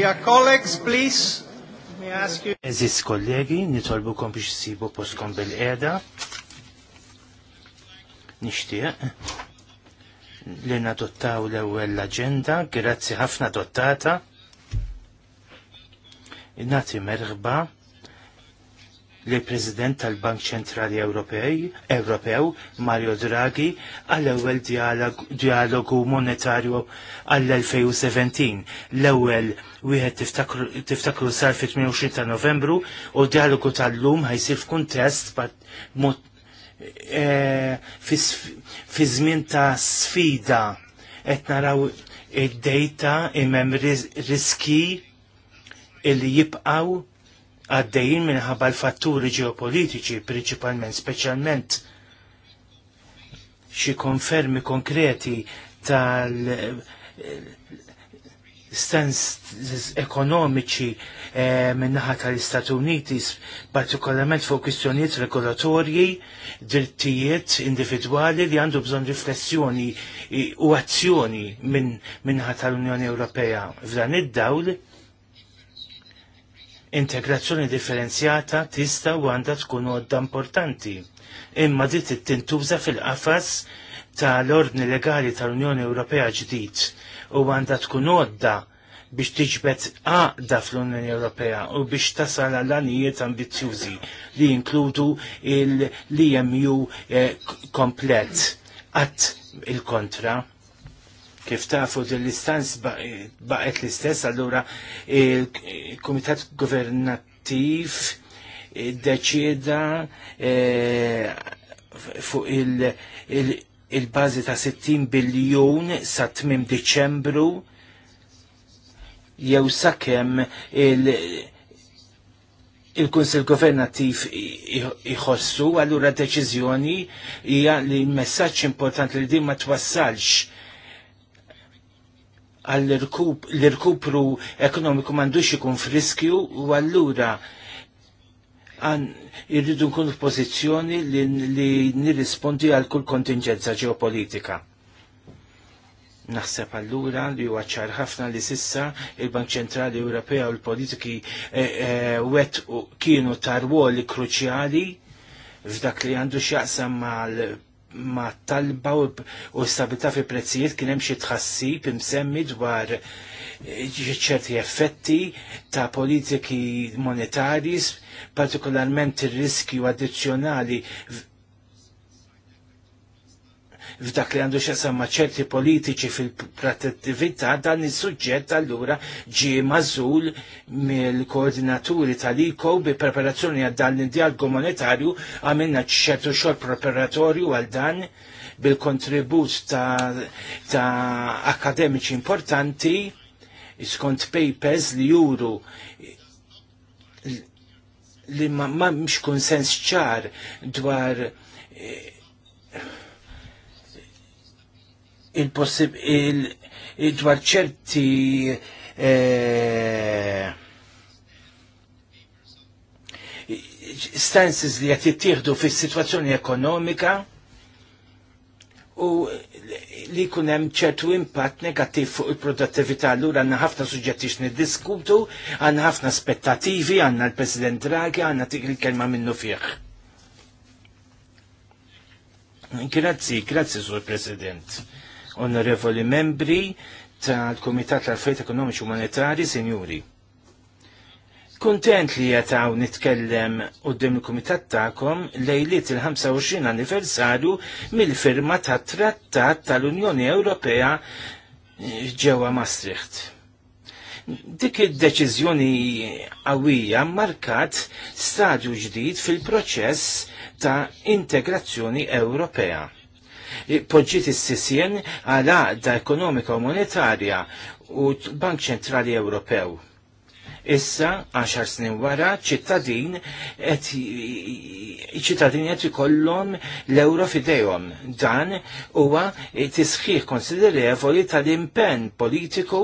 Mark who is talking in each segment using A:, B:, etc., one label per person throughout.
A: Dear colleagues, please, may I ask you... Aziz
B: kollegi, nitolbukom biex sibu poskom bil-eda. Nishtiq li nadottaw l-ewwel l-agenda, grazzi ħafna dottata. Nati merħba li president tal-Bank Ċentrali Ewropej, Ewropew, Mario Draghi, għall-ewwel dialogu monetarju għall-2017. L-ewwel wieħed tiftakru sar fit-28 ta' Novembru u dialogu tal-lum ħajsir f'kuntest e, fi żmien ta' sfida qed naraw id-dejta imem riski illi jibqaw għaddejjin minħabba l-fatturi ġeopolitiċi, principalment, specialment xi konfermi konkreti tal- eh, stans ekonomiċi eh, minnaħa tal-Istati Uniti, partikolarment fuq kwistjonijiet regolatorji, drittijiet individwali li għandu bżon riflessjoni u azzjoni minn minnaħa tal-Unjoni Ewropea. F'dan id-dawl, Integrazzjoni differenzjata tista' u għandha tkun għodda importanti, imma dit tintuża fil-qafas tal-ordni legali tal-Unjoni Ewropea ġdid u għandha tkun għodda biex tiġbed għaqda fl-Unjoni Ewropea u biex tasal għal għanijiet ambizzjużi li jinkludu l imu eh, komplet. Għat il-kontra, kif tafu l istanz baqet l-istess, allura il-Komitat Governattiv deċieda eh, fuq il-bazi ta' 60 biljun sa' tmim Deċembru jew sakemm il- il-Kunsil Governativ iħossu, allura deċiżjoni hija li l-messaġġ importanti li din ma twassalx għall-irkupru ekonomiku mandux ikun friskju u għallura għan irridu nkun f'pożizzjoni li, li nirrispondi għal kull kontingenza ġeopolitika. Naħseb allura li huwa ċar ħafna li sissa il-Bank Ċentrali Ewropea u l-politiki eh, eh, wet kienu tarwoli kruċjali f'dak li għandu x'jaqsam mal ma talba u stabilta fi prezzijiet kien hemm xi tħassib imsemmi dwar eh, ċerti effetti ta' politiki monetari, partikolarment ir-riskju addizzjonali f'dak li għandu xasamma ċerti politiċi fil-protettività dan is-suġġett allura ġie mażul mill-koordinaturi tal-ICO bi preparazzjoni għal dan il dialgu monetarju għamilna ċertu xogħol preparatorju għal dan bil-kontribut ta', ta akademiċi importanti skont papers li juru li ma, ma mx konsens ċar dwar il-possib il-dwar ċerti eh, stances li għat jittieħdu fis situazzjoni ekonomika u li kunem ċertu impatt negattiv fuq il-produttività allura għanna ħafna suġġetti nid-diskutu, għanna ħafna aspettativi, għanna l-President Draghi, għanna tik il-kelma minnu fih. Grazzi, grazie, Sur President onorevoli membri tal-Komitat tal-Affarijiet Ekonomiċi Monetari, Sinjuri. Kontent li jataw nitkellem qoddim il-Kumitat ta'kom lejliet il-25 anniversarju mill-firma ta' Trattat tal-Unjoni Ewropea eh, ġewwa Maastricht. Dik id-deċiżjoni qawwija markat stadju ġdid fil-proċess ta' integrazzjoni Ewropea poġġiet is-sisjen għal għaqda ekonomika u monetarja u Bank Ċentrali Ewropew. Issa, għaxar snin wara, ċittadin ċittadin qed ikollhom l-euro fidejhom. Dan huwa tisħiħ konsiderevoli tal-impenn politiku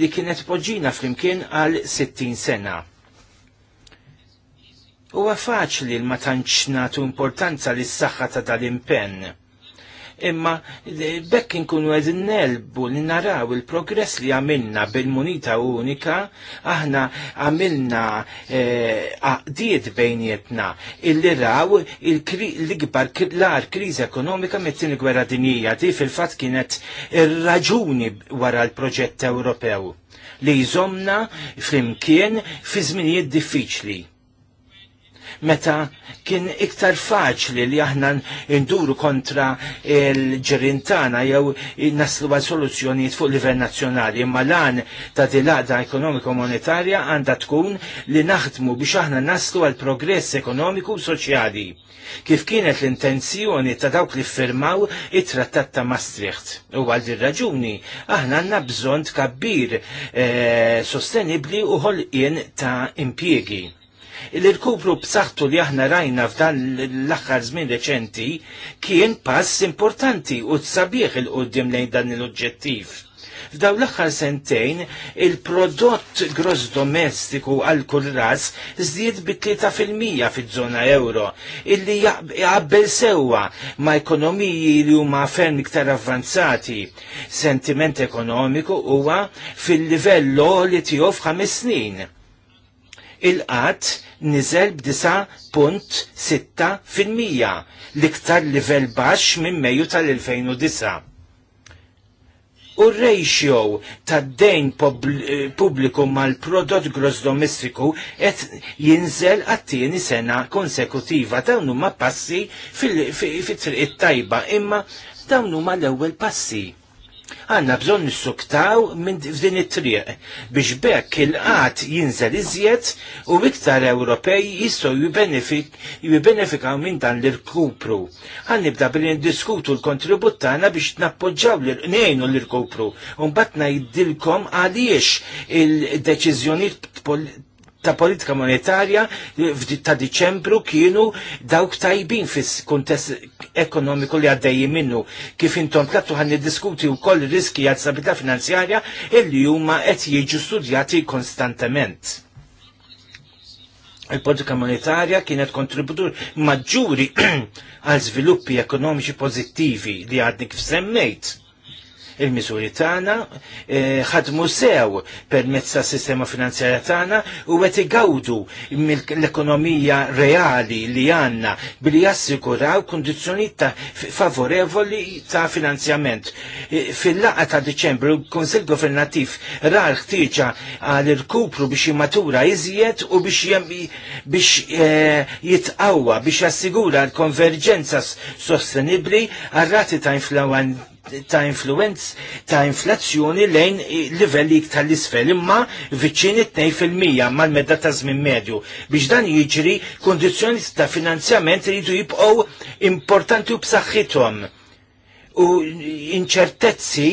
B: li kienet poġġina flimkien għal 60 sena. Huwa faċli l-ma tantx nagħtu importanza lis-saħħa ta' tal-impenn imma eh, bekk inkunu għedin nelbu li naraw il-progress li għamilna bil-munita unika, aħna għamilna eh, għaqdiet bejnietna illi raw l-ikbar l-ar kriz ekonomika mit-tini gwerra dinija di fil-fat kienet il raġuni wara l-proġett Ewropew li jżomna fl-imkien fi żminijiet diffiċli meta kien iktar faċli li aħna nduru kontra l-ġerintana jew naslu għal soluzzjonijiet fuq livell nazzjonali. Imma lan ta' dilada ekonomiko monetarja għandha tkun li naħdmu biex aħna naslu għal progress ekonomiku u soċjali. Kif kienet l-intenzjoni ta' dawk li firmaw it-trattat ta' Maastricht. U għal din raġuni aħna għandna bżonn tkabbir e, eh, sostenibli u ħolqien ta' impjiegi Il-irkupru b'saħħtu li aħna rajna f'dan l-aħħar żmien reċenti kien pass importanti u tsabieħ il qoddim lejn dan l-oġġettiv. F'daw l-aħħar sentejn, il-prodott gross domestiku għal kull ras żdied bi 3% fiż-żona euro, illi jaqbel sewwa ma' ekonomiji li huma ferm iktar avvanzati. Sentiment ekonomiku huwa fil-livell li tiegħu f'ħames snin il-qat nizel b-9.6% l-iktar livell baxx minn Mejju tal-2009. U ratio tad dejn eh, pubbliku mal-prodott gross domestiku qed jinżel għat-tieni sena konsekutiva dawn huma passi fit-triq tajba imma dawn huma l-ewwel passi għanna bżon nissuktaw minn f'din it-triq biex bekk il-qat jinżel iżjed u iktar Ewropej jistgħu jibbenefikaw minn dan l-irkupru. Għan nibda billi ndiskutu l-kontribut tagħna biex nappoġġaw l ngħinu l-irkupru. Mbagħad ngħidilkom għaliex il-deċiżjonijiet ta' politika monetarja ta' Diċembru kienu dawk tajbin fis kuntest ekonomiku li għaddejjim minnu. Kif intom plattu ħan diskuti u koll riski għad stabilità finanzjarja illi huma qed jiġu studjati konstantament. Il-politika monetarja kienet kontributur maġġuri għal żviluppi ekonomiċi pożittivi li għadni kif semmejt il mizuri tagħna, e, ħadmu sew permezz tas sistema finanzjarja tagħna u għet igawdu l-ekonomija reali li għandna billi jassikuraw kundizzjonijiet ta' favorevoli ta' finanzjament. E, fil-laqa ta' Diċembru, l-Konsil governativ rar ħtieġa għal irkupru biex jimatura iżjed u biex e, jitqawwa biex jassigura l-konverġenza sostenibli għal rati ta' ta' influenz ta' inflazzjoni lejn livelli iktar isfel imma viċċin 2% mal-medda ta' żmien medju. Biex dan jiġri kondizjoni ta' finanzjament rridu jibqgħu importanti u b'saħħithom u inċertezzi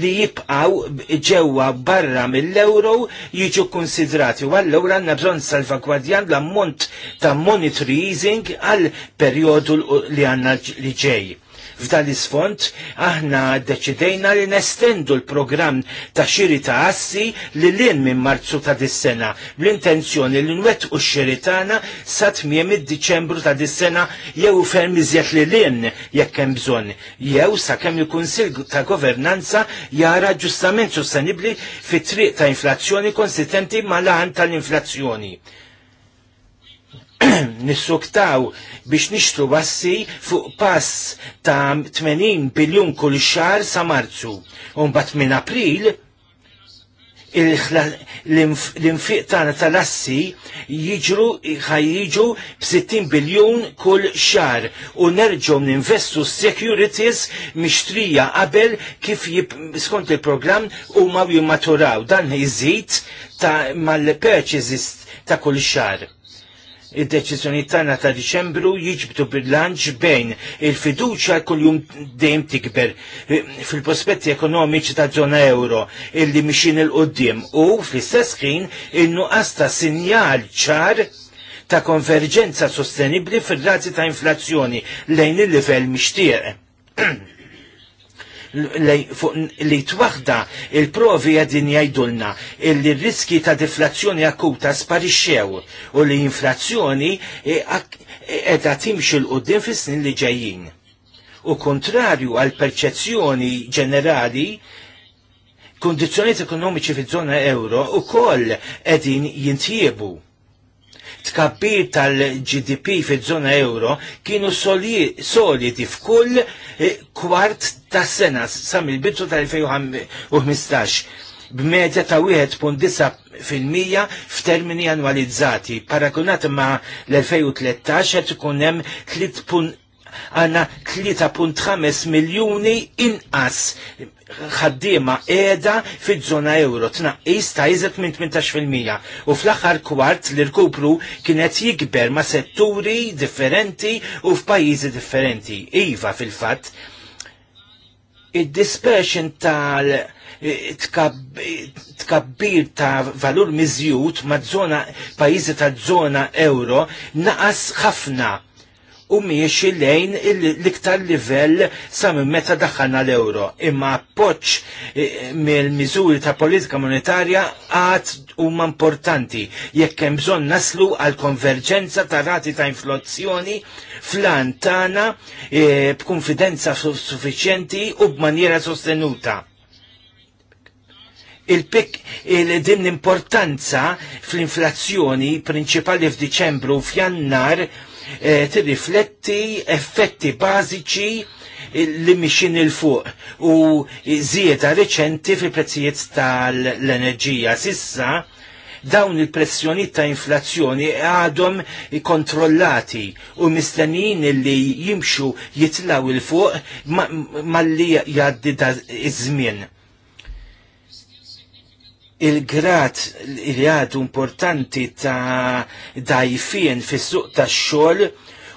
B: li jibqaw ġewwa barra mill-euro jiġu konsidrati. U allura għandna bżonn salvagwardjan l-ammont ta' monetary easing għal perjodu li għandna li ġej F'dan isfond aħna deċidejna li nestendu l-programm ta' xiri ta' assi li lien minn Marzu ta' dis-sena bl-intenzjoni li nwet u xiri tagħna sa tmiem id-Diċembru ta' dis-sena jew ferm iżjed li lien jekk hemm bżonn jew sakemm il-Kunsill ta' Governanza jara ġustament sostenibbli fit-triq ta' inflazzjoni konsistenti mal laħan tal-inflazzjoni. nissuktaw biex nixtru bassi fuq pass ta' 80 biljun kull xar sa' marzu. Unbat minn april l-infiq tagħna tal-assi jiġru ħajjiġu b-60 biljun kull xar u nerġgħu ninvestu securities mixtrija qabel kif skont il-programm huma jimmaturaw dan jizzit ta' mal-purchases ta' kull xar id-deċizjoni tagħna ta' Diċembru jiġbdu bilanċ bejn il-fiduċja kuljum dejjem tikber fil-prospetti ekonomiċi ta' żona euro illi mixin il-qudiem u fl-istess ħin in-nuqqas ta' sinjal ċar ta' konverġenza sostenibli fir-razzi ta' inflazzjoni lejn il-livell mixtieq. li twaħda il-provi għadin jajdulna illi riski ta' deflazzjoni akuta sparixxew u li inflazzjoni e, e, edha timxil l-qoddim fis snin li ġejjin. U kontrarju għal perċezzjoni ġenerali, kondizjoniet ekonomiċi fi zona euro u koll edin jintiebu tkabbir tal-GDP fi żona euro kienu soliti f'kull eh, kwart ta' sena sa' mill-bidu tal-2015 b'medja ta' 1.9% f'termini annualizzati. Paragunat ma' l-2013 qed ikun hemm għanna 3.5 miljuni inqas ħaddiema qiegħda fiż-żona euro tnaqqis ta' iżet minn 18% u fl-aħħar kwart li rkupru kienet jikber ma' setturi differenti u f'pajjiżi differenti. Iva fil-fatt id-dispersion tal- tkabbir ta' valur miżjut ma' zona, pajizi ta' zona euro naqas ħafna u miexi lejn l-iktar livell sa minn meta daħħalna l-euro. Imma appoċ e, mill-miżuri ta' politika monetarja għad huma importanti jekk hemm bżonn naslu għal konverġenza ta' rati ta' inflazzjoni flan tana e, b'konfidenza suffiċjenti u b'maniera sostenuta il-pik il-din importanza fl-inflazzjoni prinċipali f'Diċembru u f'Jannar Eh, tirrifletti effetti bażiċi li mixin il-fuq u zieta reċenti fil prezzijiet tal-enerġija. Sissa, dawn il-pressjoni ta' inflazzjoni għadhom kontrollati u mistennin li jimxu jitlaw il-fuq malli jaddi da' iż-żmien il-grad li għadu importanti ta' dajfien fis suq ta' xol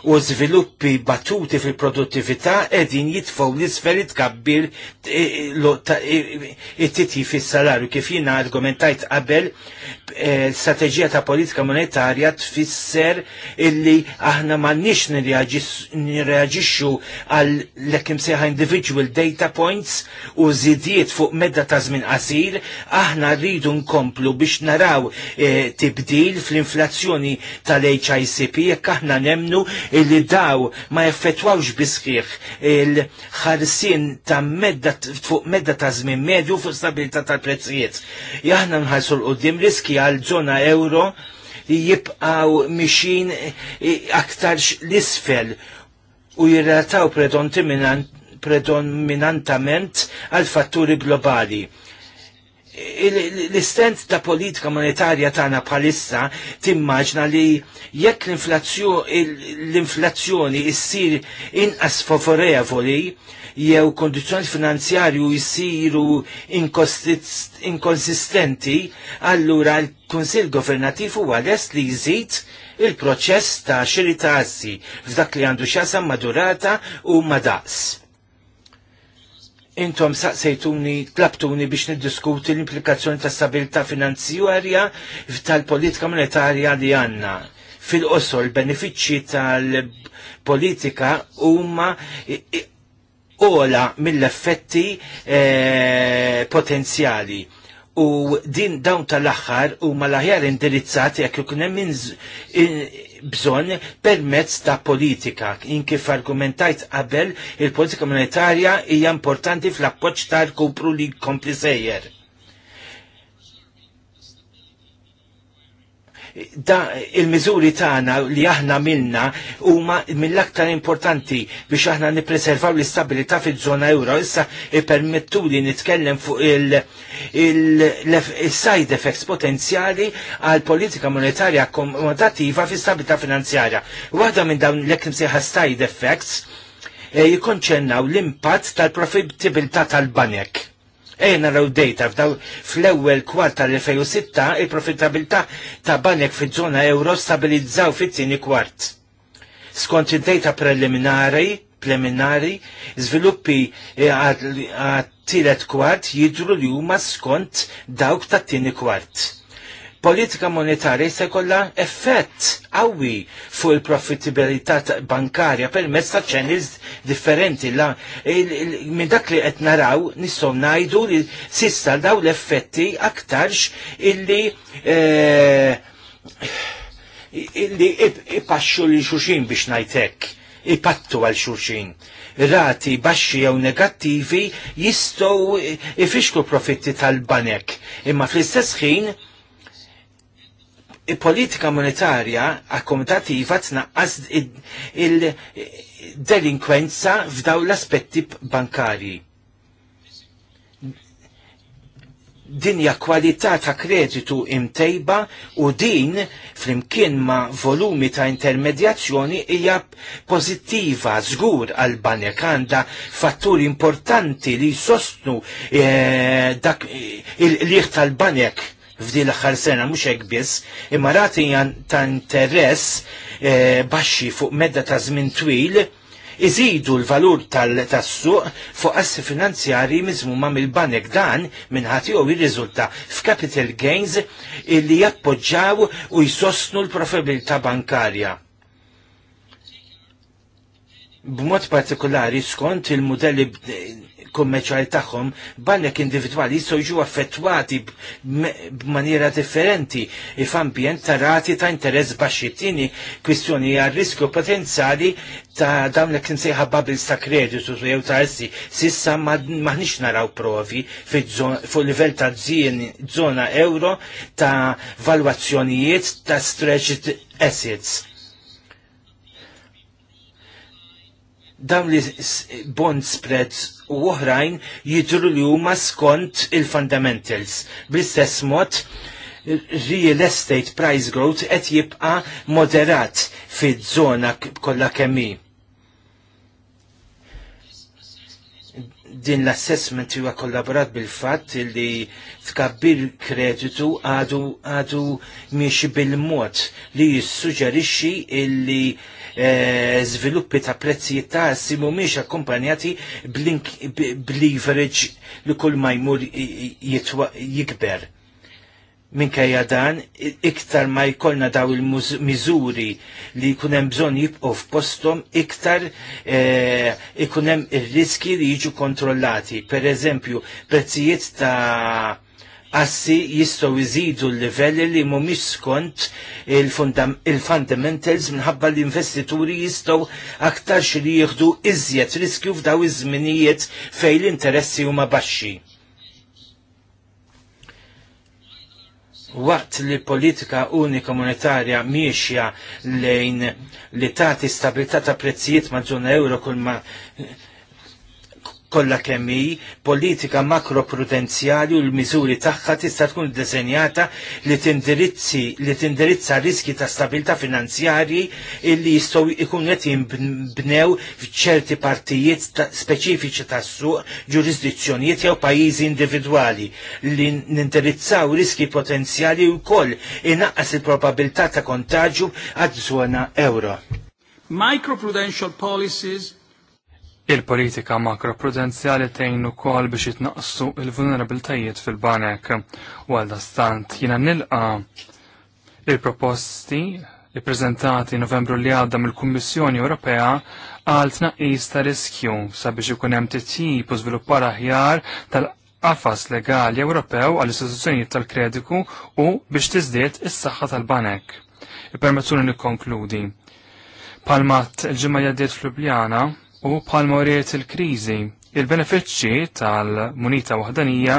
B: u żviluppi batuti fil-produttività edin jitfgħu l-isferi tkabbir e, e, e, it-titi fil salarju kif jiena argumentajt qabel strateġija ta' politika monetarja tfisser illi aħna m'għandniex nirreaġixxu għal lekk seħa individual data points u żidiet fuq medda ta' żmien qasir, aħna rridu nkomplu biex naraw tibdil fl-inflazzjoni tal-HICP jekk aħna nemnu illi daw ma jaffetwawx bisħiħ il-ħarsin ta' medda fuq medda ta' żmien medju fuq stabilita tal-prezzijiet. Jaħna nħarsu l-qoddim riski għal żona euro jibqaw mixin aktar l-isfel u jirrataw predominantament għal fatturi globali l-istent ta' politika monetarja tagħna bħalissa timmaġna li jekk l-inflazzjoni issir inqas favorevoli jew kondizjoni finanzjarju jisiru inkonsistenti, allura l-Kunsill Governativ huwa lest li jżid il-proċess ta' xiri tassi f'dak li għandu xasam madurata u madaqs intom saqsejtuni, tlabtuni biex niddiskuti l-implikazzjoni ta' stabilità finanzjarja tal-politika monetarja li għanna. Fil-qosor, benefiċċji tal-politika huma ola mill-effetti eh, potenzjali. U din dawn tal-axħar u mal-aħjar indirizzati jekk ikun hemm bżonn permezz ta' politika. Inkif argumentajt qabel, il-politika monetarja hija importanti fl-appoġġ tal-kupru li kompli sejjer da il-miżuri tagħna li aħna milna huma mill-aktar importanti biex aħna nipreservaw l-istabilità fiż-żona euro. Issa permettu li nitkellem fuq il-side effects potenzjali għal politika monetarja akkomodativa fi stabilità finanzjarja. Waħda minn dawn l-ekim side effects eh, jikonċennaw l-impatt tal-profitabilità tal-banek Ejna eh, raw data f'daw fl-ewwel kwart tal-2006 il-profittabilità ta' banek fiż-żona euro stabilizzaw fit-tieni kwart. Skont id-data preliminari, preliminari, żviluppi eh, għat-tielet kwart jidru li huma skont dawk tat-tieni kwart politika monetarja se kollha effett qawwi fuq il-profittibilità bankarja permezz ta' channels differenti la minn dak li qed naraw nistgħu ngħidu li sissa daw l-effetti aktarx illi eh, illi ipaxxu li xuxin biex hekk. ipattu għal xuxin. Rati baxxi jew negattivi jistgħu eh, ifixklu profitti tal-banek, imma fl-istess ħin il-politika monetarja akkomodativa tnaqqas il-delinkwenza f'daw l-aspetti bankari. Dinja kwalità ta' kreditu imtejba u din flimkien ma' volumi ta' intermedjazzjoni hija pozittiva żgur għal banek għandha fatturi importanti li jsostnu eh, dak il-liħ tal-banek f'din l axar sena mhux hekk biss, imma rati ta' interess e, baxxi fuq medda ta' żmien twil iżidu l-valur tal-tassuq fuq assi finanzjari ma' mill-banek dan minħati u jirriżulta f'capital gains illi jappoġġaw u jsostnu l-profitabilità bankarja. B'mod partikolari skont il-modelli kummerċjali tagħhom ballek individwali jistgħu jiġu affettwati b'maniera differenti f'ambjent ta' rati ta' interess baxxi. Tieni kwistjoni hija riskju potenzjali ta' dawn li kien bubbles ta' kreditu jew ta' essi. Sissa maħniex naraw provi fuq livell ta' żona euro ta' valwazzjonijiet ta' stretched assets dawn li bond spreads u oħrajn jidru li huma skont il-fundamentals. Bl-istess mod, real estate price growth qed jibqa moderat fiż-żona kollha kemmi. din l-assessment huwa kollaborat bil-fatt li tkabbir kreditu għadu għadu miex bil-mod li jissuġġerixxi illi eh, żviluppi ta' prezzijiet ta' assi mhumiex akkumpanjati b'leverage li kull ma jmur jikber minkejja dan iktar ma jkollna daw il-miżuri li kunem bżon jibqgħu f'postom iktar e, eh, ikunem ir-riski li jiġu kontrollati. Per eżempju, prezzijiet ta' assi jistgħu jżidu l-livelli li mhumiex skont il-fundamentals il minħabba l-investituri jistgħu aktar xi li jieħdu iżjed riskju f'daw iż-żminijiet fejn l-interessi huma baxxi waqt li politika unika monetarja miexja lejn li tagħti stabilità ta' prezzijiet ma' żona euro kull ma' Kolla kemm hi politika makroprudenzjali u l-miżuri tagħha tista' tkun ddisenjata li tindirizzi li tindirizza riski ta' stabilità finanzjarji illi jistgħu jkun qed jinbnew f'ċerti partijiet speċifiċi tas-suq, ġurisdizzjonijiet jew pajjiżi individwali li nindirizzaw riski potenzjali wkoll inaqqas il-probabilità ta' kontaġu għad-żona euro.
C: Microprudential policies Il-politika makroprudenzjali tgħin ukoll biex jitnaqsu il-vulnerabiltajiet fil-banek u għalda stant jina nilqa il-proposti prezentati Novembru li għadda mill-Kummissjoni Ewropea għal tnaqis ta' riskju sabiex ikun hemm titjib u żviluppar aħjar tal qafas legali Ewropew għall istituzzjonijiet tal-krediku u biex tiżdied is-saħħa tal-banek. Ippermezzuni nikkonkludi. Palmat il-ġimma jaddiet fl-Ljubljana, u palmoriet il-krizi. Il-benefiċċji tal-munita waħdanija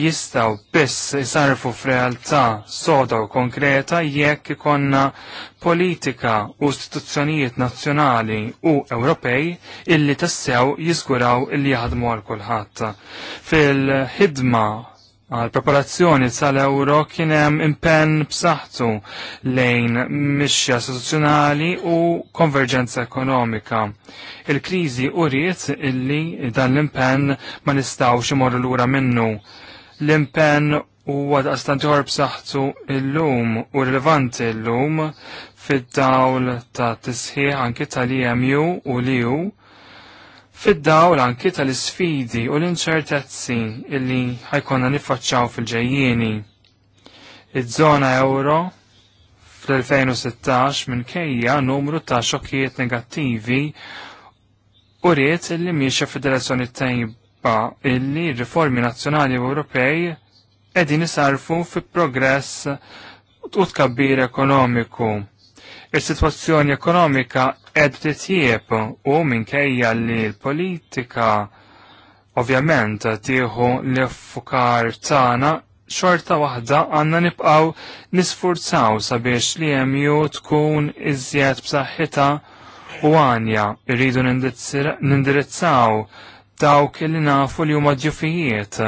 C: jistaw biss jisarfu f'realtà soda u konkreta jekk ikonna politika u istituzzjonijiet nazzjonali u Ewropej illi tassew jiżguraw illi jaħdmu għal kulħadd. Fil-ħidma għal preparazzjoni tal-euro kien hemm impenn b'saħħtu lejn mixja sostituzjonali u konverġenza ekonomika. Il-kriżi uriet illi dan l-impenn ma nistgħux imorru lura minnu. L-impenn huwa daqstant b'saħtu b'saħħtu lum u rilevanti l-lum fid-dawl ta' tisħiħ anki tal imu u li fid-dawl anki tal-isfidi u l-inċertezzi illi ħajkonna nifacċaw fil-ġejjieni. Iż-żona euro fl-2016 minn kejja numru ta' xokkijiet negattivi u rrit illi miexa fid-direzzjoni tajba illi riformi nazzjonali u Ewropej edin isarfu fi progress u tkabbir ekonomiku Is-sitwazzjoni ekonomika ed titjieb u minkejja li l-politika ovvjament tieħu l fukar tagħna xorta waħda għanna nibqaw nisfurzaw sabiex li jemju tkun iżjed b'saħħita u għanja irridu nindirizzaw dawk li nafu li huma ġifijiet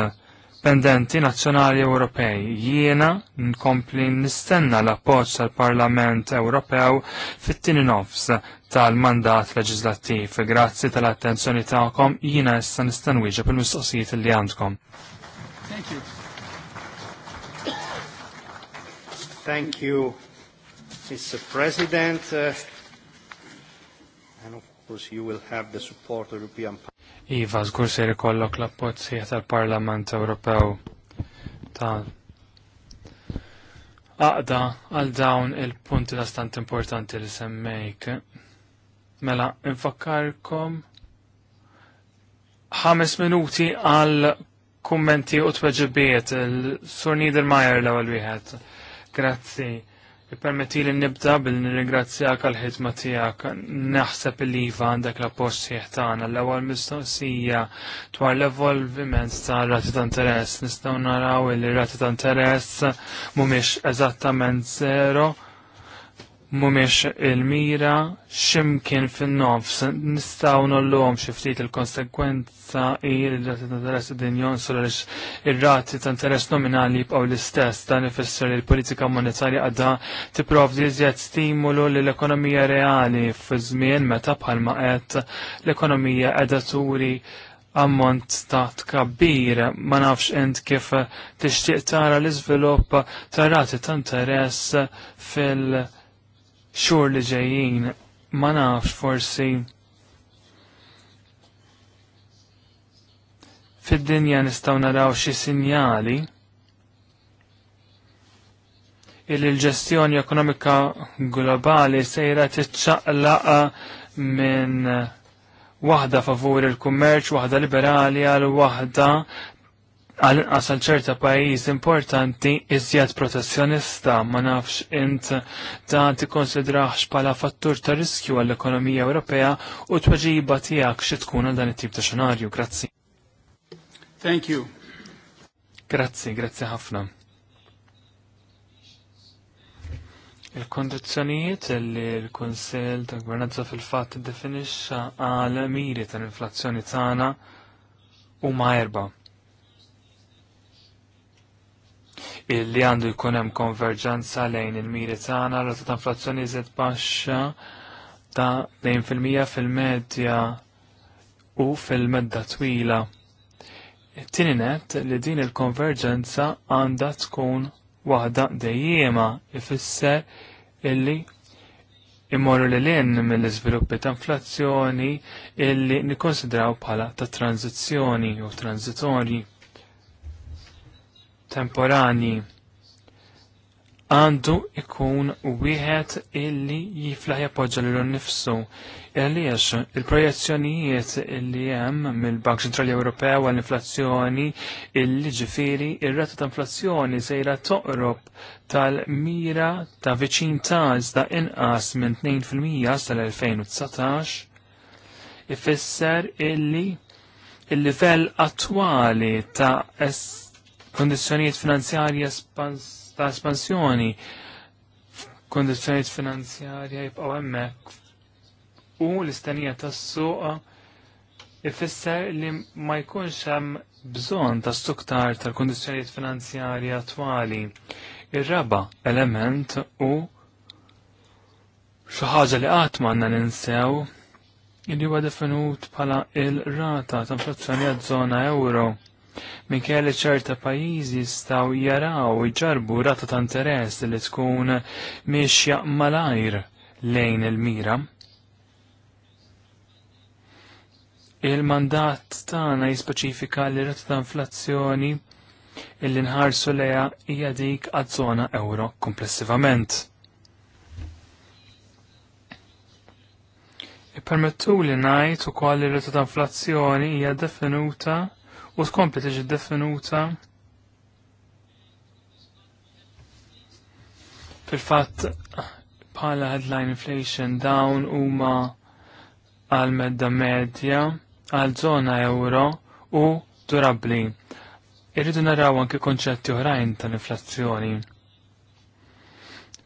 C: pendenti nazzjonali Ewropej. Jiena nkompli nistenna l-appoġġ tal-Parlament Ewropew fit-tieni nofs tal-mandat leġislattiv. Grazzi tal-attenzjoni tagħkom jiena issa nistenwiġa bil mistoqsijiet li għandkom.
A: Thank you. Thank you, Mr. President. Uh, and of course, you will have the support of the European Parliament.
C: Iva, zgur se jkollok l-appozzija tal-Parlament Ewropew tal Aqda għal dawn il-punti ta' stant importanti li semmejk. Mela, infakkarkom ħames minuti għal kummenti u tweġibiet il-Sur Niedermeyer l-ewwel wieħed. Grazzi. Permetti li nibda bil nirringrazzjak għal ħidma tiegħek. Naħseb il-liva għandek la post tagħna l-ewwel mistoqsija dwar l-evolviment ta' rati ta' interess. Nistgħu naraw li rati ta' interess mhumiex eżattament zero mumiex il-mira ximkien fin-nofs nistaw nollom xiftit il-konsekwenza il-rati ta' interess din jonsu għalix il-rati ta' interess nominali jibqaw l-istess dan ifisser li l-politika monetarja għadda tipprovdi iżjed stimulu l ekonomija reali fi żmien meta bħalma qed l-ekonomija qiegħda turi ammont ta' tkabbir, ma nafx int kif tixtieq tara l-iżvilupp ta' rati ta' interess fil- Xur li ġejjin ma nafx forsi fid-dinja nistgħu naraw xi sinjali il l-ġestjoni ekonomika globali sejra titċaqlaq minn waħda favur il-kummerċ, waħda liberali għal waħda għal għasal ċerta pajjiż importanti iżjed protezzjonista ma nafx int ta' konsidraħx bħala fattur ta' riskju għall-ekonomija Ewropea u tweġiba tiegħek xi tkun għal dan it-tip ta' xenarju. Grazzi. Thank you. Grazzi, grazzi ħafna. Il-kondizjonijiet li l konsil ta' Gvernanza fil-fatt definixxa għal miri tal-inflazzjoni tagħna huma erba' illi għandu jkun hemm konverġenza lejn il-miri tagħna rata ta' inflazzjoni iżjed baxxa ta' 2% fil-medja u fil-medda twila. Tieni net li din il-konverġenza għandha tkun waħda dejjema ifisser illi immorru li l-in mill-izviluppi ta' inflazzjoni illi nikonsidraw bħala ta' tranzizzjoni u tranzitorji temporani għandu ikun wieħed illi jiflaħ jappoġġa lilu nnifsu. Għaliex, il-projezzjonijiet illi hemm mill-Bank Ċentrali Ewropew għall-inflazzjoni illi ġifieri ir-rata ta' inflazzjoni sejra toqrob tal-mira ta' viċin ta' iżda inqas minn 2% sal-2019 ifisser illi il-livell attwali ta' kondizjonijiet finanzjarja ta' espansjoni, kondizjonijiet finanzjarja jibqaw hemmhekk u l ta' tas suqa ifisser li ma jkunx hemm bżonn ta' struktar tal-kondizjonijiet finanzjarja attwali. Ir-raba element u xi ħaġa li qatt m'għandna ninsew li huwa definut bħala il-rata ta' inflazzjoni għaż-żona euro Min li ċerta pajjiżi jistgħu jaraw iġarbu rata ta' interess li tkun mixja malajr lejn il-mira. Il-mandat tagħna jispeċifika li rata ta' inflazzjoni illi nħarsu leja hija dik għad-żona euro komplessivament. Permettu li najt u koll rata ta' inflazzjoni hija definuta u tkompli tiġi definuta fil-fatt bħala headline inflation dawn huma għal medda medja għal zona euro u durabli. Irridu naraw anki konċetti oħrajn tal-inflazzjoni.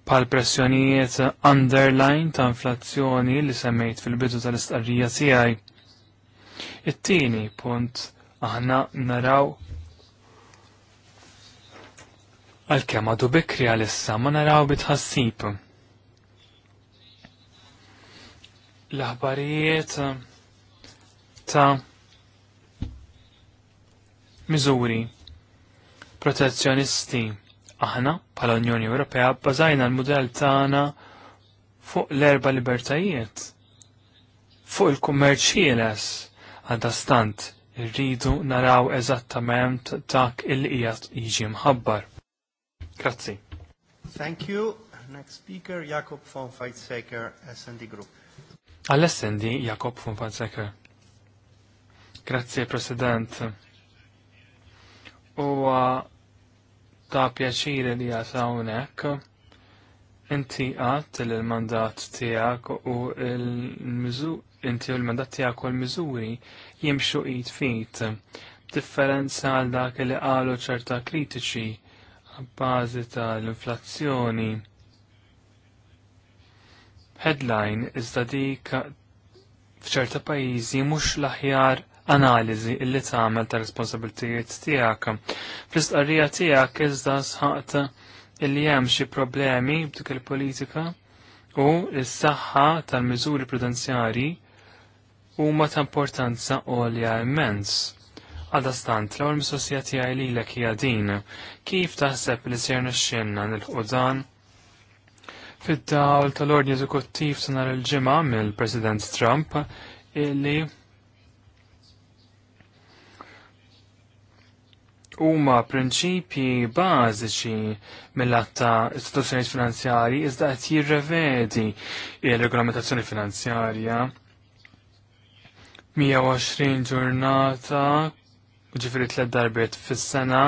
C: Pal pressjonijiet underline ta' inflazzjoni li semmejt fil-bidu tal-istqarrija tiegħi. It-tieni punt aħna naraw għal-kem għadu bikri għal-issa ma naraw bitħassib. L-aħbarijiet ta' miżuri protezzjonisti aħna bħala Unjoni Ewropea bbażajna l-mudell tagħna fuq l-erba libertajiet, fuq il-kummerċ ħieles għadda stant rridu naraw eżattament dak il-qijat jiġi mħabbar. Grazzi.
A: Thank you. Next speaker, Jakob von Feitzeker, SND Group.
C: għal snd Jakob von Feitzeker. Grazie, President. U ta' pjaċiri li għasawnek, inti għat il-mandat tijak u il-mizu inti u l-mandat tiegħek u l-miżuri jimxu id fit. Differenza għal dak li qalu ċerta kritiċi bbażi tal-inflazzjoni. Headline iżda dik f'ċerta pajjiżi mhux l-aħjar analiżi illi tagħmel ta' responsabiltijiet tiegħek. Fl-istqarrija tiegħek iżda sħaqt illi hemm xi problemi b'dik il-politika u s-saħħa tal-miżuri prudenzjarji huma ta' importanza għolja immens. Għadastant, l ewwel mis-sosja tijaj li l din, kif taħseb li ser nixxinna nil-ħudan? Fid-dawl tal-ordni eżekuttiv ta' nhar il-ġimgħa mill-President Trump illi huma prinċipji bażiċi mill-atta istituzzjonijiet finanzjarji iżda qed jirrevedi il-regolamentazzjoni finanzjarja 120 ġurnata, ġifri tlet darbiet fis-sena.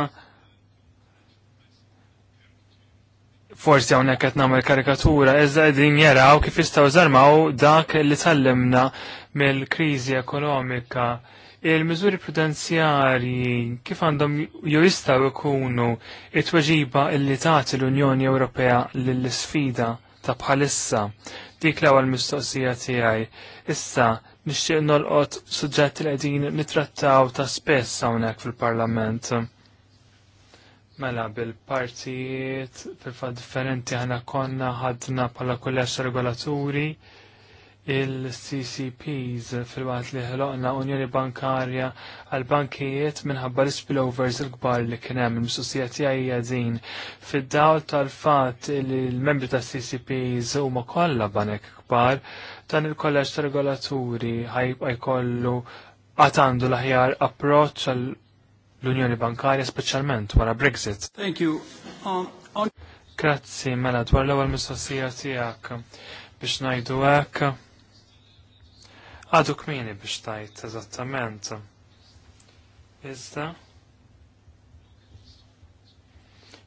C: Forsi hawnhekk qed nagħmel karikatura, iżda qegħdin jaraw kif jistgħu żarmaw dak li tallimna mill-kriżi ekonomika. Il-miżuri prudenzjarji kif għandhom jew jistgħu jkunu it-tweġiba illi tagħti l-Unjoni Ewropea lill-isfida ta' bħalissa. Dik l-ewwel mistoqsija tiegħi. Issa nixtieq nolqot suġġetti li qegħdin nitrattaw ta' spess hawnhekk fil-Parlament. Mela bil-partijiet fil-fat differenti ħana konna ħadna bħala kullex regolaturi il-CCPs fil-waqt li ħloqna Unjoni Bankarja għal bankijiet minħabba l-spillovers il-kbar li kien hemm il-mistoqsija din fid-dawl tal-fatt li l-membri tas-CCPs huma kollha banek kbar dan il-kolleġ ta' regolaturi ħajbqa jkollu għatandu l-aħjar approċ l-Unjoni Bankarja speċjalment wara Brexit. Thank you. Um, Grazzi, mela, dwar l-ewwel mistoqsija tiegħek biex ngħidu hekk. Għadu kmini biex tajt eżattament. Iżda?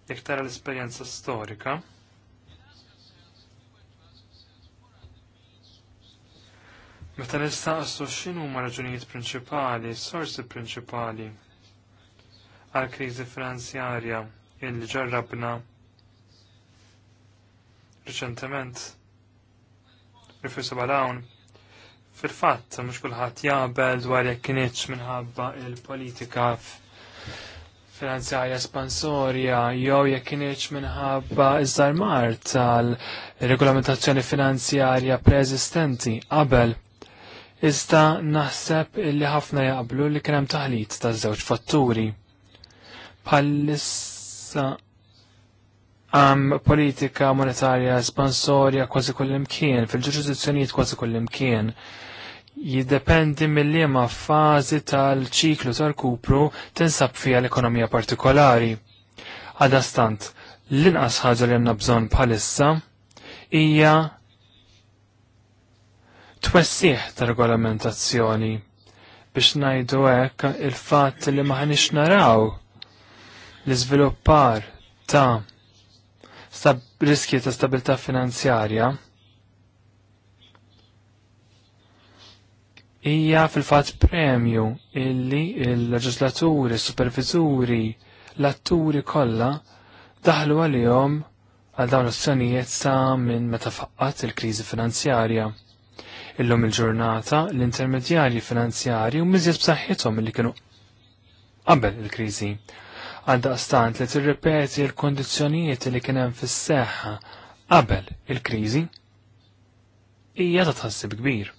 C: Iktar l-esperjenza storika, Meta nistaqsu x'inhu huma raġunijiet prinċipali, sorsi prinċipali għal kriżi finanzjarja illi ġarrabna riċentement rifjusu balawn fil-fatt mhux kulħadd jaqbel dwar jekk kienx minħabba il-politika finanzjarja espansorja jew jekk kienx minħabba iż-żarmar tal-regolamentazzjoni finanzjarja preeżistenti qabel iżda naħseb li ħafna jaqblu li kien hemm taħlit ta' żewġ fatturi. Pallissa għam politika monetarja espansorja kważi kullimkien, fil-ġurisdizzjonijiet kważi kullimkien, jiddependi mill-liema fażi tal-ċiklu tal-kupru tinsab fija l-ekonomija partikolari. Għadastant, l-inqas ħaġa li għanna bżonn bħalissa hija Twessiħ ta' regolamentazzjoni biex najdu hekk il-fatt li ma naraw l-iżviluppar ta' stab riski ta' stabilità finanzjarja hija fil-fatt premju illi il-leġislaturi, supervizuri, l-atturi kollha daħlu għalihom għal dawn l-azzjonijiet sa minn meta faqqat il-kriżi finanzjarja. Illum il-ġurnata l-intermedjarji finanzjarji u miżjed b'saħħithom li kienu qabel il-kriżi. Għaldaqstant li tirrepeti l-kondizzjonijiet li kien hemm fis-seħħa qabel il-kriżi hija ta' tħassib kbir.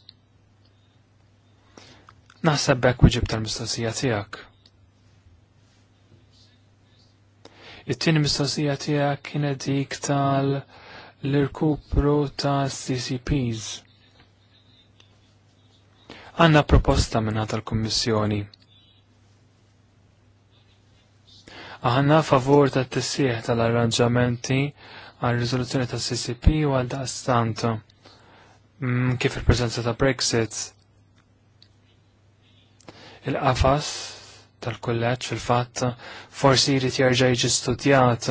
C: Naħseb bekk wieġib tal-mistoqsija tiegħek. It-tieni mistoqsija tiegħek kienet dik tal- l-irkupru ta' CCPs. Għanna proposta minna tal-Kommissjoni. Aħna favor ta' t-tessieħ tal-arranġamenti għal riżoluzzjoni ta' CCP u għal daqstant mm, kif il-prezenza ta' Brexit il-qafas tal-kulleġġ fil-fatt forsi jrid jerġa' jiġi studjat.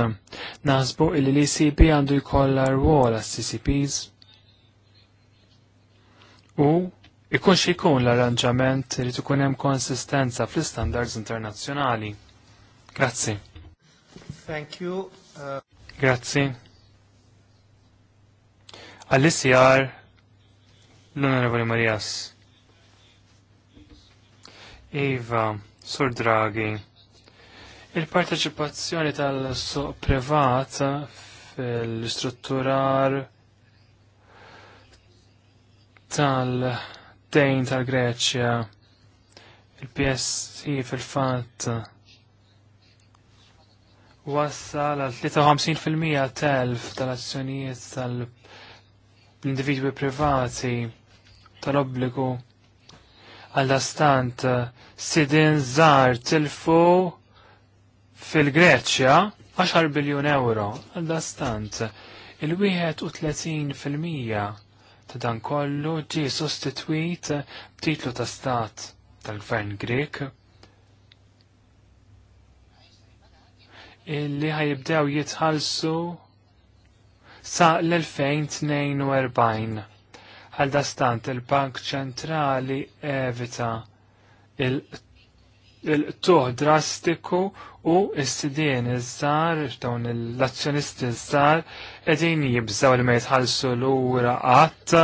C: Naħsbu li l għandu jkollha rwol għas-CCPs u Ikun xie jkun l-arranġament li tukun hemm konsistenza fl-istandards internazzjonali. Grazzi.
A: Thank you. Uh...
C: Grazzi. Għall-ISR l-Onorevoli Marias. Iva, Sur Draghi, il-parteċipazzjoni tal-suq privat fil-strutturar tal-, tal dejn tal-Greċja il-PSI fil-fat wassal għal 53% telf tal-azzjonijiet tal-individwi privati tal-obbligu għall-astant sidin zar tilfu fil-Greċja 10 biljun euro għall-astant il-31% ta' dan kollu ġi sostitwit b'titlu ta' stat tal-gvern Grek illi ħajibdew jitħallsu sa l-2042. Għal dastant il-Bank ċentrali evita il il-tuħ drastiku u s-sidien iż-żar, dawn l-azzjonisti iż-żar, edin jibżaw li ma jitħalsu l-ura qatt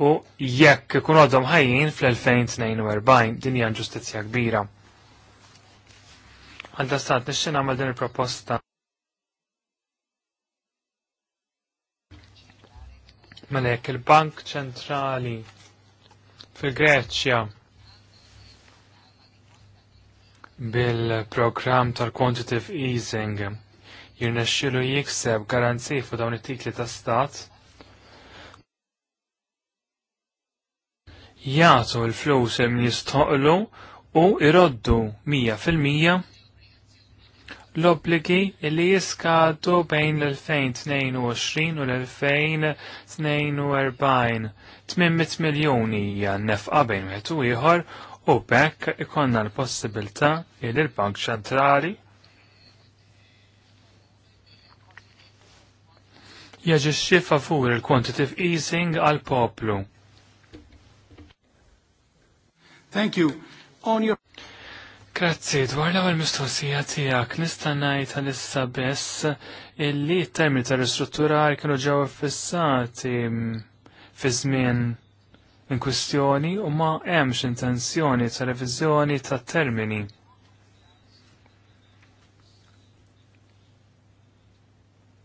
C: u jekk ikun għadhom ħajjin fl-2042 din hija ġustizzja kbira. Għadda stat nixxin għamal din il-proposta. Malek mela il-Bank Ċentrali fil-Greċja bil-programm tal-quantitative easing jirnexxilu jikseb garanzij fuq dawn it-titli ta' stat jagħtu l-flus hemm jistoqlu u iroddu mija fil-mija l-obbligi li jiskadu bejn l-2022 u l-2042 800 miljoni hija nefqa bejn wieħed u ieħor u bekk ikonna l-possibilità il l bank ċentrali jaġixxi favur il-quantitative easing għal poplu. Thank you. On your Grazzi, dwar l-ewwel mistoqsija tiegħek nista' ngħid għalissa biss illi t-termini ta' ristrutturar kienu ġew fissati fi żmien in kwistjoni u ma hemmx intenzjoni ta' reviżjoni ta' termini.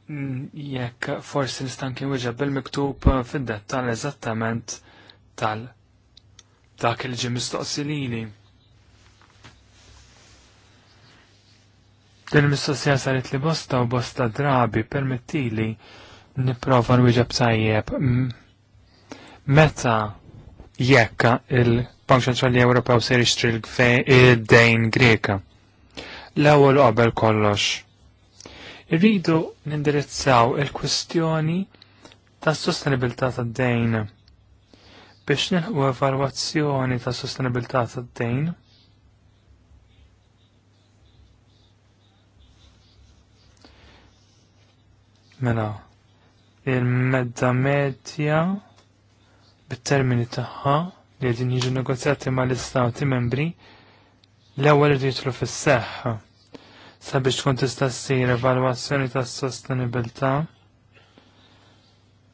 C: Mm, jekk forsi nistan kien wieġeb bil-miktub fid dettall eżattament tal dak il ġim mistoqsi Din mistoqsija saret li bosta u bosta drabi permettili niprofa nwieġeb tajjeb meta jekk il-Bank Ċentrali Ewropew se jixtri id-dejn Greka. L-ewwel qabel kollox. Irridu nindirizzaw il-kwistjoni ta' sostenibilità tad-dejn biex nilħu evalwazzjoni ta' sostenibilità tad-dejn. Mela, il-medda medja bit-termini tagħha li qegħdin jiġu negozjati mal-istati membri l-ewwel irid jitlu fis-seħħ sabiex tkun tista' ssir evalwazzjoni tas-sostenibilità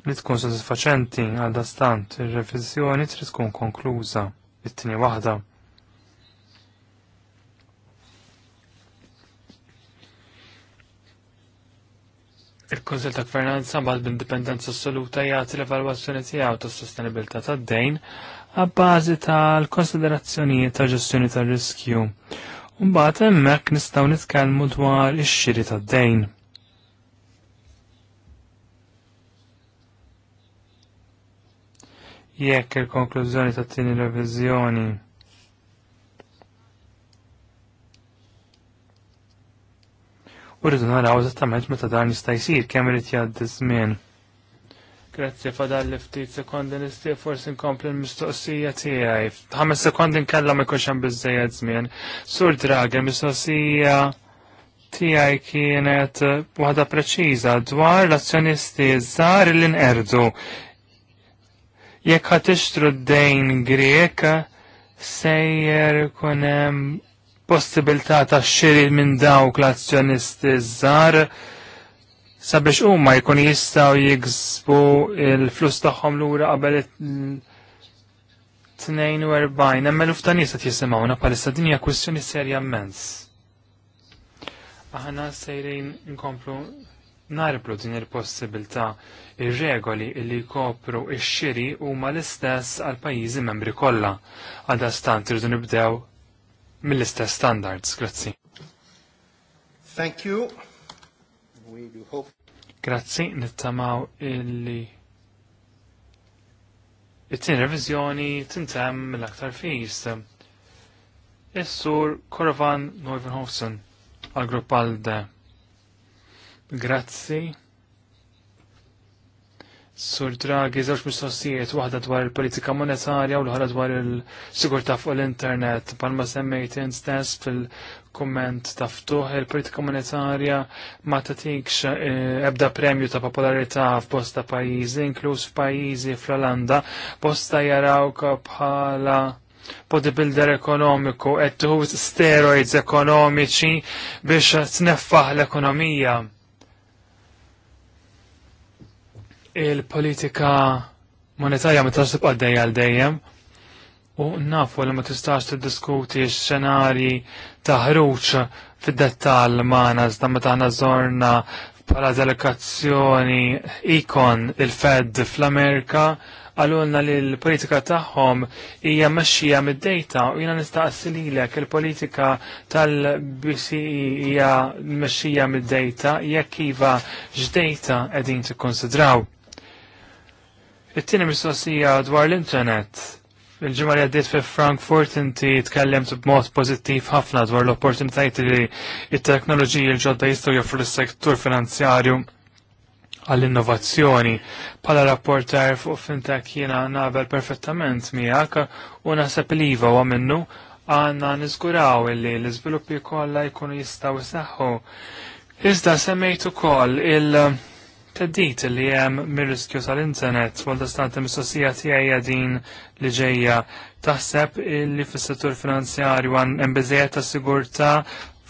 C: li tkun sodisfaċenti għal dastant ir-reviżjoni trid tkun konkluża it-tieni waħda. il-Konsil ta' Gvernanza mbagħad b'indipendenza assoluta jagħti l-evalwazzjoni tiegħu tas-sostenibilità tad-dejn għabbażi tal-konsiderazzjonijiet ta' ġestjoni tar-riskju. Mbagħad hemmhekk nistgħu nitkellmu dwar ix-xiri tad-dejn. Jekk il-konklużjoni tat-tieni reviżjoni U naraw eżattament meta dan jista' jsir kemm irid jgħaddi żmien. Grazzi fadal li ftit sekondi nistie forsi nkompli l-mistoqsija tiegħi. Ħames sekondi nkella ma jkunx hemm biżejjed żmien. Sur Draga, mistoqsija tiegħi kienet waħda preċiża dwar l-azzjonisti żgħar li nqerdu. Jekk tixtru d-dejn Grek, sejjer kunem possibilità ta' xiri minn dawk l-azzjonisti żgħar sabiex huma jkun jistgħu jiksbu il-flus tagħhom lura qabel 42 hemm eluf ta' nies qed jisimgħuna bħalissa din hija kwistjoni serja immens. Aħna sejrin nkomplu narblu din il-possibilità ir-regoli li kopru ix-xiri huma l-istess għal pajjiżi membri kollha. stant irdu nibdew mill-istess standards. Grazzi.
A: Thank you. We do hope.
C: Grazzi, nittamaw illi it-tini revizjoni tintem mill-aktar fis. Is-sur Korovan Neuvenhofsen għal-grupp għal Grazzi. Sur Draghi, żewġ mistoqsijiet, waħda dwar il-politika monetarja u l-ħara dwar il-sigurtà fuq l-internet. Palma semmejt stess fil-komment ta' ftuħ il-politika monetarja ma tatikx eh, ebda premju ta' popolarità f'bosta pajjiżi, inkluż f'pajjiżi fl-Olanda, bosta jarawk bħala bodybuilder ekonomiku, qed steroids ekonomiċi biex t-neffaħ l-ekonomija il-politika monetarja ma tasib għaddejja għaldejjem dejjem u nafu li ma tistax tiddiskuti x-xenarji ta' ħruġ fid-dettall magħna iżda ma aħna żorna bħala delegazzjoni ikon il-Fed fl-Amerika għalulna li l-politika tagħhom hija mexxija mid-dejta u jiena nistaqsi lilek il-politika tal-BCE hija mexxija mid-dejta jekk iva x'dejta qegħdin tikkonsidraw. It-tieni mistoqsija dwar l-internet. Il-ġimgħa li għaddiet fi Frankfurt inti tkellemt b'mod pożittiv ħafna dwar l-opportunitajiet li t-teknoloġiji l-ġodda jistgħu joffru l-settur finanzjarju għall-innovazzjoni. Pala rapporter fuq fintech jiena nabel perfettament miegħek u naħseb li iva minnu għandna niżguraw li l-iżviluppi kollha jkunu jistgħu seħħu. Iżda semmejt ukoll il- teddit li hemm mir-riskju tal-internet wal dastant mistoqsija tiegħi din li ġejja taħseb li fis-settur finanzjarju għan hemm biżejjed ta' sigurtà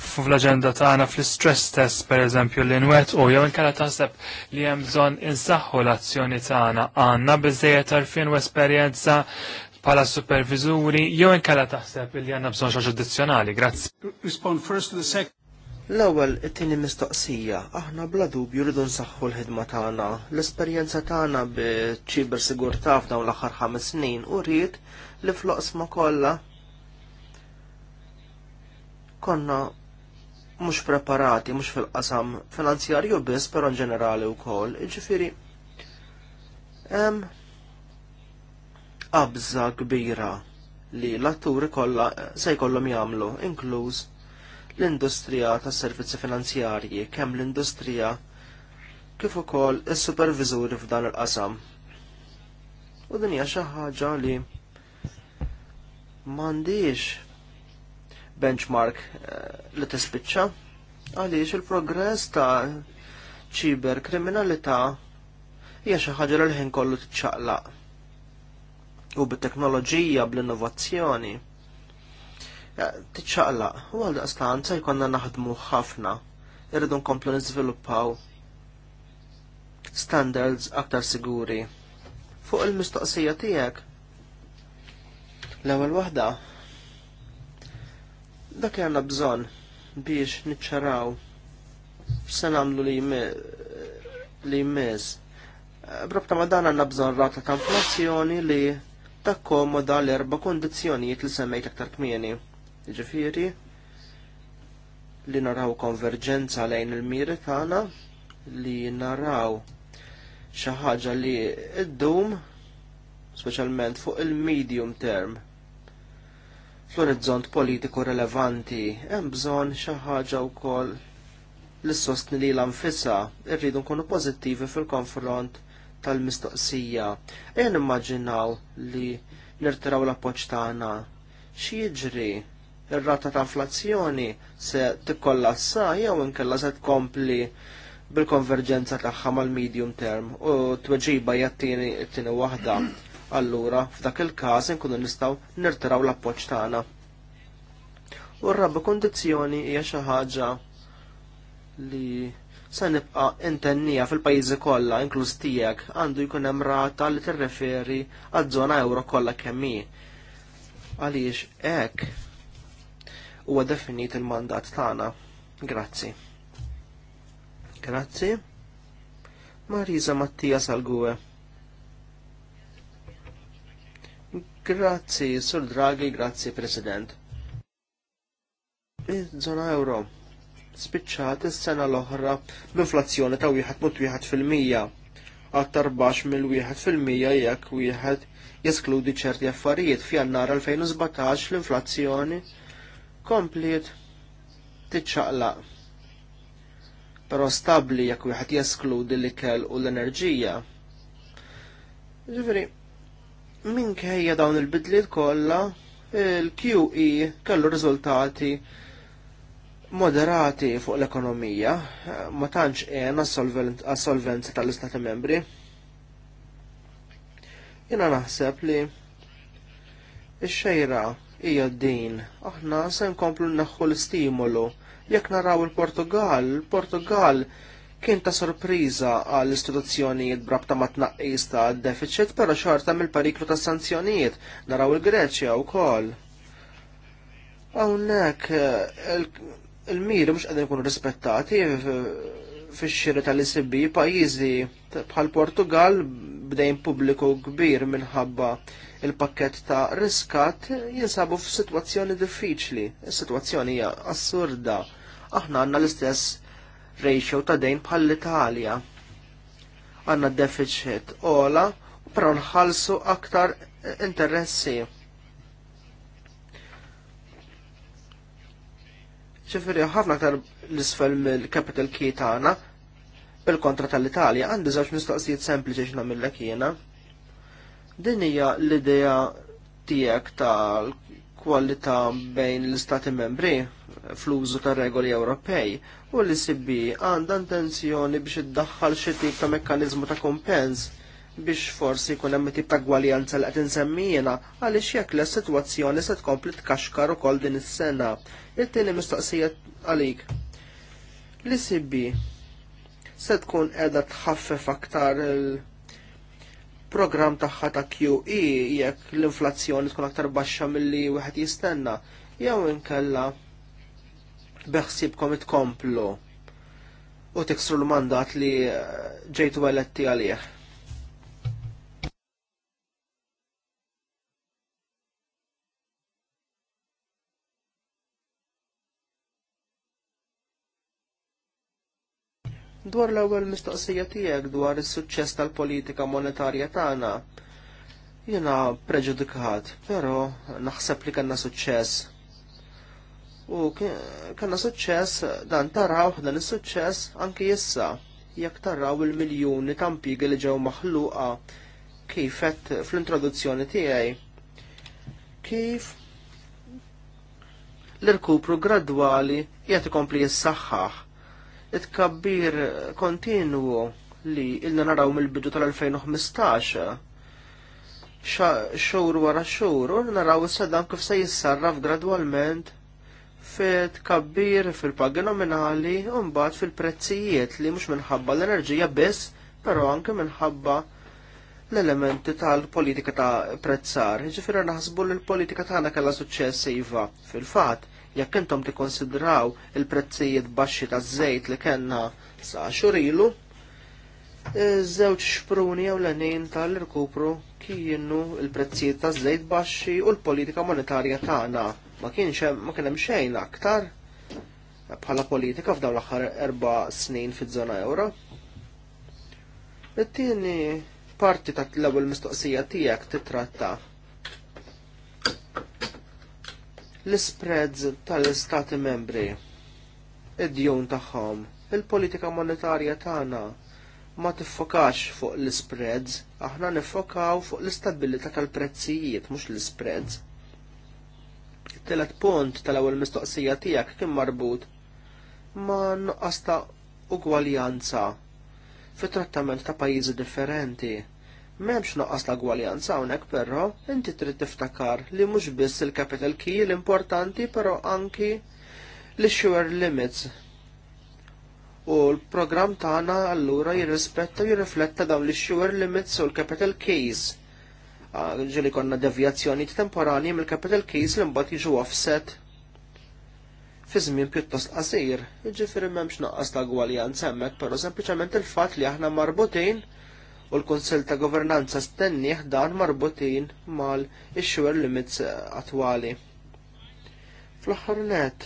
C: fl-aġenda tagħna fl-istress test pereżempju li nwet u jew inkella taħseb li hemm bżonn insaħħu l-azzjoni tagħna għandna biżejjed tarfien u esperjenza bħala supervizuri jew inkella taħseb li għandna bżonn xi
A: addizzjonali. Grazzi. Respond first to the second. L-ewwel it-tieni mistoqsija, aħna bla dubju rridu nsaħħu l-ħidma tagħna. L-esperjenza tagħna b'ċiber sigurtà f'dawn l-aħħar ħames snin u rrid li floqsma kollha konna mhux preparati, mhux fil-qasam finanzjarju biss, però ġenerali wkoll, jiġifieri hemm qabża kbira li l-atturi kollha se jkollhom jagħmlu, inkluż l-industrija tas servizzi finanzjarji, kemm l-industrija kif ukoll is-superviżuri f'dan il-qasam. U din hija xi ħaġa li m'għandix benchmark eh, li tispiċċa għaliex il-progress ta' ċiber kriminalità hija xi ħaġa li l ħin kollu titċaqlaq. U bit-teknoloġija bl-innovazzjoni Eh, tiċċaqlaq. U għal daqstan se jkollna naħdmu ħafna. Irridu nkomplu niżviluppaw standards aktar siguri. Fuq il-mistoqsija tiegħek. L-ewwel waħda dak għandna bżonn biex niċċaraw x'se nagħmlu li li jmiss. Eh, brabta ma dan għanna bżon rata ta' inflazzjoni li takkomoda l-erba kondizjonijiet li semmejt aktar kmieni. Ġifiri, li naraw konverġenza lejn il-miri tagħna, li naraw xi ħaġa li d-dum, speċjalment fuq il-medium term. Fl-orizzont politiku relevanti hemm bżonn xi ħaġa wkoll li sostni li l-anfisa irridu nkunu pożittivi fil-konfront tal-mistoqsija. Ejja nimmaġinaw li nirtiraw l-appoġġ tagħna xi jiġri ir-rata ta' inflazzjoni se tikkollassa jew inkella se tkompli bil-konverġenza tagħha mal-medium term u tweġiba hija t-tieni waħda. Allura, f'dak il-każ inkunu nistgħu nirtiraw l-appoġġ tagħna. U r-raba kondizzjoni hija xi ħaġa li se nibqa' intennija fil-pajjiżi kollha inkluż tiegħek għandu jkun hemm rata li tirreferi għaż-żona euro kollha kemm hi. Għaliex hekk huwa definit il-mandat tagħna. Grazzi. Grazzi. Marisa Mattia Salgue. Grazzi, Sur Draghi, grazzi President. Zona Euro spiċċat is-sena l-oħra b'inflazzjoni ta' 1.1 fil-mija għad tarbax mill-1 fil-mija jekk wieħed jeskludi ċerti affarijiet f'jannar 2017 l-inflazzjoni komplet tiċċaqlaq. Però stabbli jekk wieħed jeskludi l-ikel u l-enerġija. Ġifieri, minkejja dawn il-bidliet kollha, il-QE kellu riżultati moderati fuq l-ekonomija, ma tantx għena għas-solvenza tal-Istati membri. Jena naħseb li ix-xejra hija din. Aħna se nkomplu naħħu l-istimolu. Jekk naraw il-Portugal, il-Portugal kien ta' sorpriża għall istituzzjonijiet brabta ma' tnaqqis ta' deficit, però xorta mill-periklu ta' sanzjonijiet naraw il-Greċja wkoll. Hawnhekk eh, il-miri mhux qegħdin ikunu rispettati fix-xiri tal-ICB pajjiżi bħal Portugal bdejn pubbliku kbir minħabba il-pakket ta' riskat jinsabu f'sitwazzjoni diffiċli. Is-sitwazzjoni hija assurda. Aħna għandna l-istess ratio ta' dejn bħall-Italja. Għanna deficit ola, però nħallsu aktar interessi. ċifiri, ħafna aktar l-isfel mill-capital key tagħna bil-kontra tal-Italja għandi żewġ mistoqsijiet sempliċi mill jiena. Din hija l-idea tiegħek tal-kwalità bejn l-Istati membri fl-użu ta' regoli Ewropej u l sibi, għandha intenzjoni biex iddaħħal xi tip ta' mekkaniżmu ta' kompens biex forsi jkun hemm tip ta' gwaljanza li qed insemmijena għaliex jekk le sitwazzjoni se tkompli tkaxkar ukoll din is-sena. It-tieni mistoqsija għalik. L-ICB se tkun qiegħda tħaffef aktar il- program tagħha ta' QE jekk l-inflazzjoni tkun aktar baxxa milli wieħed jistenna, jew inkella beħsibkom itkomplu u tiksru l-mandat li ġejtu eletti għalih. dwar l-ewwel mistoqsija tiegħek dwar is-suċċess tal-politika monetarja tagħna. Jiena preġudikat, però naħseb li kellna suċċess. U kellna suċċess dan taraw dan is-suċċess anki issa jekk taraw il-miljuni ta' impjiegi li ġew maħluqa kif qed fl-introduzzjoni tiegħi. Kif l-irkupru gradwali jgħat ikompli jissaħħaħ it-kabbir kontinwu li ilna naraw mill-bidu tal-2015 xhur wara xhur u naraw s-saddam kif se jissarraf gradwalment fit kabbir fil-pagi nominali u mbagħad fil-prezzijiet li mhux minħabba l-enerġija biss, però anke minħabba l-elementi tal-politika ta' prezzar. Ġifieri naħsbu li l-politika tagħna kellha suċċess iva fil-fatt Jekk intom tikkonsidraw il-prezzijiet baxxi taż-żejt li kellna sa xurilu, żewġ xpruni jew l-għenin tal-irkupru kienu il-prezzijiet taż-żejt baxxi u l-politika monetarja tagħna ma kienx ma kien hemm xejn aktar bħala politika f'dawn l-aħħar erba' snin fiż-żona euro. It-tieni parti ta' l-ewwel mistoqsija tiegħek titratta l-spreads tal-istati membri, id-djun tagħhom, il-politika monetarja tagħna ma tiffokax fuq l-spreads, aħna nifokaw fuq l-istabilità tal-prezzijiet, mhux l-spreads. Telet punt tal-ewwel mistoqsija tiegħek kien marbut ma nuqqas ta' ugwaljanza fit trattament ta' pajjiżi differenti. M'hemmx noqqas la gwaljanza hawnhekk però inti trid tiftakar li mhux biss il-capital key l-importanti però anki l sure limits. U l-programm tagħna allura jirrispetta u jirrifletta dawn l sure limits u l-capital keys. Ah, ġili konna devjazzjoni temporani mill-capital keys li mbagħad jiġu offset fi żmien pjuttost qasir, jiġifieri m'hemmx noqqas ta' gwaljanza hemmhekk, però sempliċement il-fatt li aħna marbutin u l-Konsell ta' Governanza stenniħ dan marbutin mal-issuer limits attwali. Fl-aħħar net,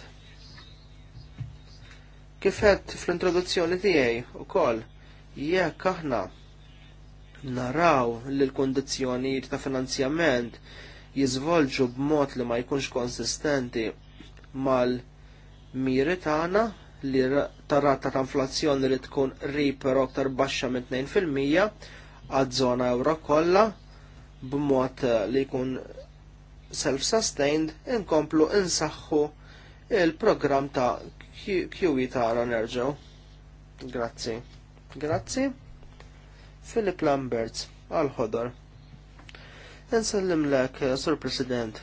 A: kifet fl-introduzzjoni tiegħi ukoll jekk aħna naraw li l kundizzjonijiet ta' finanzjament jiżvolġu b'mod li ma jkunx konsistenti mal-miri tagħna li tarata ta' inflazzjoni li tkun rib però aktar baxxa minn 2% għaż-żona euro kollha b'mod eh, li jkun self-sustained inkomplu insaħħu il-programm ta' QE ta' Ranerġew. Grazzi. Grazzi. Philip Lamberts, għal-ħodor. Nsellim lek, eh, Sur President.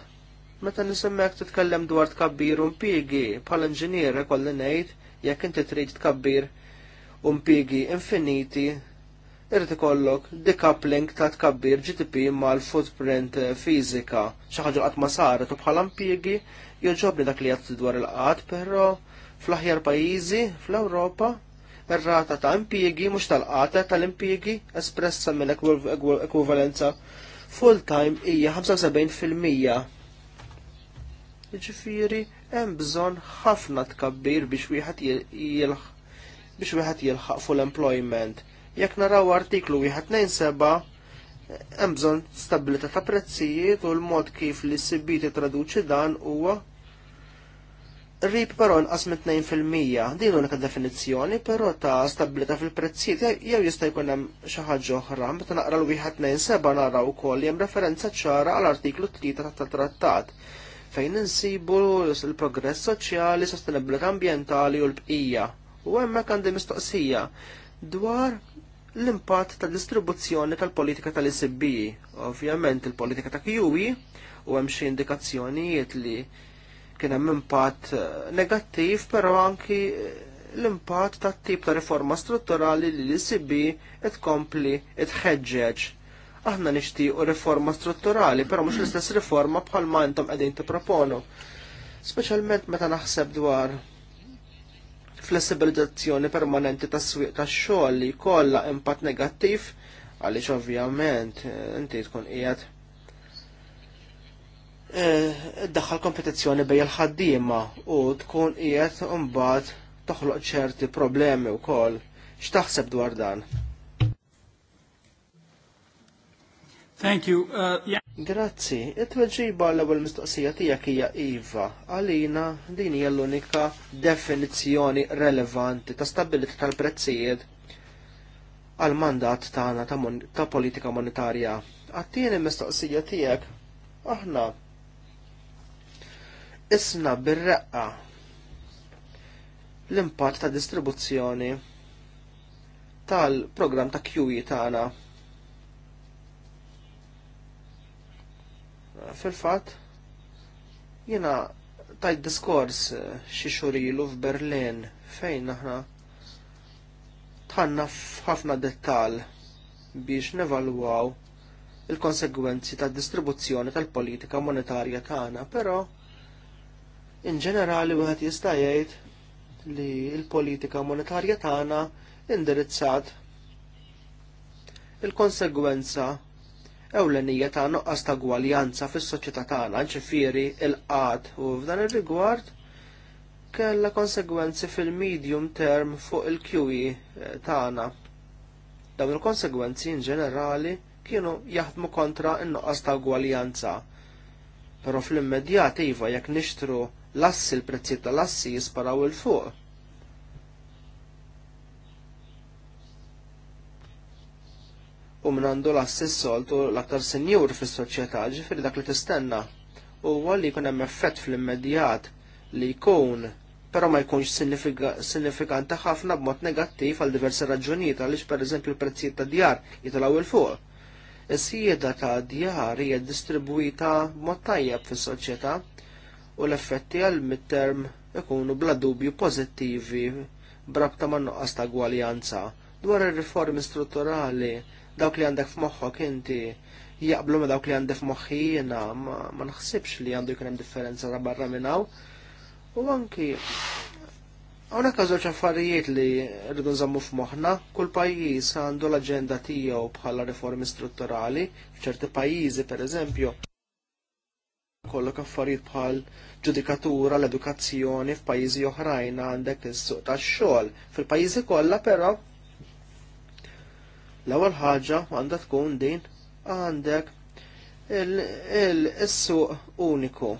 A: Meta nisimmek titkellem dwar tkabbir u l-pigi bħal inġinier kolli ngħid jekk inti trid tkabbir u impigi infiniti irrid ikollok decoupling ta' tkabbir GTP mal-footprint fiżika. Xi ħaġa qatt ma saret u bħala impjiegi jogħġobni dak li qed dwar il-qatt, però fl-aħjar pajjiżi fl-Ewropa ir-rata ta' impjiegi mhux tal-qata eh, tal-impjiegi espressa minn ekwivalenza full-time hija 75%. jiġifieri hemm bżonn ħafna tkabbir biex wieħed biex wieħed jilħaq full employment. Jekk naraw artiklu wieħed nejn seba' hemm bżonn stabilità ta' prezzijiet u l-mod kif li s traduċi titraduċi dan huwa rib però nqas minn 2% din l-unika definizzjoni, però ta' stabilità fil-prezzijiet jew jista' jkun hemm xi ħaġa oħra, meta naqra l wieħed nejn seba' naraw ukoll hemm referenza ċara għall artiklu 3 tat-trattat fejn insibu l-progress soċjali, sostenibilità ambjentali u l-bqija. U hemmhekk għandi mistoqsija dwar l-impatt ta' distribuzzjoni tal-politika tal isbi Ovvjament il-politika ta' QE u hemm xi indikazzjonijiet li kien hemm impatt eh, negattiv, però anki l-impatt tat tip ta' riforma strutturali li l-ECB tkompli tħeġġeġ Aħna nixtiequ riforma strutturali, però mhux l-istess riforma bħal ma intom qegħdin tipproponu. Speċjalment meta naħseb dwar flessibilizzazzjoni permanenti tas-swieq tax-xogħol li jkollha impatt negattiv għaliex ovvjament eh, inti tkun qiegħed eh, daħħal kompetizzjoni bej il-ħaddiema u tkun qiegħed imbagħad toħloq ċerti problemi wkoll. X'taħseb dwar dan? Thank you. Uh, yeah. Grazzi. It-tweġiba l-ewwel mistoqsija tiegħek hija iva. Għalina din hija l-unika definizzjoni relevanti ta' stabilità tal-prezzijiet għal mandat tagħna ta', mon ta politika monetarja. Għattieni mistoqsija tiegħek aħna isna bir-reqqa l-impatt ta' distribuzzjoni tal-programm ta' QE tagħna fil-fatt jiena tajt diskors eh, xi xhur f'Berlin fejn aħna tħanna f'ħafna dettal biex nevalwaw il-konsegwenzi tad distribuzzjoni tal-politika monetarja tagħna, però in ġenerali wieħed jista' jgħid li l-politika monetarja tagħna indirizzat il-konsegwenza ewlenija ta' noqqas ta' gwaljanza fis-soċjetà tagħna, ġifieri il-qad u f'dan ir-rigward kellha konsegwenzi fil-medium term fuq il-QE eh, tagħna. Dawn il-konsegwenzi in ġenerali kienu jaħdmu kontra n-noqqas ta' gwaljanza. Però fl-immedjat iva jekk nixtru l-assi l-prezzijiet tal-assi jisparaw il-fuq u minn għandu l-assess soltu l-aktar senjur fis soċjetà ġifiri dak li tistenna u li jkun hemm effett fl-immedjat li jkun però ma jkunx sinifikanti ħafna b'mod negattiv għal diversi raġunijiet għaliex pereżempju l-prezzijiet ta' djar jitilgħu il fuq. Is-sieda ta' djar hija distribwita b'mod tajjeb fis-soċjetà u l-effetti għal mid-term ikunu bla dubju pożittivi brabta ma' nuqqas ta' gwaljanza dwar ir-riformi strutturali dawk li għandek f'moħħok inti jaqblu ma dawk li għandek f'moħħi jiena ma naħsibx li għandu jkun hemm differenza ta' barra minn hawn. U anki hawnhekk żewġ affarijiet li rridu nżammu f'moħħna, kull pajjiż għandu l-aġenda tiegħu bħala riformi strutturali, f'ċerti pajjiżi pereżempju kollok affarijiet bħal ġudikatura, l-edukazzjoni f'pajjiżi oħrajn għandek is-suq tax-xogħol. Fil-pajjiżi kollha però L-ewwel ħaġa għandha tkun din għandek il-suq uniku.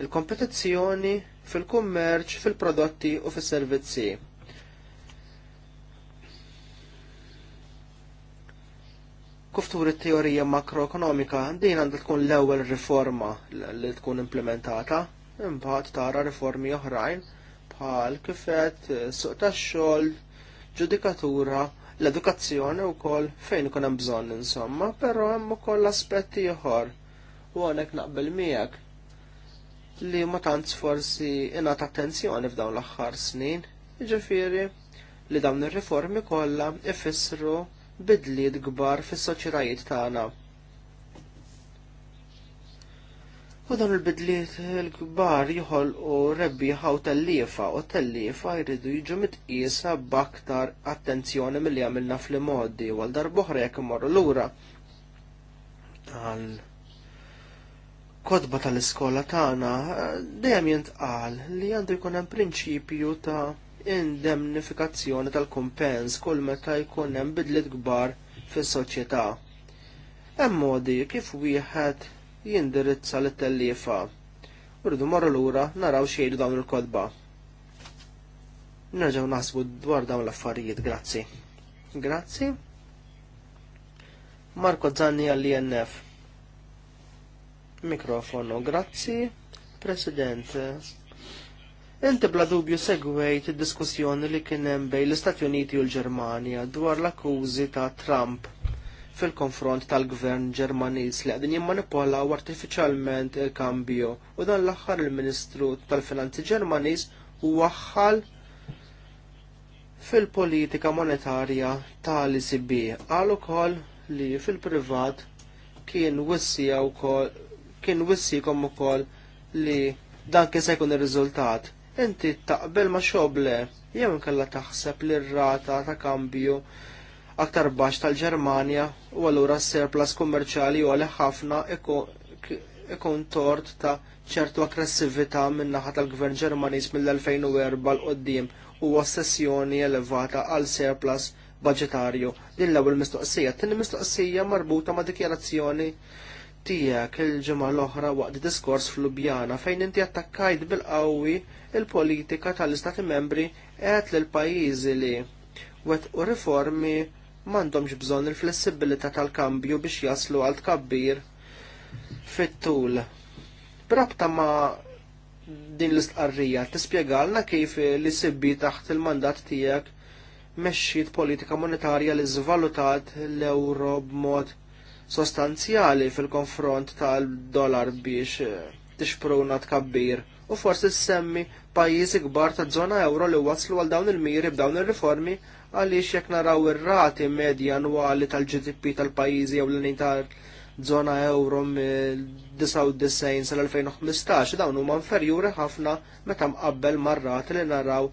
A: Il-kompetizzjoni fil-kummerċ, fil-prodotti u fis-servizzi. Kuftur it-teorija makroekonomika din għandha tkun l-ewwel riforma li tkun implementata, imbagħad tara riformi oħrajn bħal kifet suq tax-xogħol, ġudikatura l-edukazzjoni wkoll fejn ikun hemm bżonn insomma, però hemm ukoll aspetti ieħor u għonek naqbel miegħek li ma tant forsi inat attenzjoni f'dawn l-aħħar snin, jiġifieri li dawn ir-riformi kollha ifissru bidliet kbar fis-soċjetajiet tagħna. U dan il-bidliet il kbar jħol u ħaw tal telliefa u telliefa jridu jiġu mitqisa b'aktar attenzjoni mill-li għamilna fl-modi u għal darboħra jekk imorru lura għal kodba tal-iskola tagħna dejjem jintqal li għandu jkun hemm prinċipju ta' indemnifikazzjoni tal-kumpens kull meta jkun hemm bidliet kbar fis-soċjetà. Hemm modi kif wieħed jindirizza l telliefa Urdu marru lura naraw xejdu dawn il-kodba. Nerġaw naħsbu dwar dawn l-affarijiet, grazzi. Grazzi. Marko Zanni għall-INF. Mikrofonu, grazzi. President, Inti bla dubju segwejt id-diskussjoni li kien hemm bejn l-Istati Uniti u l-Ġermanja dwar l-akkużi ta' Trump fil-konfront tal-gvern Ġermaniż li qegħdin jimmanipolaw artifiċjalment il-kambju u dan l-aħħar il-Ministru tal-Finanzi Ġermaniż waħħal fil-politika monetarja tal-ECB għal ukoll li fil-privat kien wissija wkoll kien wissikom ukoll li dan kien se jkun ir-riżultat. Inti taqbel ma xoble jew inkella taħseb li r-rata ta' kambju aktar baxx tal-Ġermanja u allura s serplas kummerċali u għalih ħafna ikun tort ta' ċertu aggressività min-naħa tal-Gvern Ġermaniż mill-2004 l-qoddim u ossessjoni elevata għal surplus budgetarju. Din l-ewwel mistoqsija. Tieni mistoqsija marbuta ma' dikjarazzjoni tiegħek il-ġimgħa l-oħra waqt diskors fl-Lubjana fejn inti attakkajt bil-qawwi il-politika tal-Istati Membri qed lil pajjiżi li wet u riformi m'għandhomx bżonn il-flessibilità tal-kambju biex jaslu għal tkabbir fit-tul. Brabta ma' din l-istqarrija tispjegalna kif li sibbi taħt il-mandat tiegħek mexxiet politika monetarja li żvalutat l-euro b'mod sostanzjali fil-konfront tal-dollar biex eh, tixpruna tkabbir u forsi semmi pajjiżi kbar ta' zona euro li waslu għal dawn il-miri b'dawn ir riformi għaliex jekk naraw ir-rati medja annwali tal-GDP tal-pajjiżi jew l-nin tal-żona euro mill-99 sal-2015 dawn huma inferjuri ħafna meta mqabbel mar-rati li naraw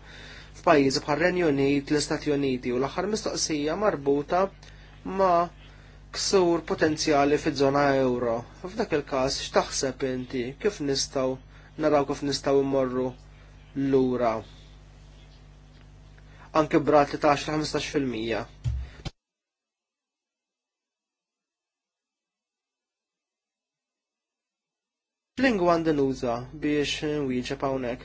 A: f'pajjiżi bħal Renju Unit, l-Istati Uniti u l-aħħar mistoqsija marbuta ma' ksur potenzjali fiż-żona euro. F'dak il-każ x'taħseb inti kif nistgħu naraw kif nistgħu immorru lura anke brat li ta' Lingu għandin Lingwa biex nwieġeb hawnhekk.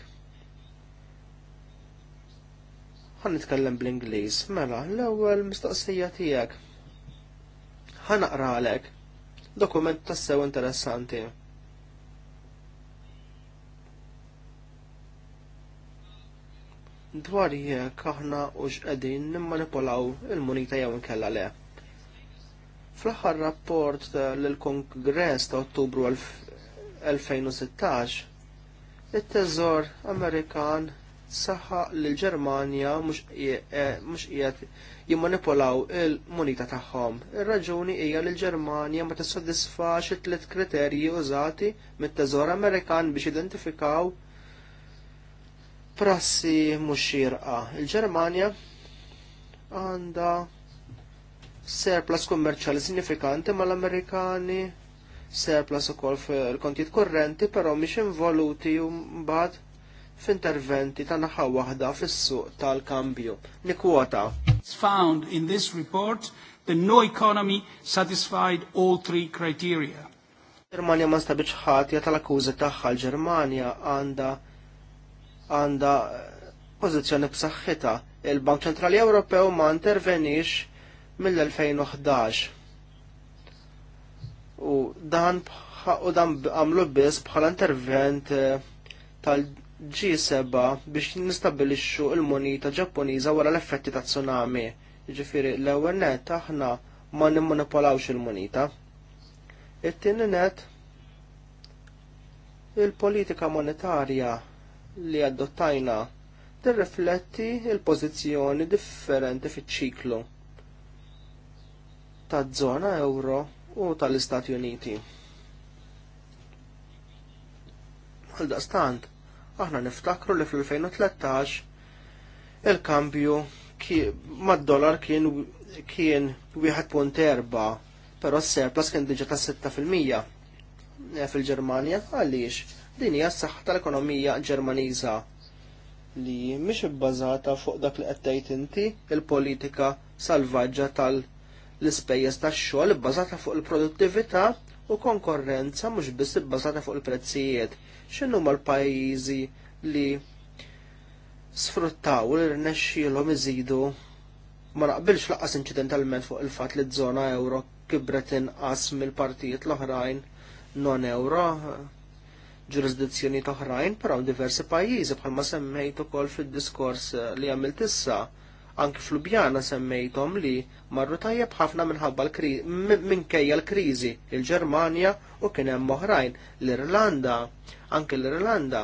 A: Għan nitkellem bl-Ingliż, mela, l-ewwel mistoqsija tiegħek. Ħanaqra għalek. Dokument tassew interessanti. dwar jekk aħna u x'qegħdin nimmanipulaw il-munita jew inkella le. Fl-aħħar rapport lill-Kongress ta' Ottubru 2016, it-teżor Amerikan saħħa lil ġermanja e, mhux qiegħed jimmanipulaw il-munita tagħhom. Ir-raġuni hija li l-Ġermanja ma tissodisfax it-tliet kriterji użati mit-teżor Amerikan biex identifikaw prassi mhux xierqa. Il-Ġermanja għandha surplus kummerċjali sinifikanti mal-Amerikani surplus ukoll fil kontiet korrenti però mhix involuti mbagħad f'interventi ta' naħa waħda fis-suq tal-kambju. Nikwota. It's
B: found in this report the no economy satisfied all three criteria.
A: Germania ma stabiċ ħatja tal-akkużi tagħha l-Ġermanja għandha għandha pożizzjoni b'saħħita, Il-Bank Ċentrali Ewropew ma intervenix mill-2011. U dan u dan għamlu biss bħala intervent eh, tal-G7 biex nistabilixxu il-monita Ġappuniża wara l-effetti ta' tsunami. Ġifieri l-ewwel net aħna ma nimmanipolawx il-monita. It-tieni net il-politika monetarja li adottajna tirrifletti il-pożizzjoni differenti fiċ-ċiklu taż-żona Ewro u tal-Istati Uniti. Għaldaqstant, aħna niftakru li fl-2013 il-kambju mad-dollar kien kien 1.4 però s serplas kien diġa ta' 6% eh, fil-Ġermanja għaliex Din hija s-saħħa tal-ekonomija Ġermaniża li mhix ibbażata fuq dak li qed tgħid inti il-politika salvaġġa tal-ispejjeż tax-xogħol ibbażata fuq il-produttività u konkorrenza mhux biss ibbażata fuq il-prezzijiet. X'inhu l-pajjiżi li sfruttaw li rnexxielhom iżidu ma naqbilx laqqas inċidentalment fuq il-fatt li ż-żona euro kibret inqas mill-partijiet l-oħrajn non euro ġurisdizzjoni oħrajn, però diversi pajjiżi bħalma semmejt ukoll fid-diskors eh, li għamilt issa. Anki fl-Lubjana semmejthom li marru tajjeb ħafna minħabba minkejja l-kriżi il-Ġermanja u kien hemm oħrajn l-Irlanda, anki l-Irlanda.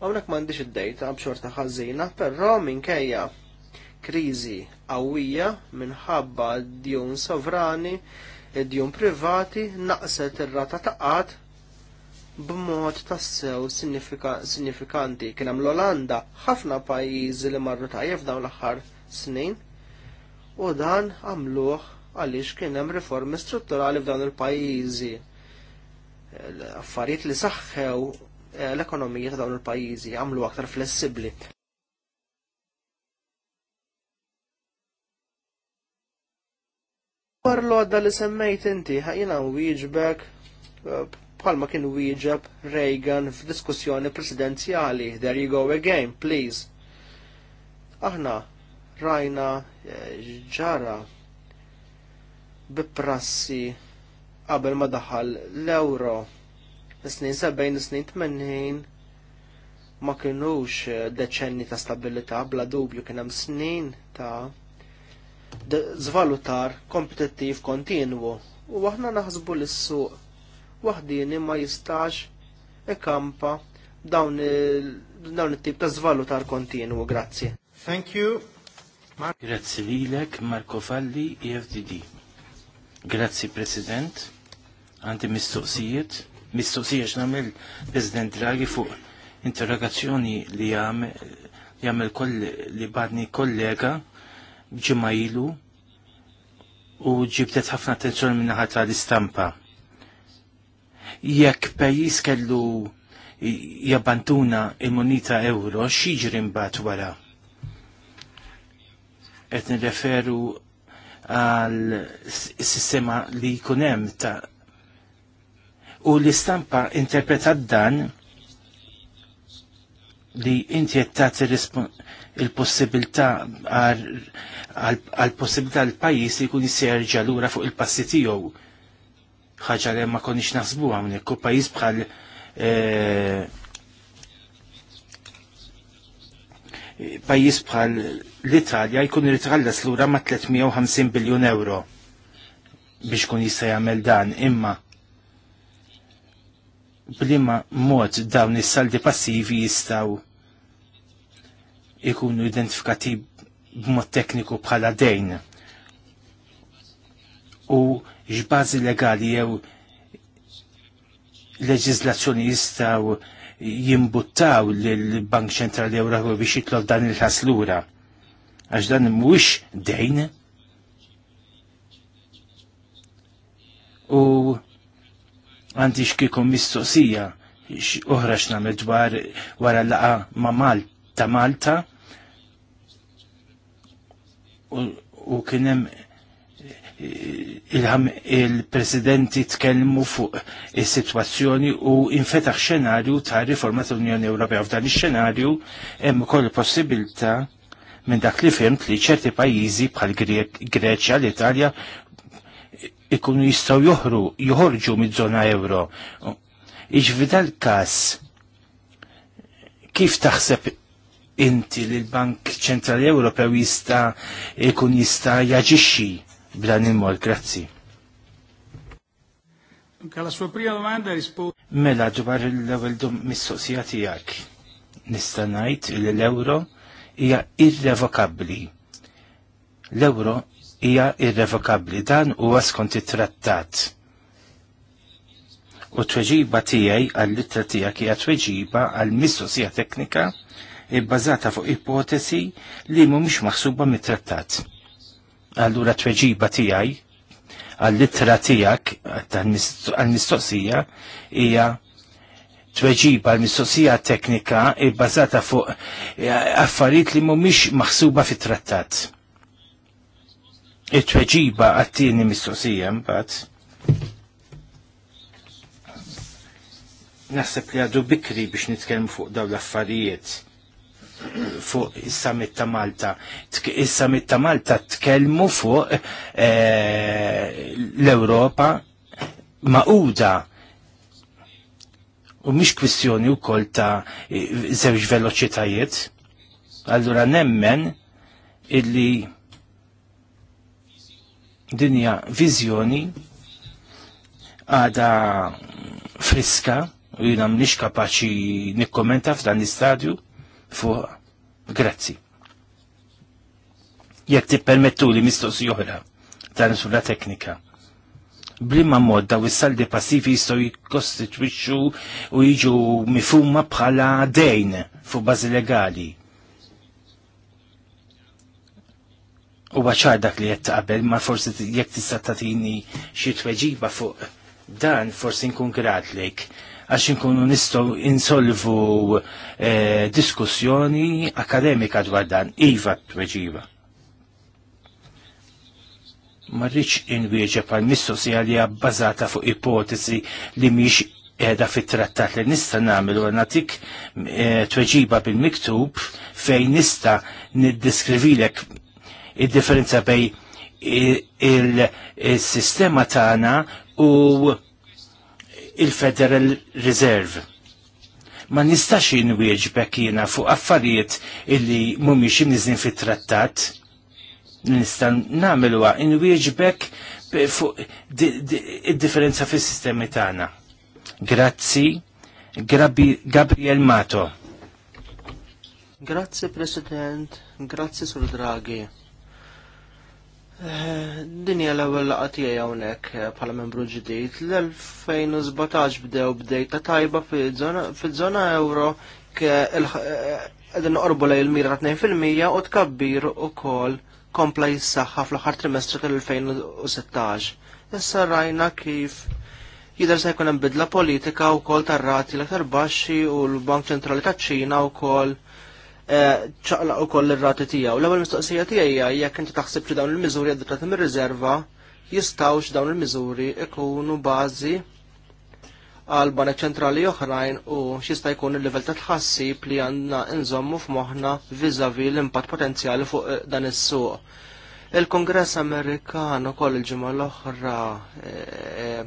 A: Hawnhekk m'għandix id-dejta b'xorta ħażina, però minkejja kriżi qawwija minħabba djun sovrani id-djum privati naqset ir-rata ta' qatt b'mod tassew sinifikanti. Kien hemm l-Olanda ħafna pajjiżi li marru tajjeb dawn l-aħħar snin u dan għamluh għaliex kien hemm riformi strutturali f'dawn il-pajjiżi. Affarijiet li saħħew eh, l-ekonomija ta' dawn il-pajjiżi għamlu aktar flessibbli. dwar l-odda li semmejt inti, ħajjina wieġbek eh, bħalma kien wieġeb Reagan f'diskussjoni presidenzjali, there you go again, please. Aħna rajna eh, ġara biprassi qabel ma daħal l-euro. Snin 70, snin 80 ma kienux eh, deċenni ta' stabilita, bla dubju kien hemm snin ta' zvalutar kompetittiv kontinwu u aħna naħsbu l suq waħdini ma jistax kampa dawn it-tip ta' zvalutar kontinwu. Grazzi.
B: Thank you. Grazzi lilek, Marco Falli, EFDD. Grazzi President, għandi mistoqsijiet, mistoqsijiet namel President Draghi fuq interrogazzjoni li jagħmel kolli li badni kollega ġimma ilu u ġibdet ħafna attenzjoni minnaħa l istampa Jekk pajjiż kellu jabbantuna il-monita euro, xieġri mbagħad wara? Qed nirreferu għal sistema li jkun hemm ta' u l-istampa interpretat dan li inti jettat il-possibilità għal-possibilità l-pajis li kun jisserġa l fuq il-passi tijow. ħagġa li ma konix naħsbu għamnek, u pajis bħal eh, pajis bħal l-Italja jkun irtħallas l-ura ma 350 biljon euro biex kun jista' jagħmel dan imma blima mod dawn is-saldi passivi jistaw ikunu identifikati b'mod tekniku bħala dejn u x'bażi legali jew leġizlazzjoni jistaw jimbuttaw l-Bank Ċentrali Ewropew biex jitlob dan il-ħaslura. Għax dan mhuwiex dejn. U għandi xkikum mistoqsija uħra x'namel dwar wara laqa ma' Malta Malta u, kienem kien hemm eh, il-presidenti tkellmu fuq is-sitwazzjoni u infetaħ xenarju ta' riforma tal-Unjoni Ewropea f'dan ix-xenarju hemm ukoll possibilità minn dak li fimt li ċerti pajjiżi bħal Greċja, l-Italja ikunu jistaw joħru, joħorġu mid zona euro. Iġvida kas kif taħseb inti li l-Bank Ċentrali Ewropew jista' ikun jista' jaġixxi b'dan il-mod, grazzi.
C: Kalla sua prima domanda rispondi.
B: Mela dwar l-ewwel mistoqsija tiegħek. Nista' ngħid li l-euro hija irrevokabbli. L-euro hija irrevokabbli dan huwa skont it-trattat. U tweġiba tiegħi għall-ittra tiegħek hija tweġiba għal mistoqsija teknika ibbażata fuq ipotesi li mhumiex maħsuba mit-trattat. Allura tweġiba tiegħi għall-ittra tiegħek għall-mistoqsija hija tweġiba għall mistoqsija teknika ibbażata fuq affarijiet li mhumiex maħsuba fit-trattat it-tweġiba għattini mistoqsija mbagħad. Naħseb li għadu bikri biex nitkellmu fuq daw l-affarijiet fuq is-summit ta' Malta. Is-summit ta' Malta tkellmu fuq eh, l-Ewropa maquda u mhix kwistjoni wkoll ta' eh, żewġ veloċitajiet. Allura nemmen illi dinja vizjoni għada friska u jina mnix kapaċi nikkomenta f'dan l-istadju fuq grazzi. Jek ti permettu li mistoqs oħra dan sulla teknika. Blimma mod daw is-saldi passivi jistgħu jikkostitwixxu u jiġu mifhuma bħala dejn fuq bażi legali U għaxar dak li jett qabel, ma forsi jekk tista' tatini xi tweġiba fuq dan forsi nkun grat għax nkunu nistgħu insolvu eh, diskussjoni akademika dwar dan, iva tweġiba. Ma rridx inwieġeb għal mistoqsija li bbażata fuq ipotesi li mhix qiegħda fit-trattat li nista' nagħmel u nagħtik e, tweġiba bil-miktub fejn nista' niddiskrivilek il-differenza bej il-sistema tagħna u il-Federal Reserve. Ma nistax inwieġbek jiena fuq affarijiet illi mhumiex imniżnin fit-trattat nistan nagħmilwa bekk fuq id-differenza fis-sistemi tagħna. Grazzi, Gabriel Mato.
A: Grazzi President, grazie sul Draghi Dinja l-ewwel laqgħa tiegħi hawnhekk eh, bħala membru ġdid l-2017 bdew bdejta tajba fiż-żona euro eh, qegħdin noqorbu lejn il-mira fil 2% u tkabbir ukoll kompla jissaħħa fl-aħħar trimestru tal-2016. Issa rajna kif jidher se jkun hemm bidla politika wkoll tar-rati l-aktar baxxi u l-Bank Ċentrali taċ-Ċina wkoll ċaqlaq ukoll ir-rati tiegħu. L-ewwel mistoqsija tiegħi hija jekk inti taħsib li dawn il-miżuri addittati mir rizerva jistgħux dawn il-miżuri ikunu bażi għal banek ċentrali oħrajn u xista jkun il-level ta' tħassib li għandna nżommu f'moħħna viżavi l-impatt potenzjali fuq eh, dan is-suq. Il-Kongress Amerikan ukoll il-ġimgħa l-oħra eh, eh,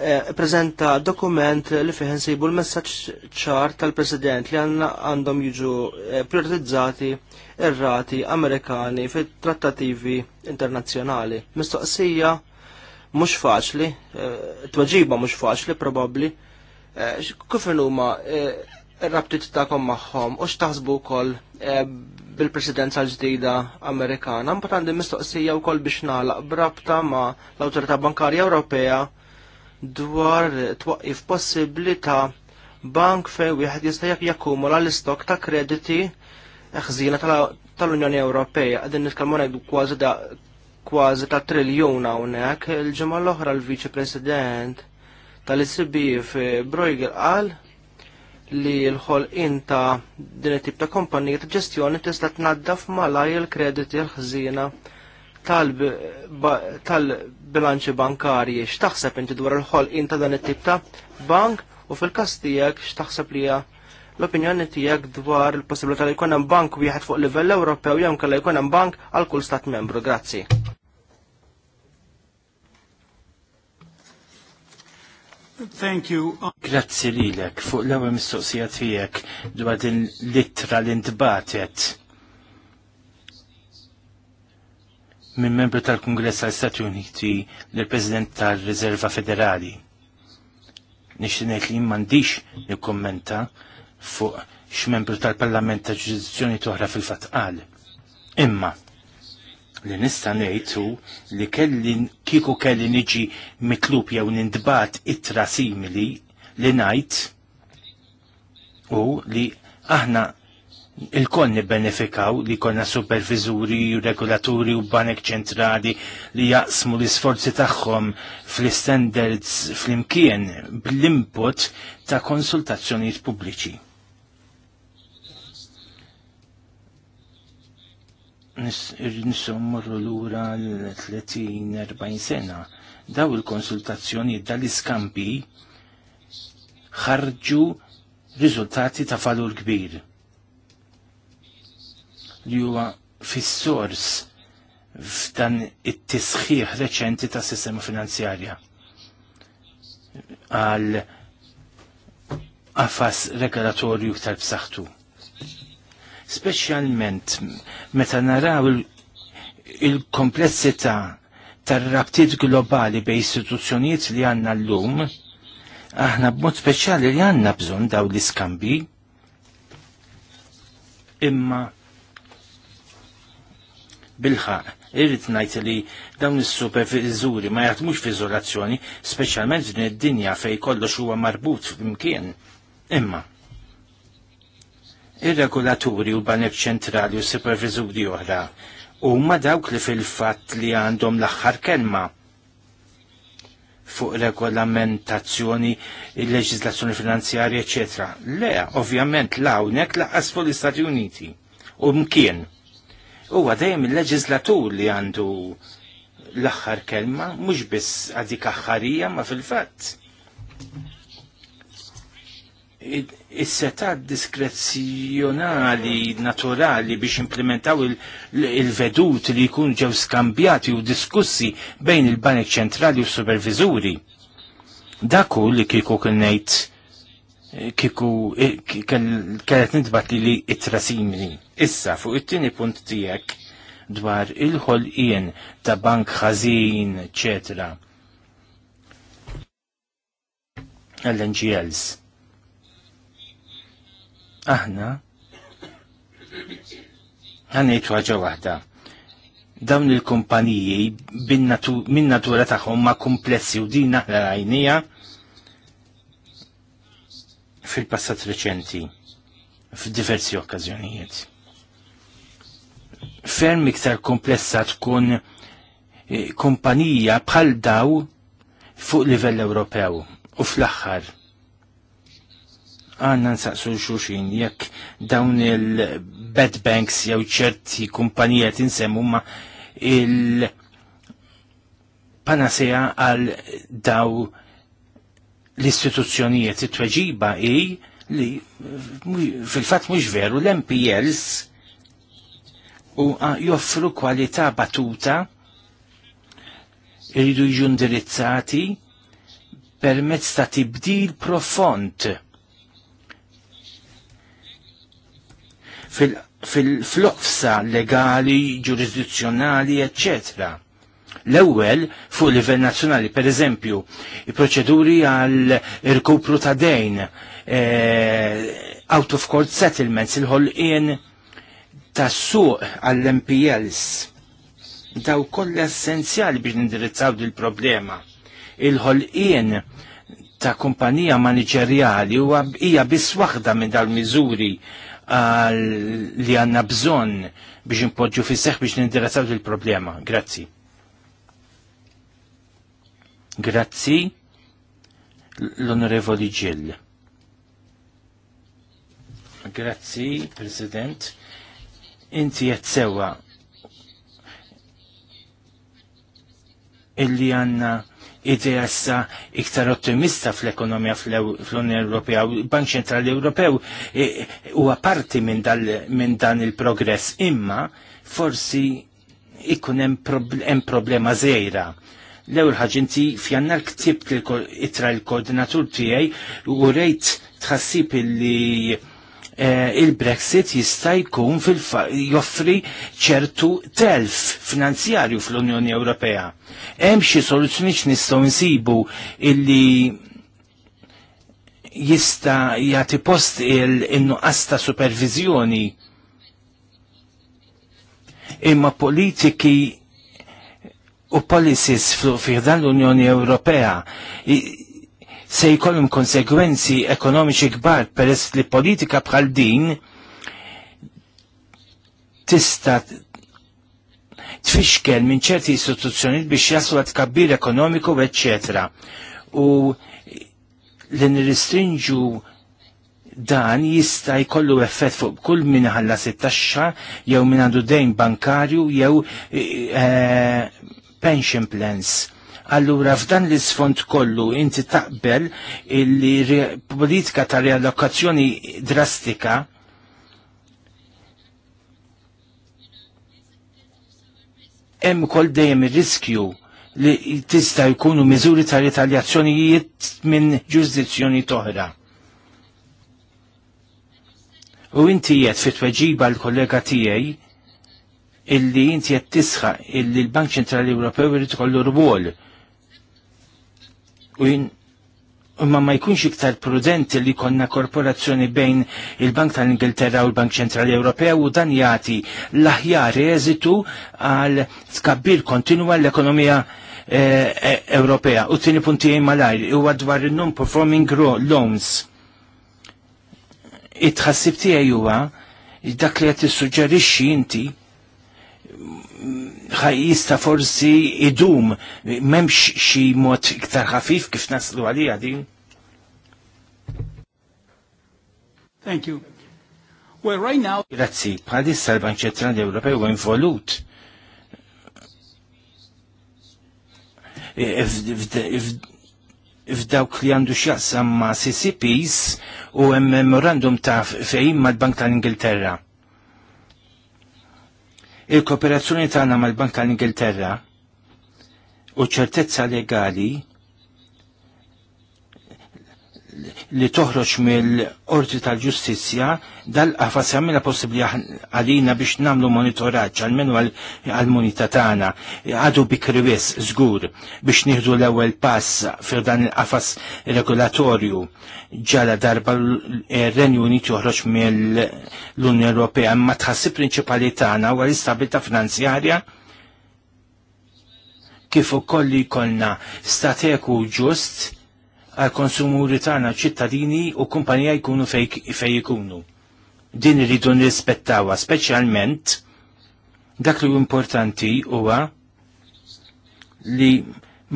A: Eh, prezenta dokument li fih nsibu l-messaġġ ċar tal-President li għandhom jiġu eh, prioritizzati ir-rati Amerikani fit-trattativi internazzjonali. Mistoqsija mhux faċli, eh, tweġiba mhux faċli probabbli. Kif huma rabtit rabtiet tagħkom magħhom u x'taħsbu wkoll bil-presidenza tal ġdida Amerikana. Mbagħad għandi mistoqsija wkoll biex nagħlaq brabta ma' l-Awtorità Bankarja Ewropea dwar twaqif possibli ta' bank fej wieħed jista' jakkumula l-istok ta' krediti ħżina tal-Unjoni Ewropea. Għadin nitkellmu hekk kważi da kważi ta' triljun hawnhekk. Il-ġimgħa l-oħra l-Viċi President tal-ICB Bruegel qal li l ħolqien ta' din it-tip ta' kompanija ta' ġestjoni tista' tnaddaf malaj il-krediti l-ħżina tal-bilanċi bankarji, x'taħseb inti dwar il-ħolqien ta' dan it-tip ta' bank u fil-każ tiegħek x'taħseb li l-opinjoni tiegħek dwar il-possibilità li jkun hemm bank wieħed fuq livell Ewropew jew kellha jkun hemm bank għal kull stat membru. Grazzi.
B: Thank you. Grazzi lilek fuq l-ewwel mistoqsija tiegħek dwar din l-ittra li intbatet minn membru tal-Kongress tal-Stati Uniti l-President tal-Riserva Federali. Nixtinet li mandiċ nikkommenta fuq x-membru tal-Parlament ta' ġurisdizzjoni toħra fil-fatqal. Imma, li nista' ngħidu li kelli kieku kelli niġi mitlub jew nindbat itra simili li ngħid u li aħna il-kon nibbenefikaw li konna supervizuri u regolaturi u banek ċentrali li jaqsmu l-isforzi tagħhom fl-standards fl-imkien bl-input ta' konsultazzjonijiet pubbliċi. Nissom morru l-ura l-30-40 sena daw il-konsultazzjoni dal-iskampi ħarġu riżultati ta' falur kbir li huwa fis-sors f'dan it-tisħiħ reċenti ta' sistema finanzjarja għal qafas regolatorju tal-bsaħħtu. Speċjalment meta naraw il-komplessità il komplessità tar rabtiet globali bej istituzzjonijiet li għandna llum, aħna b'mod speċjali li għandna bżonn daw l-iskambi imma bilħaq. Irrid ngħid li dawn is-supervizuri ma jaħdmux f'iżolazzjoni, speċjalment din id-dinja fej kollox huwa marbut f'imkien. Imma ir-regolaturi u banek ċentrali u supervizuri oħra huma dawk li fil-fatt li għandhom l-aħħar kelma fuq regolamentazzjoni, il il-leġizlazzjoni finanzjarja, ecc. Le, ovvjament, l hawnhekk laqqas fuq l-Istati Uniti. U mkien, huwa dejjem il-leġislatur li għandu l-aħħar kelma, mhux biss għadik aħħarija ma fil-fatt. Is-seta diskrezzjonali naturali biex implementaw il-vedut li jkun ġew skambjati u diskussi bejn il-Banek Ċentrali u Supervizuri. Daku li kiku kien ngħid kiku eh, kellet nitbat li li it-trasimri Issa fuq it-tieni punt tiegħek dwar il-ħolqien ta' bank ħażin, eċetera. l-NGLs. Aħna ħanejt ħaġa waħda. Dawn il-kumpaniji minn natura tagħhom ma' komplessi u din naħla għajnija fil-passat reċenti f'diversi okkażjonijiet ferm iktar komplessa tkun eh, kumpanija bħal daw fuq livell Ewropew u fl-aħħar għanna nsaqsu xuxin jekk dawn il-bed banks jew ċerti kumpanija insemmu ma il- panasea għal daw l-istituzzjonijiet it-tweġiba i li fil-fat mux veru l-MPLs u joffru kwalità batuta irridu jiġu indirizzati permezz ta' tibdil profond fil-flofsa fil legali, ġurisdizzjonali, eccetera. L-ewwel fuq livell nazzjonali, per eżempju, i-proċeduri għal irkupru ta' dejn, eh, out of court settlements, il-ħolqien ta' suq għall-MPLs. Daw koll essenzjali biex nindirizzaw il problema Il-ħolqien ta' kumpanija maniġerjali huwa hija biss waħda minn dal-miżuri ah, li għanna bżonn biex impoġġu fis seħ biex nindirizzaw il-problema. Grazzi. Grazzi l-Onorevoli Ġill. Grazzi, President inti jett sewwa illi għanna idea issa iktar ottimista fl-ekonomija fl-Unjoni Ewropea. Il-Bank Ċentrali Ewropew e, e, huwa parti minn dan il-progress, imma forsi ikun hemm problema zejra. L-ewwel ħaġa inti f'jannar ktibt itra l-koordinatur tiegħi u rejt tħassib illi Eh, il-Brexit jista' jkun joffri ċertu telf finanzjarju fl-Unjoni Ewropea. Hemm xi soluzzjoni nistgħu nsibu illi jista' jagħti post il-nuqqas ta' supervizjoni imma politiki u policies fih dan l-Unjoni Ewropea se jkollhom konsegwenzi ekonomiċi kbar peress li politika bħal din tista' tfixkel minn ċerti istituzzjonijiet biex jaslu għat kabbir ekonomiku, eccetera. U li nirristrinġu dan jista' jkollu effett fuq kull min ħalla it-taxxa jew min għandu dejn bankarju jew e, e, pension plans. Allura f'dan l-isfond kollu inti taqbel illi politika ta' riallokazzjoni drastika hemm ukoll dejjem ir-riskju li tista' jkunu miżuri ta' ritaljazzjonijiet minn ġurisdizzjoni toħra. U inti jett fit tweġiba l-kollega tiegħi illi inti qed tisħa illi l-Bank Ċentrali Ewropew irid ikollu rwol u jien imma ma jkunx iktar prudenti li konna korporazzjoni bejn il-Bank tal-Ingilterra u l-Bank Ċentrali Ewropew u dan jagħti l-aħjar eżitu għal tkabbir kontinwa l-ekonomija eh, e, Ewropea. U t tieni punti malajr huwa dwar in-non performing loans. It-tħassib tiegħi huwa dak li qed tissuġġerixxi inti ħajista forsi idum memx xi mod iktar ħafif kif naslu għalija din? Thank you. Well, right now... Grazzi, bħalissa l-Bank Ċentrali Ewropew involut e, f'dawk li għandu xjaqsam ma' CCPs u memorandum ta' fejn ma' l-Bank tal-Ingilterra Il-kooperazzjoni tagħna mal-Bank tal-Ingilterra u ċertezza legali li toħroġ mill-Qorti tal-Ġustizzja dal-qafas jagħmilha possibbli għalina biex nagħmlu monitoraġġ għal-menu għall-munita tagħna għadu bikri biss żgur biex nieħdu l-ewwel pass fir dan il-qafas regolatorju ġala darba r-Renju Unit joħroġ mill-Unjoni Ewropea imma tħassib prinċipali tagħna huwa l-istabilità finanzjarja kif ukoll li jkollna stateku ġust għal konsumuri tagħna ċittadini u kumpanija jkunu fej jkunu. Din irridu nrispettawa speċjalment dak li importanti huwa li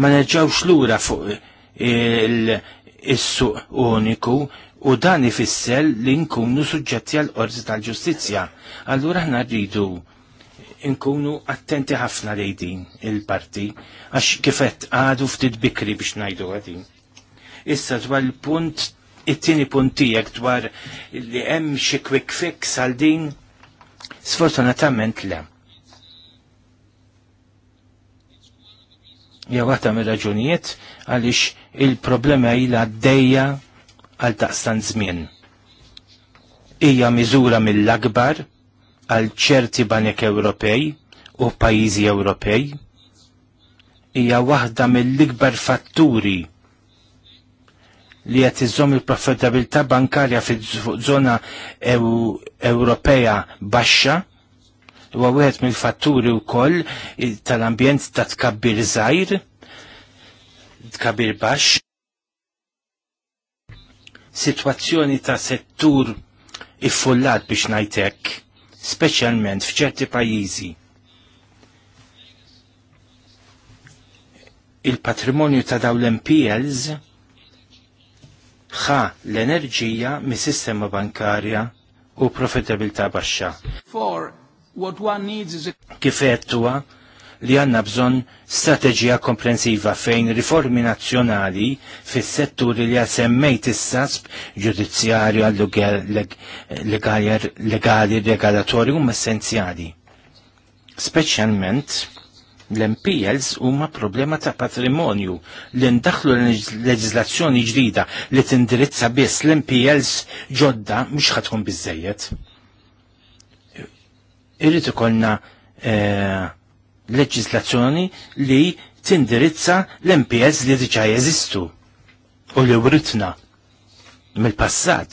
B: ma nerġawx lura fuq il-suq uniku u dan ifisser li nkunu suġġetti għal qorti tal-ġustizzja. Allura ħna rridu nkunu attenti ħafna lejn din il-parti għax kifet għadu ftit bikri biex najdu għadin Issa dwar il-punt, it-tieni punt tiegħek dwar li hemm xi quick fix għal din, sfortunatament le. Jew waħda mir-raġunijiet għaliex il-problema ilha għaddejja għal daqstan żmien. Hija miżura mill-akbar għal ċerti banek Ewropej u pajjiżi Ewropej hija waħda mill-ikbar fatturi li qed iżżomm il-profitabilità bankarja fiż-żona Ewropea baxxa huwa wieħed mill-fatturi wkoll tal-ambjent ta' tkabbir żgħir, tkabbir baxx. Sitwazzjoni ta' settur iffullat biex ngħidlek, speċjalment f'ċerti pajjiżi. Il-patrimonju ta' dawn l-MPLs ħa l-enerġija mis-sistema bankarja u profitabilità baxxa. Kif għettuwa li għanna bżon strateġija komprensiva fejn riformi nazzjonali fis setturi li għasemmejt is-sasb ġudizzjarju legali regalatorju um essenzjali. Speċjalment l-MPLs huma problema ta' patrimonju li ndaħlu leġislazzjoni ġdida li tindirizza biss l-MPLs ġodda mhux ħadkun biżejjed. Irrid ikollna eh, leġislazzjoni li tindirizza l-MPLs li diġà jeżistu u li writna mill-passat.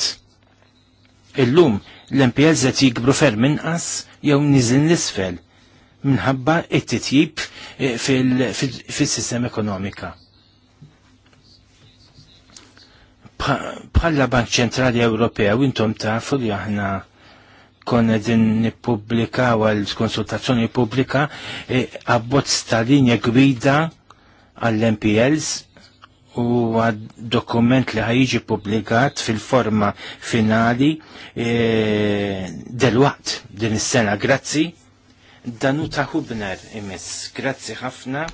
B: Illum l-MPLs qed jikbru ferm inqas jew niżin l-isfel minħabba it-titjib eh, fil-sistema ekonomika. Bħalla Bank Ċentrali Ewropea, u intom tafu li aħna konna din nippubblika għal konsultazzjoni pubblika eh, abbozz ta' linja gwida għall-MPLs u għad dokument li ħajġi publikat fil-forma finali eh, del-waqt din is-sena. Grazzi. Danuta Hubner imiss. Grazzi ħafna.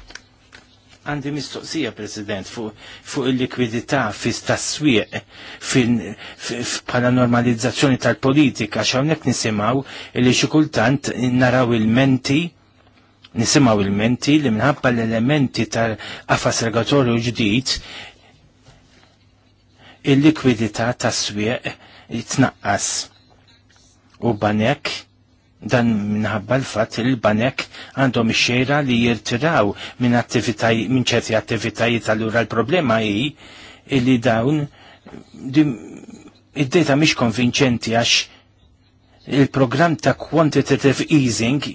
B: Għandi mistoqsija, President, fuq fu il-likwidità fis taswieq bħala normalizzazzjoni tal-politika, xawnek nisimaw li xikultant naraw il-menti nisimaw il-menti li minħabba l-elementi tal-qafas regatorju ġdid il-likwidità tas-swieq jitnaqqas u banek Dan minħabba l-fatt il-banek għandhom xera li jirtiraw minn attivitaj, minn ċerti attivitajiet allura l-problema hi li dawn id-data mhix konvinċenti għax il-programm ta' quantitative easing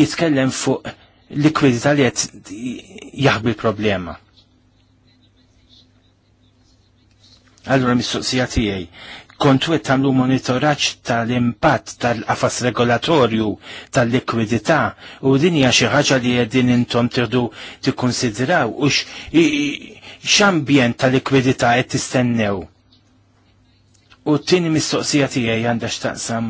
B: jitkellem fuq likwidità li qed jaħbi l-problema. Allora mistoqsija tiegħi, kontu qed tagħmlu tal-impatt tal-qafas regolatorju tal-likwidità u din hija xi ħaġa li qegħdin intom tirdu tikkunsidraw u x'ambjent tal likwidità qed tistennew. U t-tini mistoqsija tiegħi għandha x'taqsam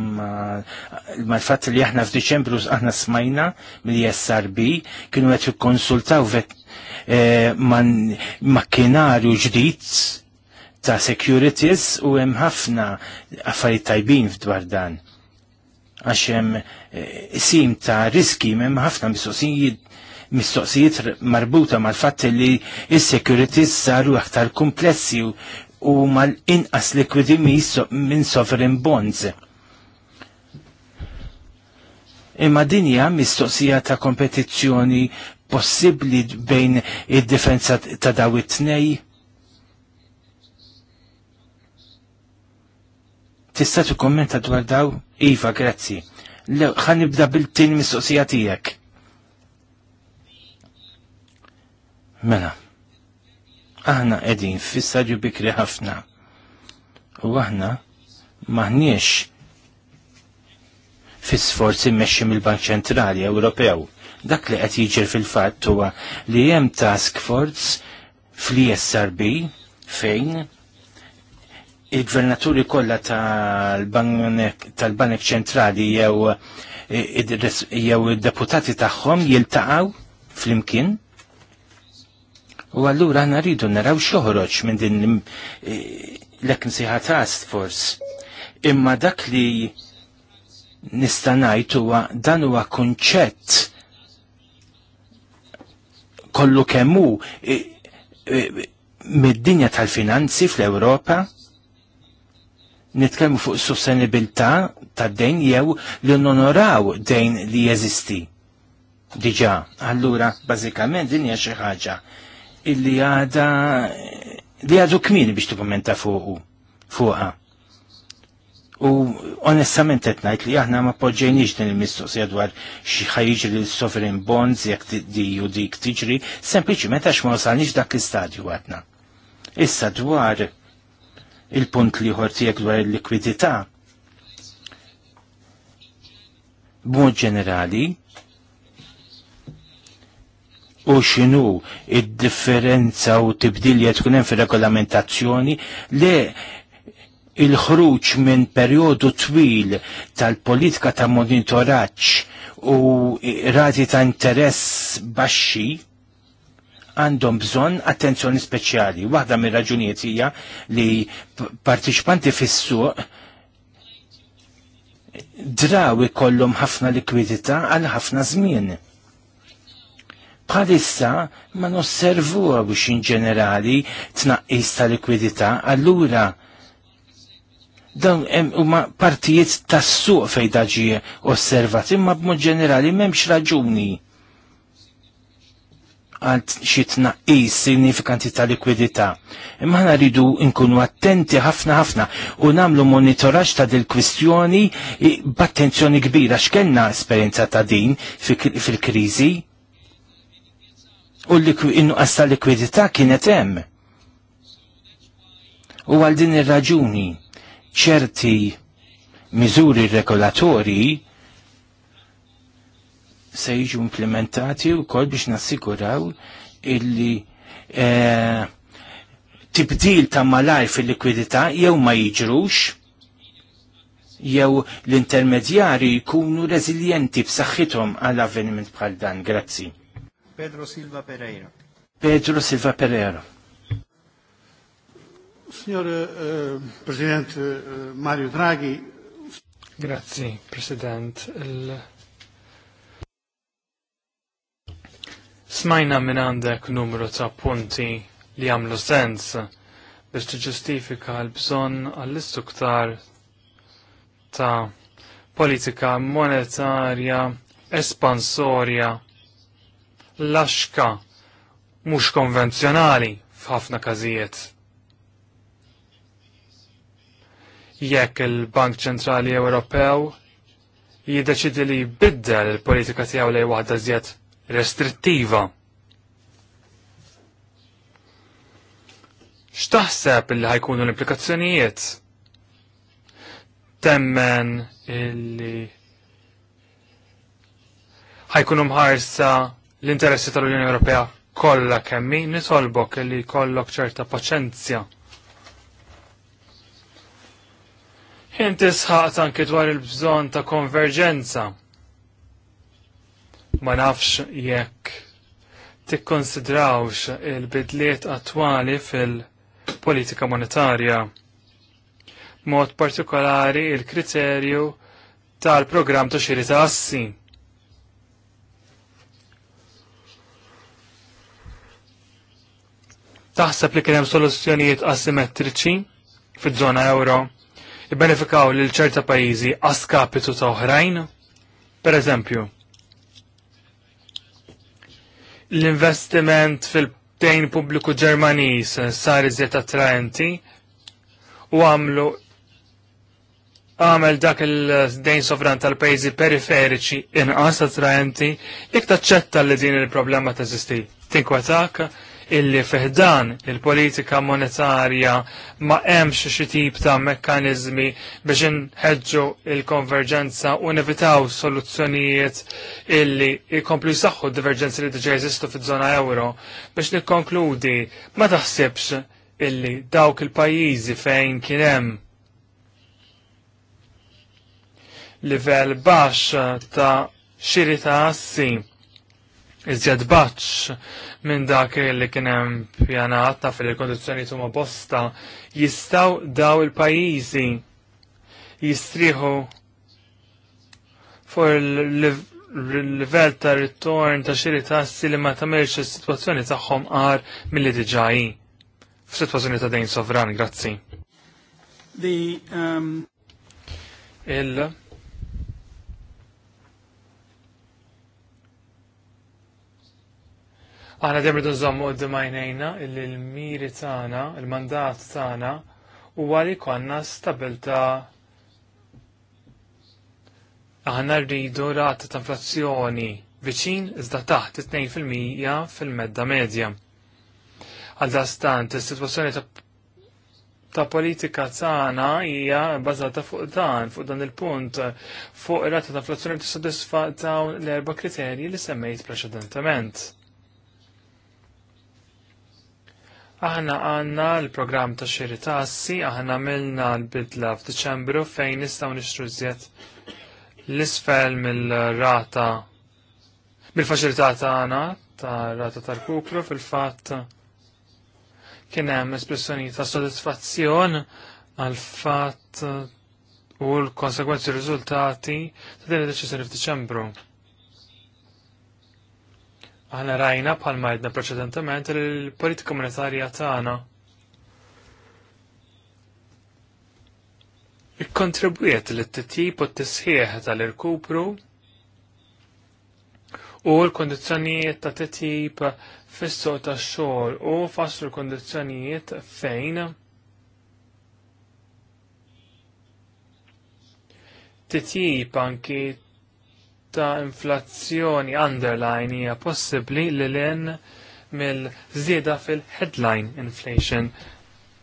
B: mal-fatt li aħna f'Diċembru aħna smajna mill-ISRB kienu qed jikkonsultaw eh, ma' kinarju ġdid ta' securities u hemm ħafna affarijiet tajbin f'dwar dan. Għax hemm eh, sim ta' riski hemm ħafna mistoqsijiet mistoqsijiet marbuta mal-fatt li s-securities saru aktar komplessi u mal-inqas likwidi minn sovereign bonds. Imma dinja mistoqsija ta' kompetizzjoni possibbli bejn id-difenza ta' daw it Tista' tikkummenta dwar daw? Iva, grazzi. Ħan nibda bil-tin mistoqsija tiegħek. Mela, aħna qegħdin fis-stadju bikri ħafna. U aħna maħniex fis sforzi mmexxi mill-Bank Ċentrali Ewropew. Dak li qed jiġri fil-fatt huwa li hemm task force fl-ISRB fejn il-gvernaturi kollha tal-Banek Ċentrali jew eh, il id-deputati tagħhom jiltaqgħu flimkien. U allura aħna rridu naraw xoħroġ minn din eh, l-ekim siħa task force. Imma dak li nista' ngħid huwa dan huwa kunċett kollu kemm hu eh, mid-dinja tal-finanzi fl-Ewropa nitkellmu fuq sostenibilità tad-dejn jew li nonoraw dejn li jeżisti. Diġà, allura bażikament din hija xi ħaġa illi għada li għadu kmini biex t-kommenta fuqu fuqha. U onestament qed ngħid li aħna ma poġġejniex din il-mistoqsija dwar xi li l-sovereign bonds jekk di u dik tiġri, sempliċiment għax ma wasalniex dak l-istadju għadna. Issa dwar il-punt li ħortijek dwar il-likwidità. B'mod ġenerali, u xinu id-differenza u tibdil li tkun hemm fir-regolamentazzjoni le il-ħruġ minn perjodu twil tal-politika ta' monitoraġġ u rati ta' interess baxxi għandhom bżonn attenzjoni speċjali. Waħda mir raġunijiet hija li partiċipanti fis-suq draw ikollhom ħafna likwidità għal ħafna żmien. Bħalissa ma nosservu biex in ġenerali tnaqqis ta' likwidità, allura dawn huma partijiet tas-suq fejn daġi osservat, imma b'mod ġenerali m'hemmx raġuni għad xi tnaqqis sinifikanti ta' likwidità. Imma ħna rridu nkunu attenti ħafna ħafna u nagħmlu monitoraġġ ta' dil kwistjoni b'attenzjoni kbira x'kenna esperjenza ta' din fil-kriżi u l-innuqqas ta' likwidità kienet hemm. U għal din ir-raġuni ċerti miżuri regolatorji se jiġu implementati u kol biex nassiguraw illi e, tibdil ta' malaj fil-likwidità jew ma jiġrux jew l-intermedjari jkunu rezilienti b'saħħithom għal avveniment bħal dan. Grazzi.
A: Pedro Silva Pereira.
B: Pedro Silva Pereira.
A: Signor eh, Presidente
C: eh, Mario Draghi. Grazie President. Il Smajna minn għandek numru ta' punti li għamlu sens biex tiġustifika l-bżonn għall-istuktar ta' politika monetarja espansorja laxka mhux konvenzjonali f'ħafna każijiet. Jekk il-Bank Ċentrali Ewropew jiddeċidi li jbiddel il-politika tiegħu lejn waħda żjed restrittiva. X'taħseb li ħajkunu l-implikazzjonijiet? Temmen illi ħajkunu mħarsa l-interessi tal-Unjoni Ewropea kollha kemmi nitolbok illi jkollok ċerta paċenzja. Jien tisħaq anke dwar il-bżonn ta' konverġenza Ma nafx jekk tikkonsidrawx il-bidliet attwali fil-politika monetarja. Mod partikolari il-kriterju tal-programm ta' xiri ta' assi. Taħseb li kienem soluzzjonijiet asimetriċi fil żona euro jibbenefikaw lil ċerta pajjiżi għaskapitu ta' oħrajn? Per eżempju, L-investiment fil-dejn pubbliku Ġermanis sar iżjed attraenti u għamlu għamel dak il-dejn sovran tal pajzi periferiċi inqas attraenti, jek taċċetta li din il-problema Tinkwa Tinkwetak, illi fiħdan il-politika monetarja ma hemmx xi tip ta' mekkaniżmi biex inħeġġu il-konverġenza u nevitaw soluzzjonijiet illi jkomplu jsaħħu d-diverġenzi li diġà jeżistu fiż-żona euro biex nikkonkludi ma taħsibx illi dawk il-pajjiżi fejn kien hemm livell baxx ta' xiri ta' assi iżjed baċ minn dak li kien hemm pjanat fil li kondizzjoni huma bosta jistgħu daw il-pajjiżi jistrieħu fuq il-livell ta' ritorn ta' xiri tassi li ma il-situazzjoni is-sitwazzjoni tagħhom qar milli diġà hi. situazzjoni ta' dejn sovran, grazzi. The um... il Aħna demri dunżommu nżommu għoddim għajnejna illi l-miri tagħna, il-mandat tagħna huwa li konna stabilta aħna rridu rata ta' inflazzjoni viċin iżda taħt 2% fil-medda medja. Għalda stant, is-sitwazzjoni ta' ta' politika tagħna hija bbażata fuq dan, fuq dan il-punt, fuq ir-rata ta' inflazzjoni li tissodisfa dawn l-erba' kriterji li semmejt preċedentement. Aħna għanna l-programm ta' xiri tassi, aħna milna l-bidla f'Diċembru fejn nistgħu nixtru l-isfel mill-rata mill faċilità tagħna ta' rata tal kuklu fil-fatt kien hemm espressjoni ta' sodisfazzjon għal fatt u l-konsekwenzi riżultati ta' din id-deċiżjoni f'Diċembru. Aħna rajna bħalma jedna preċedentement il-politika monetarja tagħna ikkontribwiet li t-tip u t-tisħieħ tal-irkupru u l-kondizjonijiet ta' t-tip fissu ta' xogħol u fassu l-kondizjonijiet fejn t-tip anki ta' inflazzjoni underline hija possibbli li l-en mill-żieda fil-headline inflation,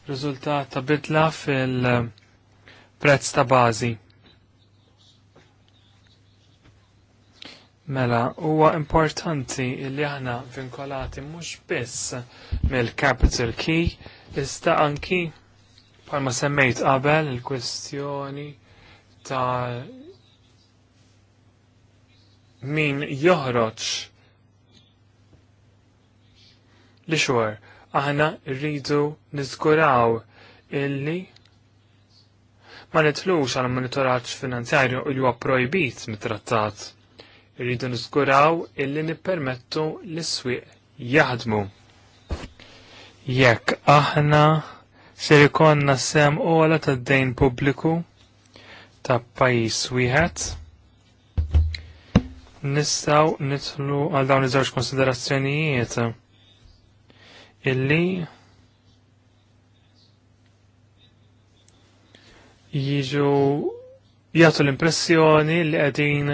C: riżultat ta' bidla fil-prezz ta' bażi. Mela, huwa importanti li aħna vinkolati mhux biss mill-capital key, iżda anki bħalma semmejt qabel il-kwestjoni ta' min joħroġ li xor aħna rridu niżguraw illi ma nitlux għal monitoraġġ finanzjarju u huwa projbit mit-trattat. Rridu niżguraw illi nippermettu l-iswieq jaħdmu. Jekk aħna ser ikonna sem ola tad-dejn pubbliku ta' pajjiż wieħed nistaw nitlu għal dawn iż-żewġ konsiderazzjonijiet illi jiġu jagħtu l-impressjoni li qegħdin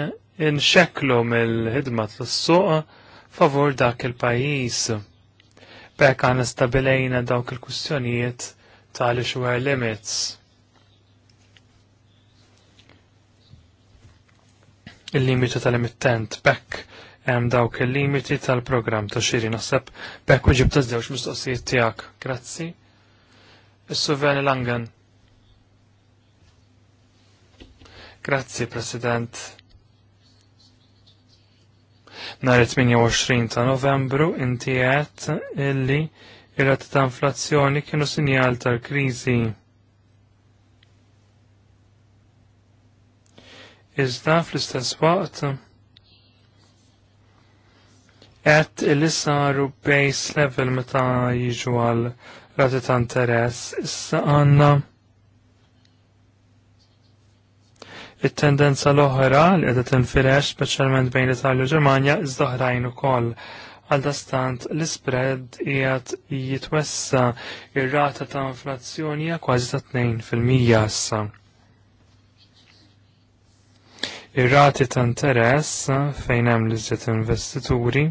C: inxeklu mill-ħidma tas-suq favur dak il-pajjiż. Bekk għana stabilejna dawk il-kustjonijiet tal-issuer limits. il-limiti tal-emittent bekk hemm dawk il-limiti tal-programm ta' xiri naħseb bekk u ġibta żewġ mistoqsijiet tiegħek. Grazzi. Is-Suveni Langen. Grazzi, President. Nhar 28 ta' Novembru inti qed illi ir-rati ta' inflazzjoni kienu sinjal tal-kriżi Iżda fl-istess waqt qed illi saru base level meta jiġu għal rati ta' interess issa għandna it-tendenza l-oħra li qed tinfirex speċjalment bejn l-Italja u Ġermanja iżda oħrajn ukoll għaldastant l-spread jgħat jitwessa ir-rata ta' inflazzjoni kważi ta' 2% issa ir-rati ta' interess fejn hemm liżet investituri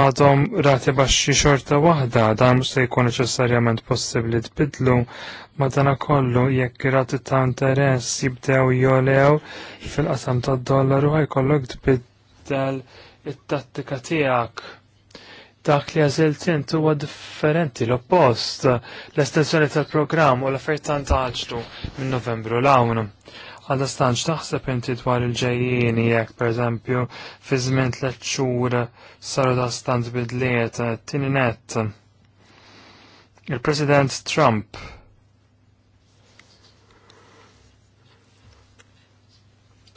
C: għadhom rati baxxi xorta waħda dan mhux se jkun neċessarjament possibbli tbidlu ma dana kollu jekk rati ta' interess jibdew jolew fil-qasam tad-dollaru ħajkollok tbiddel it-tattika tiegħek dak li għazilt jentu huwa differenti l-oppost l-estensjoni tal-programm u l-affarijiet tant minn Novembru l-hawn. Għadda stanċ taħseb inti dwar il-ġejjini jekk pereżempju fi żmien tliet xhur saru da stand bidliet tieni net. Il-President Trump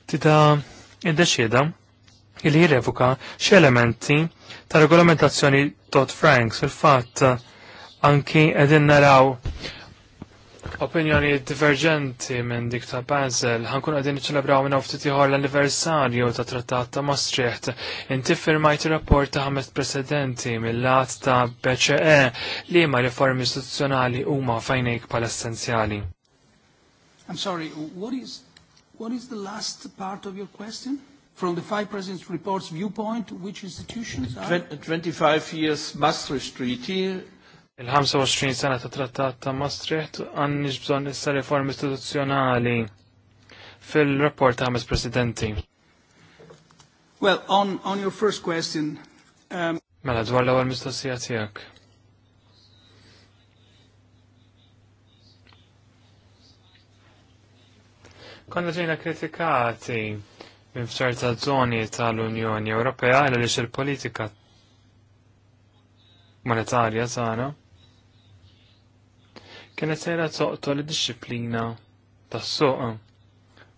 C: tita id-deċida il jirrevoka elementi ta' regolamentazzjoni tot Franks fil-fatt anki qegħdin naraw opinjoni divergenti minn dik ta' Basel ħankun qegħdin iċelebraw minn ftit ieħor l-anniversarju ta' Trattat ta' Maastricht. Inti firmajt rapport ta' ħames precedenti mill-lat ta' BCE li ma' riformi istituzzjonali huma fajnejk pal-essenzjali. I'm sorry, what
A: is, what is the last part of your question? From the five presidents' reports viewpoint, which institutions are? 25 years Maastricht Treaty. Il-25
C: sena ta' trattat ta' Maastricht għannix bżon issa reform istituzzjonali fil-rapport ta' Ms. Presidenti.
A: Well, on, on
C: your first question. Um- mela, dwar l-ewwel mistoqsija tiegħek. Konna ġejna kritikati minn f'ċerta żoni tal-Unjoni Ewropea għaliex il-politika monetarja tagħna kienet sejra toqtol id-disciplina tas-suq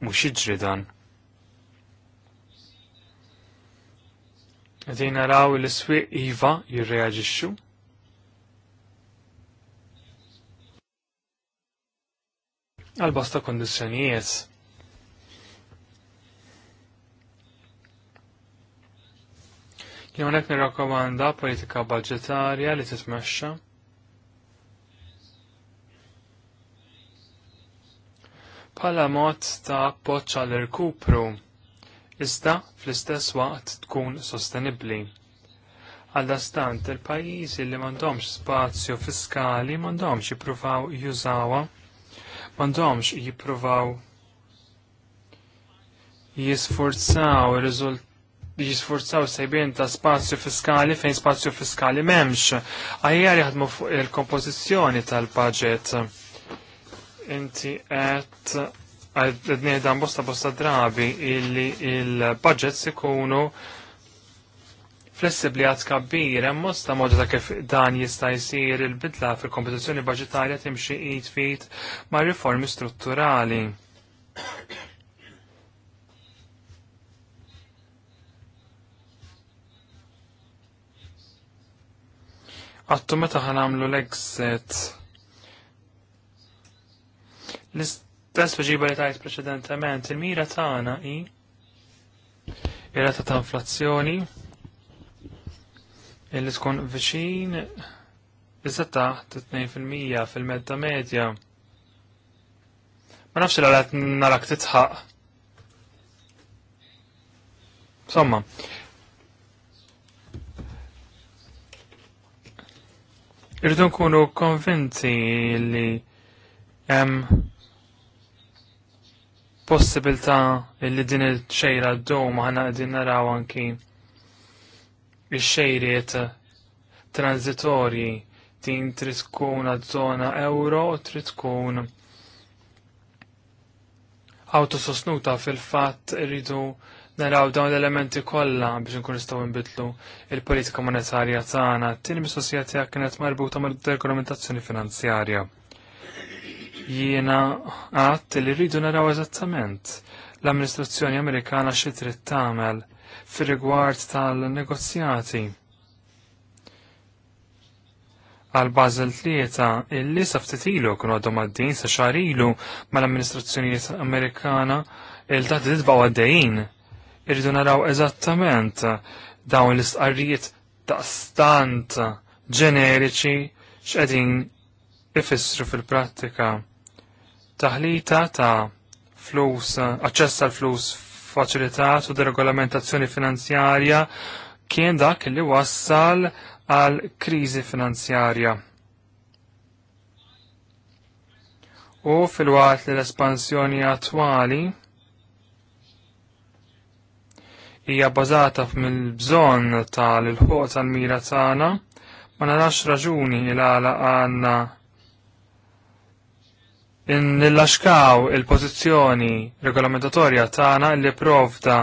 C: mhux jiġri dan. Għedin naraw l-iswiq Iva jirreaġixxu. Għal-basta kondizjonijiet. hekk nirrakkomanda politika budgetarja li titmexxa. Pala mod ta' poċċa l-irkupru, iżda fl-istess waqt tkun sostenibli. Għaldastant, il-pajjiżi li m'għandhomx spazju fiskali m'għandhomx jippruvaw jużawha, m'għandhomx jippruvaw jisforzaw ir-riżult li jisforzaw sejbien ta' spazju fiskali fejn spazju fiskali memx. Għajjar jaħdmu fuq il-kompożizzjoni tal-budget. Inti qed għedni dan bosta bosta drabi illi il budget sikunu flessibli għad kabbir, mosta modu ta' kif dan jista' jisir il-bidla fil-kompetizjoni budgetarja timxi it fit ma' riformi strutturali. Għattu meta ħanamlu l-exit. L-istess bħiġiba li tajt preċedentement, il-mira tagħna i il-rata ta' inflazzjoni illi tkun viċin iżda taħt 2% fil-medda medja. Ma nafx l-għalat narak titħaq. Somma, Irridu nkunu konvinti li hemm possibilità li din il-xejra d-dum ħana qegħdin naraw anki ix-xejriet transitorji din trid tkun żona euro u trid tkun autosostnuta fil-fatt irridu naraw dawn l-elementi kollha biex nkun nistgħu nbidlu il-politika monetarja tagħna. Tieni mis tiegħek kienet marbuta mad regolamentazzjoni finanzjarja. Jiena għadt li rridu naraw eżattament l-amministrazzjoni Amerikana xi trid tagħmel fir-rigward tal-negozjati għal Basel tlieta illi ftit ilu kienu għadhom għaddin sa xar ilu mal amministrazzjoni Amerikana il-dat ditbaw għaddejjin irridu naraw eżattament dawn l-istqarrijiet ta' stant ġeneriċi x'qegħdin ifissru fil-prattika. Taħlita ta' flus, aċċess għal flus faċilitat u deregolamentazzjoni finanzjarja kien dak li wassal għal kriżi finanzjarja. U fil-waqt li l-espansjoni attwali hija bbażata mill-bżonn tal-ħuq tal-mira tagħna, ma narax raġuni il għala għanna nillaxkaw il-pożizzjoni regolamentatorja tagħna li provda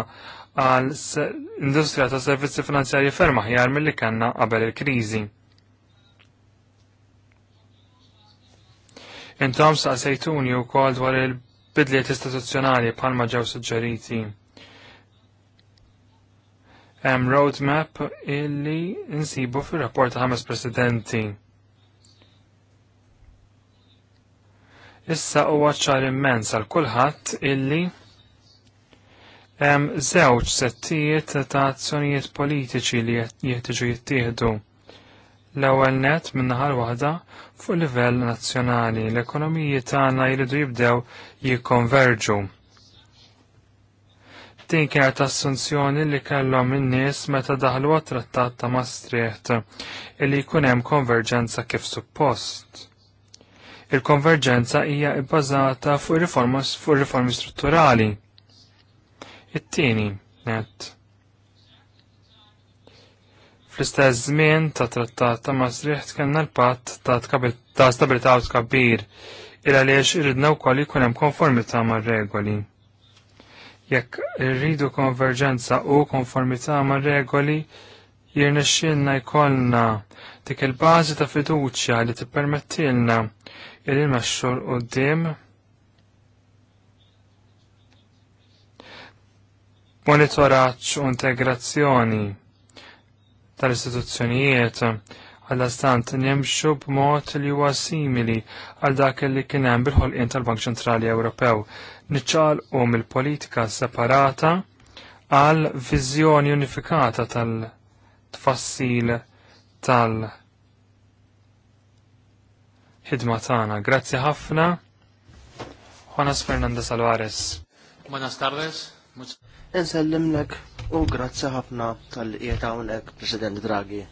C: għal industrija ta' servizzi finanzjarji ferma ħjar mill-li kanna qabel il-kriżi. Intom saqsejtuni u kol dwar il-bidliet istituzzjonali bħalma ġew suġġeriti hemm roadmap illi insibu fir-rapport ta' ħames presidenti. Issa huwa ċar immens għal kulħadd illi hemm żewġ settijiet ta' azzjonijiet politiċi li jeħtieġu jittieħdu l-ewwel net min-naħar waħda fuq livell nazzjonali l-ekonomiji tagħna jridu jibdew jikkonverġu. Din kienet assunzjoni li kellhom in-nies meta daħlu għat-trattat ta' Maastricht illi jkun hemm konverġenza kif suppost. Il-konverġenza hija bbażata fuq riforma fuq riformi strutturali. It-tieni net. Fl-istess żmien ta' trattat ta' Maastricht kellna l-patt ta' ta' stabilità u il għaliex irridna wkoll jkun hemm konformità mar-regoli jekk rridu konverġenza u konformità ma' regoli jirnexxilna jkollna dik il-bażi ta' fiduċja li tippermettilna il il u l-qudiem Monitoraċ u integrazzjoni tal-istituzzjonijiet għal-dastant njemxu b'mod li huwa simili għal dak li kien hemm bil-ħolqien tal-Bank Ċentrali Ewropew u mill-politika separata għal viżjoni unifikata tal-tfassil tal- ħidma tagħna. Grazzi ħafna. Juanas Fernandez Alvarez. Buenas tardes.
A: Nsellimlek u grazzi ħafna tal-qiegħed hawnhekk, President Draghi.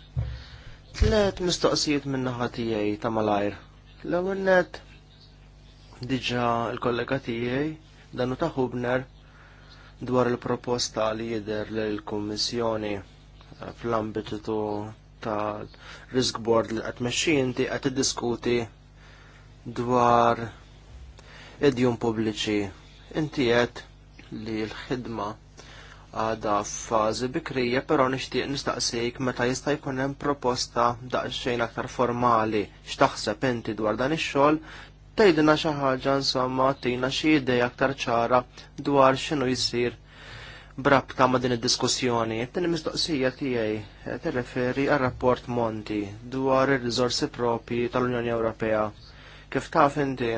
A: Tlet mistoqsijiet minn naħa tiegħi ta' malajr. L-ewwel Diġa l kollega tijaj, danu ta' dwar il-proposta li jider l-Kommissjoni eh, fl-ambitu tal-Risk Board li għat meċċinti għat diskuti dwar id-djum publiċi. Inti għed li l-ħidma għada f-fazi bikrija, pero nishtiq nistaqsik meta jista' jkun hemm proposta daqsxejn aktar formali x'taħseb inti dwar dan ix-xogħol tgħidilna xi ħaġa insomma għattina xi idea aktar ċara dwar x'inhu jsir brabta ma' din id-diskussjoni. Tieni mistoqsija tiegħi tirreferi għar rapport Monti dwar ir-riżorsi propri tal-Unjoni Ewropea. Kif taf inti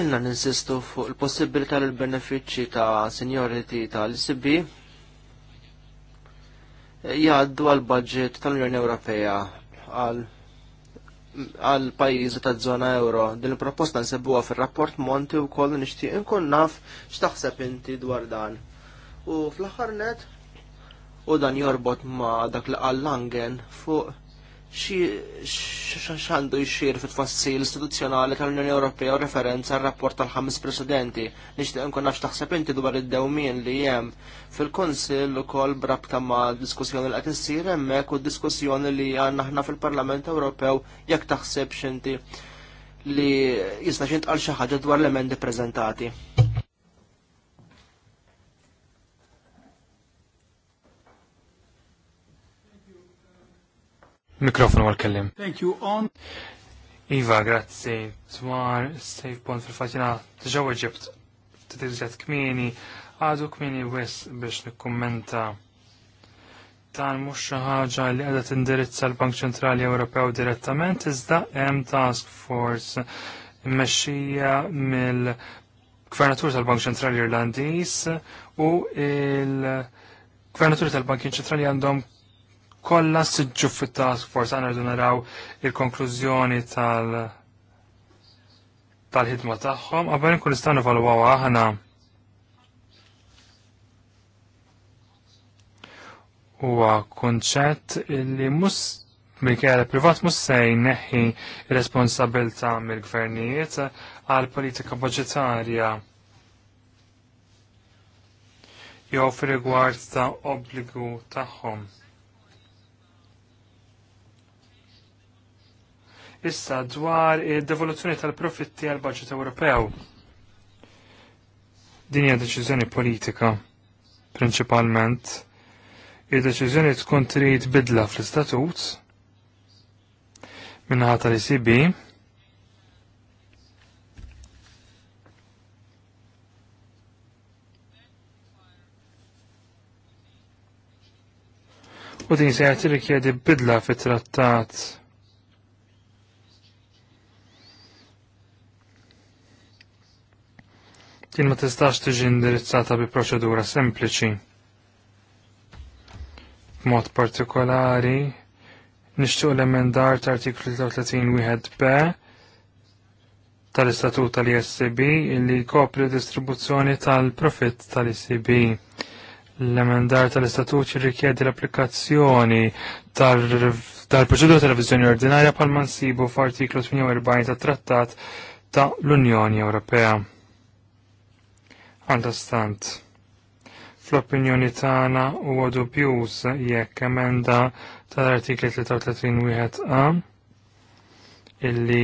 A: Ilna ninsistu fuq il-possibilità l benefiċċji ta' seniority tal-ICB jgħaddu għal budget tal-Unjoni Ewropea għal għal pajjiżi ta' zona euro. Din il-proposta nsebuha fir-rapport Monti u koll nixtieq inkun naf x'taħseb inti dwar dan. U fl-aħħar net u dan jorbot ma' dak li qal Langen fuq xandu jxir fit tfassil istituzzjonali tal-Unjoni Ewropea u referenza għal rapport tal-ħames presidenti. Nixtieq nkun nafx taħseb inti dwar id-dewmien li hemm fil-Kunsill ukoll brabta ma' diskussjoni li qed issir hemmhekk u diskussjoni li għandna ħna fil-Parlament Ewropew jekk taħseb xinti li jista' xintqal xi ħaġa dwar l-emendi preżentati.
C: Mikrofonu għal-kellim. Thank you, on. Iva, grazzi. Dwar Save Bond fil-fatina ġew Eġibt. Titilżet kmini, għadu kmini wis biex nikkummenta. Dan mhux xi ħaġa li qiegħda tindirizza l-Bank Ċentrali Ewropew direttament, iżda hemm task force mmexxija mill gvernatur tal-Bank Ċentrali Irlandiż u il-Gvernatur tal-Bank Ċentrali għandhom kollha siġġufitat forsi għandu naraw il-konklużjoni tal tal-ħidma tagħhom qabel nkun nistgħu nevalwaw aħna. Huwa kunċett li mus Mikele privat mus se jneħħi responsabilta mill-gvernijiet għal politika budġetarja jew fir-rigward ta' obbligu tagħhom. Issa dwar id-devoluzzjoni tal-profitti għal budget Ewropew. Din hija deċiżjoni politika prinċipalment. Id-deċiżjoni tkun trid bidla fl-istatut minnaħa tal-ECB u din se jagħti rikjedi bidla fit-trattat kien ma tistax tiġi indirizzata bi proċedura sempliċi. B'mod partikolari, nixtieq l-emendar ta' artiklu 33 b tal-istatut tal-ISCB illi kopri distribuzzjoni tal-profitt tal-ICB. L-emendar tal-istatut jirrikjedi l-applikazzjoni tal-proċedura tal revizjoni ordinarja pal mansibu f'artiklu 48 tat-Trattat ta' l-Unjoni Ewropea. Għaldastant, fl-opinjoni tagħna huwa dubjuż jekk emenda tal-artikli 33 wieħed A illi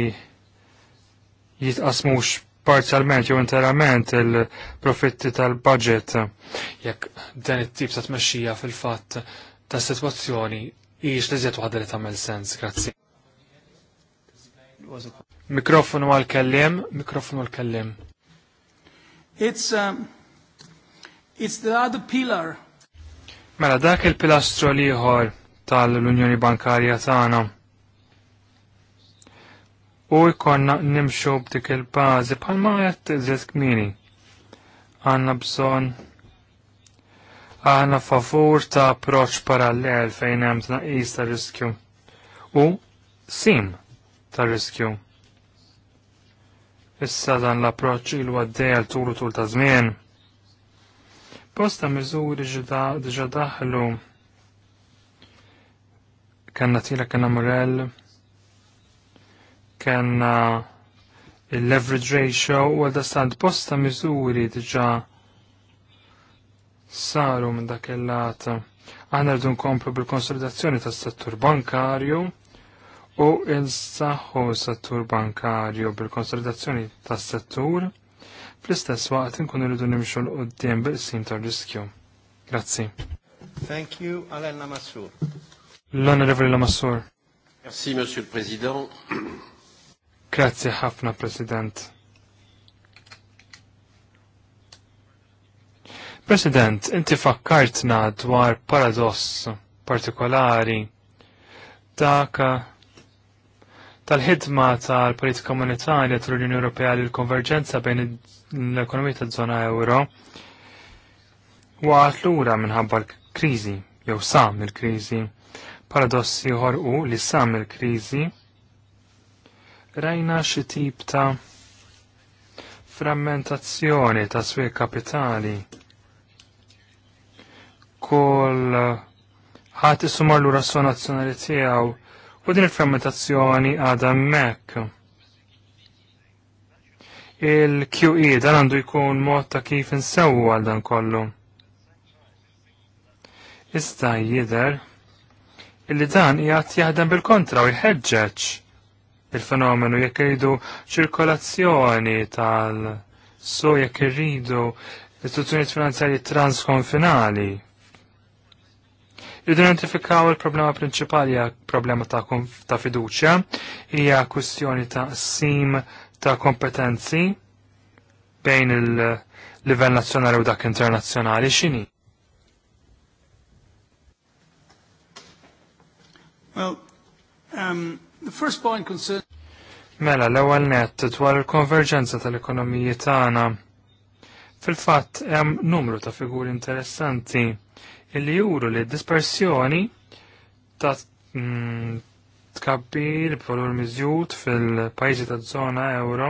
C: jitqasmux parzjalment jew interament il-profitti tal-budget jekk dan it-tip ta' tmexxija fil-fatt ta' sitwazzjoni hijiex li żiet waħda li tagħmel sens, grazzi. Mikrofonu għal-kellim, mikrofonu għal-kellim. It's, um, it's the other pillar. Mela dak il-pilastro liħor tal-Unjoni Bankarja tagħna. U jkollna nimxu b'dik il-bażi bħalma qed tiżed kmini. Għandna bżonn għana favur ta' approċċ parallel fejn hemm tnaqis ta' riskju u sim ta' riskju. Issa dan l-approċ il għaddej għal tulu tul ta' żmien. Posta miżuri diġa daħlu kanna tila kanna morel, kanna il-leverage ratio u għal stand posta miżuri diġa saru minn dak il-lat. Għanna rridu nkomplu bil-konsolidazzjoni tas settur bankarju, u il-saħħu settur bankarju bil-konsolidazzjoni tas settur fl-istess waqt nkun irridu nimxu l-qoddim bil sim tar-riskju. Grazzi.
A: Thank you, Alain Lamassur.
C: L-Onorevoli Lamassur.
A: Merci, Monsieur le Président.
C: Grazie ħafna, President. President, inti fakkartna dwar paradoss partikolari ta' tal-ħidma tal-politika monetarja tal-Unjoni Ewropea l konverġenza bejn l-ekonomija taż-żona euro waqgħet lura minħabba l-kriżi jew sam mill-kriżi. Paradossi ieħor u li sa mill-kriżi rajna xi tip ta' frammentazzjoni ta' swieq kapitali. Kull ħadd isumar lura s nazzjonali tiegħu U din il-fermentazzjoni għadha hemmhekk. Il-QE dan għandu jkun mod ta' kif insewwu għal dan kollu. Iżda jidher illi dan jgħat jaħdem bil-kontra u jħeġġeġ il-fenomenu jekk iridu ċirkolazzjoni tal-so jekk iridu istituzzjoni finanzjarji transkonfinali. Identifikaw il-problema prinċipali hija problema ta', ta fiduċja, hija kwistjoni ta' sim ta' kompetenzi bejn il-livell nazzjonali u dak internazzjonali x'inhi.
B: Well, um, the first point concerns
C: Mela, l-ewwel nett dwar il-konverġenza tal-ekonomiji tagħna. Fil-fatt hemm numru ta' figuri interessanti illi juru li dispersjoni ta' mm, tkabbir polur miżjud fil-pajjiżi ta' zona euro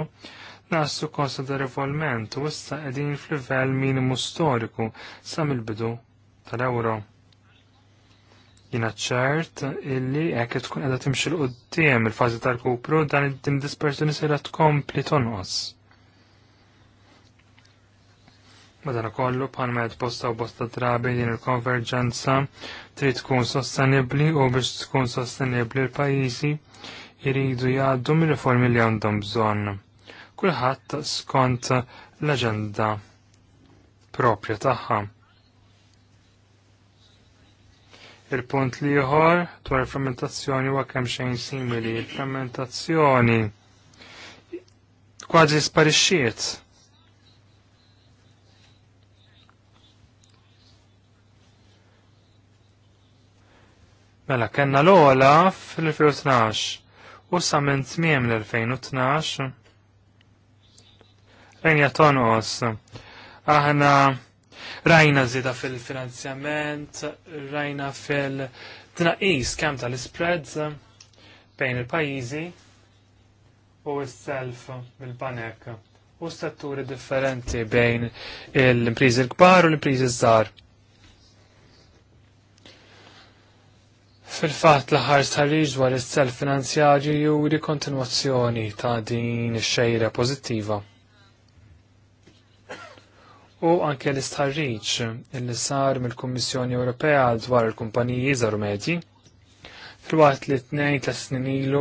C: nasu konsiderevolment u issa qegħdin f'livell minimu storiku sa mill-bidu tal-euro. Jina ċert illi hekk tkun qiegħda timxi l qudiem il-fażi tal-kupru dan id-dim dispersjoni sejra tkompli tonqos Madana kollu bħal ma posta u bosta drabi din il-konverġenza trid tkun sostenibbli u biex tkun sostenibbli l-pajjiżi jridu jgħaddu mir-riformi li għandhom bżonn. Kulħadd skont l-aġenda propja tagħha. Il-punt li jħor dwar il fermentazzjoni huwa kemm xejn simili. Il-fermentazzjoni kważi sparixxiet Mela, kena l-ola fil-2012 u sa minn tmiem l-2012 rejna tonqos. Aħna rajna zida fil-finanzjament, rajna fil-tnaqis kemm tal-spreads bejn il-pajjiżi u s-self bil-banek u s-setturi differenti bejn l-imprizi l-kbar u l-imprizi żgħar. Fil-fat l-ħar sħarriġ dwar is-self finanzjarju juri kontinuazzjoni ta' din ix-xejra pożittiva. U anke l-istħarriġ li sar mill-Kummissjoni Ewropea dwar il-kumpaniji żgħar medji fil-waqt li tnejn ta' snin ilu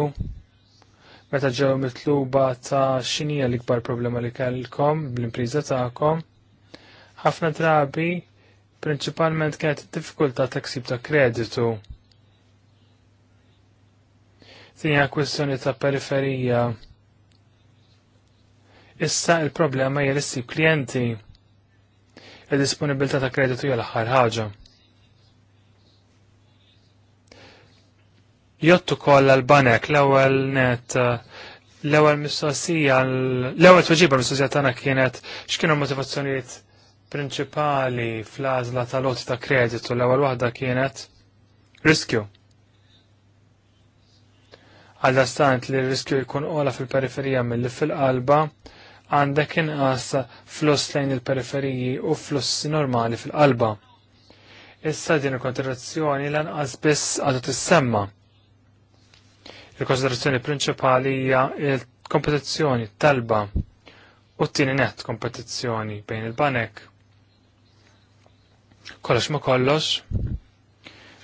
C: meta ġew mitluba ta' x'inija l-ikbar problema li kellkom bl-impriża tagħkom, ħafna drabi prinċipalment kienet id-diffikultà ta' ksib ta' kreditu Tinja kwestjoni ta' periferija. Issa il-problema hija l klijenti. Il-disponibilità ta' kreditu hija l-aħħar ħaġa. Jottu koll l-banek l-ewwel net l-ewwel mistoqsija l-ewwel tweġiba mistoqsija tagħna kienet x'kienu motivazzjonijiet prinċipali fl-għażla tal-lot ta' kreditu l-ewwel waħda kienet riskju għal stant li riskju jkun ola fil-periferija mill fil-qalba għandek inqas flus lejn il-periferiji u flussi normali fil-qalba. Issa din il-konsiderazzjoni lanqas biss għadu tissemma. Il-konsiderazzjoni prinċipali hija il-kompetizzjoni talba u t-tieni net kompetizzjoni bejn il-banek. Kollox ma kollox,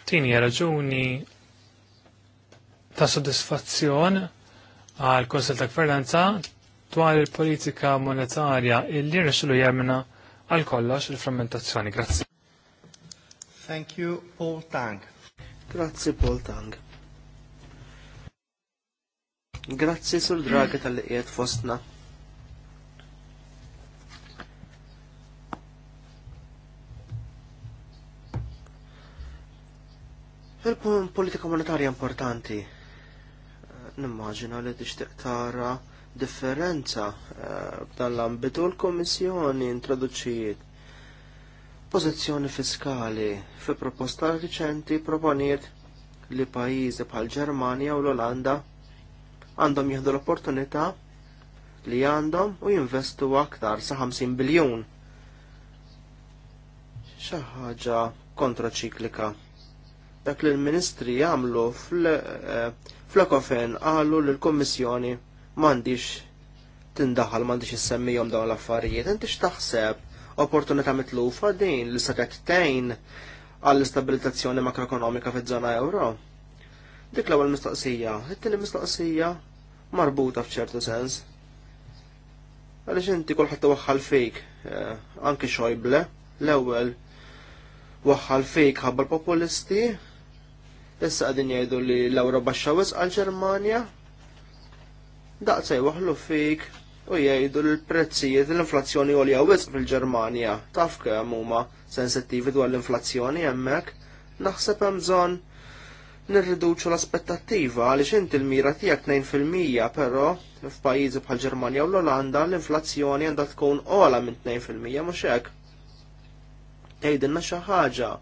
C: tini raġuni ta' soddisfazzjon għal Konsel ta' Gvernanza dwar il-politika monetarja illi rrexilu jemna għal kollox il-frammentazzjoni. Grazie.
A: Thank you, Paul Tang. Grazzi, Paul Tang. Grazie sul draga tal liqiet fostna. Il-politika monetarja importanti nimmaġina li tixtieq tara differenza b'dan eh, l-ambitu l-Kommissjoni introduċijiet pożizzjoni fiskali fi proposta riċenti proponiet li pajjiżi bħal Ġermanja u l-Olanda għandhom jieħdu l-opportunità li għandhom u jinvestu aktar sa 50 biljun. Xi ħaġa kontraċiklika. Dak li l-ministri jagħmlu fl- eh, Flakofen għallu li l-Kommissjoni mandiċ tindaħal mandiċ jissemmijom dawn l-affarijiet. Inti x'taħseb opportunità mitlufa din li s-sakat tejn għall istabilitazzjoni makroekonomika fiż-żona euro? Dik l-ewwel mistoqsija, it-tieni mistoqsija marbuta f'ċertu sens. Għaliex inti kulħadd waħħal fejk, eh, anki xojble, l-ewwel waħħal fejk ħabba l-populisti Issa għadin jgħidu li l-Ewro baxxa wisq għal-Ġermanja, daqsa jwaħlu fik u jgħidu l-prezzijiet l-inflazzjoni għolja wisq fil-Ġermanja. Taf kemm huma sensittivi dwar l-inflazzjoni hemmhekk, naħseb hemm bżonn nirriduċu l-aspettattiva għaliex inti l-mira tiegħek 2% però f'pajjiżi bħal Ġermanja u l-Olanda l-inflazzjoni għandha tkun ola minn 2% mhux hekk. Tgħidilna xi ħaġa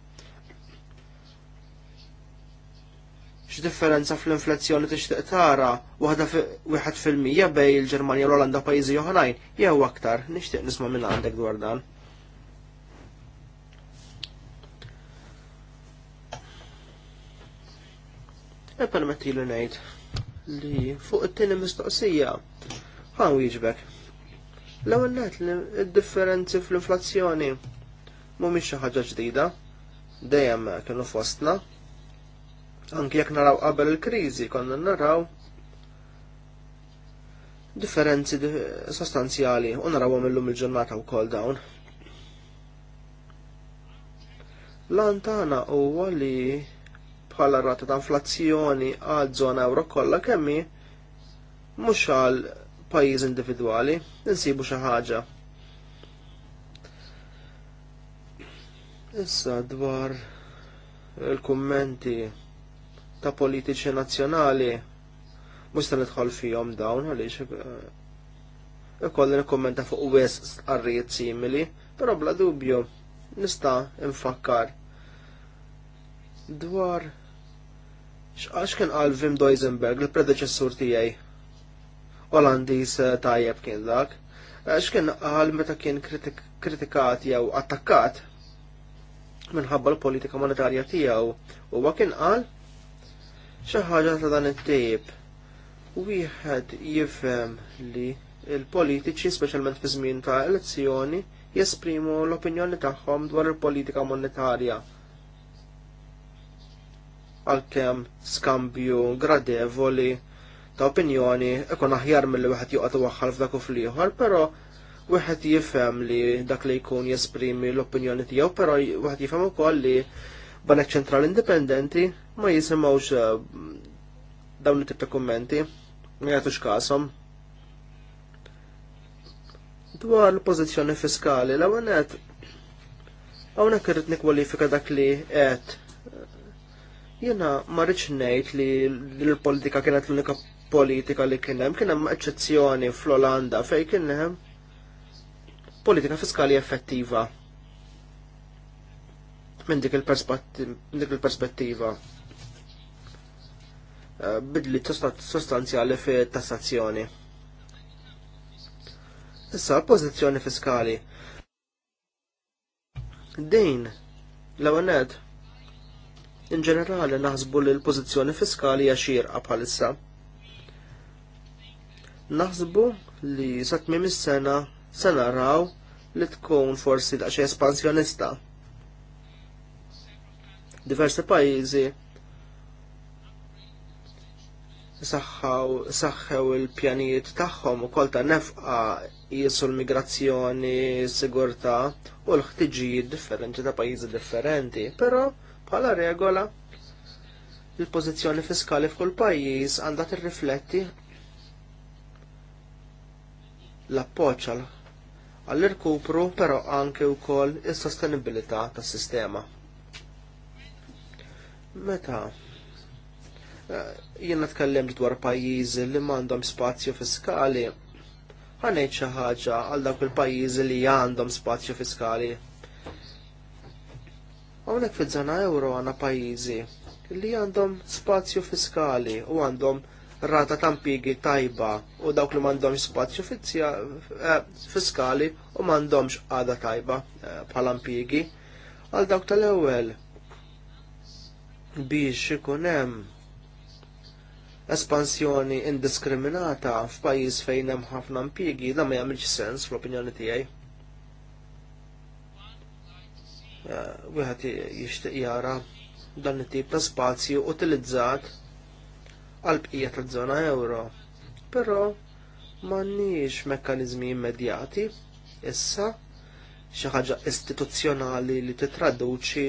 A: x'differenza fl-inflazzjoni tixtieq tara waħda wieħed fil-mija bej il-Ġermanja u l-Olanda pajjiżi oħrajn jew aktar nixtieq nisma' minn għandek dwar dan. E permetti li ngħid li fuq it-tieni mistoqsija ħan jġbek: L-ewwel net li d-differenzi fl-inflazzjoni mhumiex xi ħaġa ġdida, dejjem kienu fostna, Anki jekk naraw qabel il-kriżi konna naraw differenzi sostanzjali u narawhom illum il-ġurnata wkoll dawn. Lan tagħna huwa li bħala rata ta' inflazzjoni għal żona euro kollha kemmi mhux għal pajjiż individwali, insibu xi ħaġa. Issa dwar il-kummenti ta' politiċi nazzjonali. Mux ta' nidħol fihom dawn għaliex eh, ikolli nikkommenta fuq wes arrijiet simili, però bla dubju nista' infakkar dwar x'għax kien qal Vim Doisenberg, il-predeċessur tiegħi. Olandiż eh, tajjeb kien dak. Għax kien qal meta kien kritikat jew attakkat minħabba l-politika monetarja tiegħu. Huwa kien qal xi ħaġa ta' dan it-tejb. Wieħed jifhem li il-politiċi speċjalment fi żmien ta' elezzjoni jesprimu l-opinjoni tagħhom dwar il-politika monetarja għalkemm skambju gradevoli ta' opinjoni ikun aħjar mill-li wieħed joqgħod waħħal f'dak u fl-ieħor, però wieħed jifhem li dak li jkun jesprimi l-opinjoni tiegħu, però wieħed jifhem ukoll li Banek Ċentrali Indipendenti ma jisimawx eh, dawn it-tip ta' kummenti, ma jgħatux kasom. Dwar l-pożizzjoni fiskali, l-ewwel qed hawnhekk irid nikkwalifika dak li qed jena marriċ nejt li l-politika kienet l-unika politika li kienem, kienem eccezzjoni fl-Olanda fej kienem politika fiskali effettiva. Minn dik il-perspettiva bidli sostanzjali fi tassazzjoni. Issa, pożizzjoni fiskali. Din, l-għanet, in ġenerali naħsbu li l-pożizzjoni fiskali hija xierqa bħalissa. Naħsbu li sa tmiem is-sena se naraw li tkun forsi daqsxejn espansjonista. Diversi pajjiżi saħħew il-pjanijiet tagħhom ukoll ta' nefqa jisu l-migrazzjoni, sigurtà u l-ħtiġijiet differenti ta' pajjiżi differenti, però bħala regola il-pożizzjoni fiskali f'kull pajjiż għandha tirrifletti l-appoġġ għall-irkupru però anke wkoll is-sostenibilità tas-sistema. Meta Eh, jenna tkellem dwar pajjiżi li m'għandhom spazju fiskali. Ħanejt xi ħaġa għal dawk il-pajjiżi li għandhom spazju fiskali. Hawnhekk fiż ewro euro għandna pajjiżi li għandhom spazju fiskali u għandhom rata ta' impjiegi tajba u dawk li m'għandhom spazju eh, fiskali u m'għandhomx għada tajba eh, bħala impjiegi għal dawk tal-ewwel biex ikun hemm espansjoni indiskriminata f'pajjiż fejn hemm ħafna impjiegi dan ma jagħmilx sens fl-opinjoni tiegħi. Eh, wieħed jixtieq jara dan it-tip ta' spazju utilizzat għal bqija taż-żona euro. Però m'għandniex mekkaniżmi immedjati issa xi ħaġa istituzzjonali li titraduċi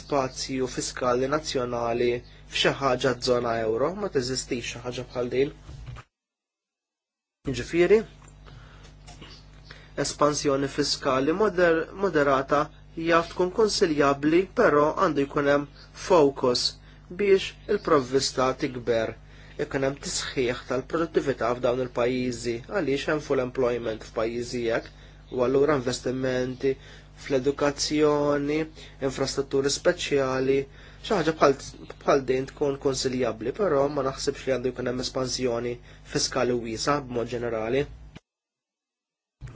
A: spazju fiskali nazzjonali f'xi ħaġa żona euro, ma teżistix xi ħaġa bħal din. Ġifieri, espansjoni fiskali moder moderata hija tkun konsiljabbli, però għandu jkun hemm focus biex il-provvista tikber ikun hemm tisħiħ tal-produttività f'dawn il-pajjiżi għaliex hemm full employment f'pajjiżijek u allura investimenti fl-edukazzjoni, infrastrutturi speċjali, ċaħġa bħal din tkun konsiljabbli, però ma naħsibx li għandu jkun hemm espansjoni fiskali wiesa b'mod ġenerali.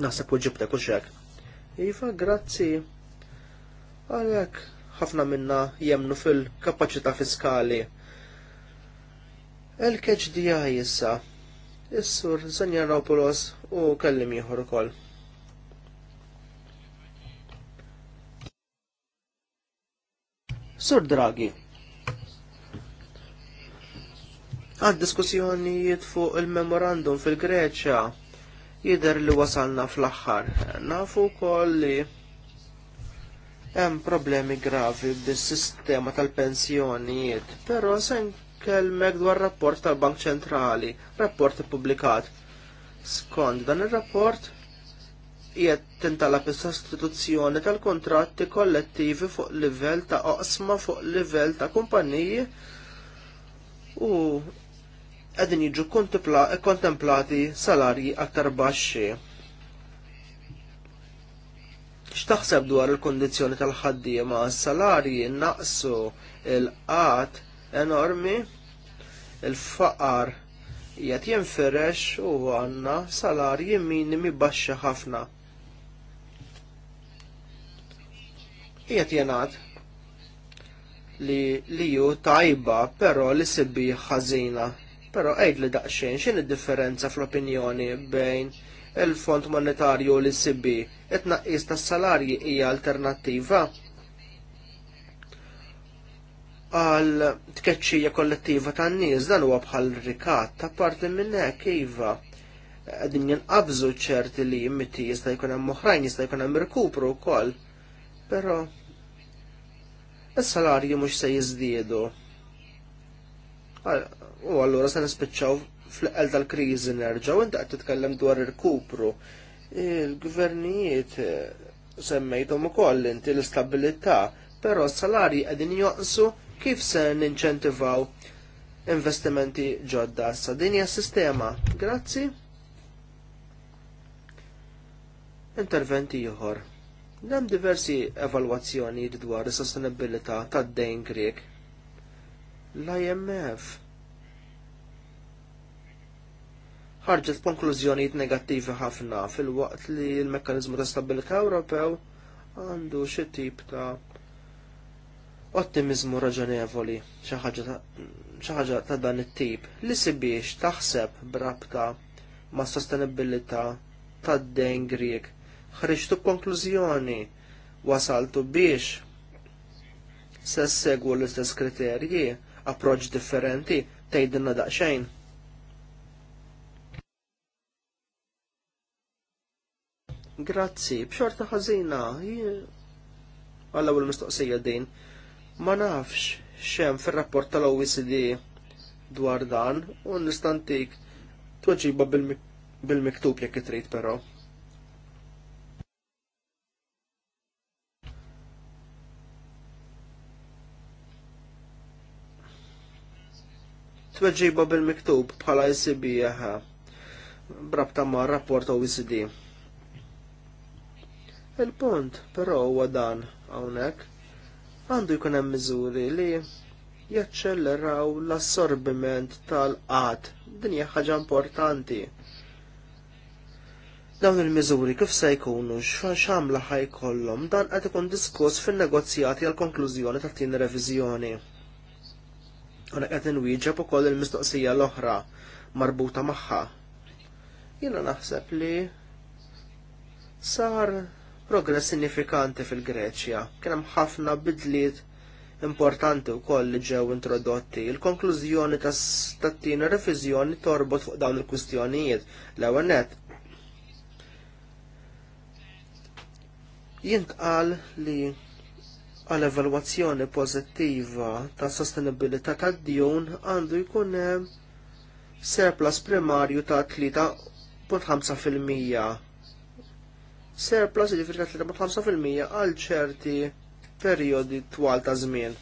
A: Naħseb u ġibta kull hekk. Iva, grazzi. Għalhekk ħafna minna jemnu fil-kapaċità fiskali. Il-keċ issa, is-sur Zanjanopoulos u kellim ieħor ukoll. Sur Draghi, għad diskussjonijiet fuq il-memorandum fil-Greċja jider li wasalna fl-axħar. Nafu koll li hemm problemi gravi bis-sistema tal-pensjonijiet, però se nkellmek dwar rapport tal-Bank Ċentrali, rapport ippubblikat. Skont dan ir-rapport qiegħed tintalab is-sostituzzjoni tal-kontratti kollettivi fuq livell ta' oqsma fuq livell ta' kumpaniji u qegħdin jiġu kontemplati salarji aktar baxxi. X'taħseb dwar il kondizjoni tal-ħaddiema salarji naqsu il-qat enormi il-faqar jiet jinferex u għanna salarji minimi baxxi ħafna. Qiegħed jingħad li li ju tajba però li sibbi ħażina. Però għejd li daqsxejn x'in id-differenza fl-opinjoni bejn il-Fond Monetarju li sibbi it-naqqis tas-salarji hija alternattiva għal tkeċċija kollettiva tan nies dan huwa bħal rikat ta' parti minn hekk iva. Qegħdin jinqabżu ċerti li jimmiti jista' jkun hemm oħrajn jista' jkun hemm rikupru wkoll. Però is-salarji mhux se jiżdiedu. U allura se nispiċċaw fl-qel tal-kriżi nerġgħu inti qed titkellem dwar il kupru Il-gvernijiet eh, semmejthom ukoll inti l-istabilità, però s-salarji qegħdin joqsu kif se ninċentivaw investimenti ġodda sa din sistema. Grazzi. Interventi ieħor. Nem diversi evalwazzjoni dwar is-sostenibilità tad-dejn Grek. L-IMF ħarġet konklużjonijiet negattivi ħafna fil-waqt li l-mekkanizmu ta' stabilità Ewropew għandu xi tip ta' ottimizmu raġonevoli xi ħaġa ta' dan it-tip li sibiex taħseb brabta ma' sostenibilità tad-dejn Grieg ħriġtu konklużjoni wasaltu biex se segwu l-istess kriterji, approċ differenti, tgħidilna daqsxejn. Grazzi, b'xorta ħazina, għallaw l-mistoqsija din, ma nafx xem fil-rapport tal-OECD dwar dan, u nistantik tweġiba bil-miktub jekk trid però. tweġiba bil-miktub bħala jisibijaha brabta ma' rapport OECD. Il-punt, però huwa dan hawnhekk għandu jkun hemm miżuri li jaċċelleraw l-assorbiment tal-qat. Din hija ħaġa importanti. Dawn il-miżuri kif se jkunu x'għamla ħajkollhom dan qed ikun diskuss fin-negozjati għal konklużjoni tat-tieni reviżjoni. Unek għet nwieġab u koll il-mistoqsija l-oħra marbuta maħħa. Jina naħseb li sar progress sinifikanti fil-Greċja. Kien hemm ħafna bidliet importanti wkoll li ġew introdotti. Il-konklużjoni tat-tieni reviżjoni torbot fuq dawn il-kwistjonijiet l-ewwel nett. tqal li għal evalwazzjoni pożittiva ta' sostenibilità tad-djun għandu jkun hemm eh, primarju ta' 3.5%. serplas jiġifieri ta' 3.5% għal ċerti perjodi twal ta' żmien.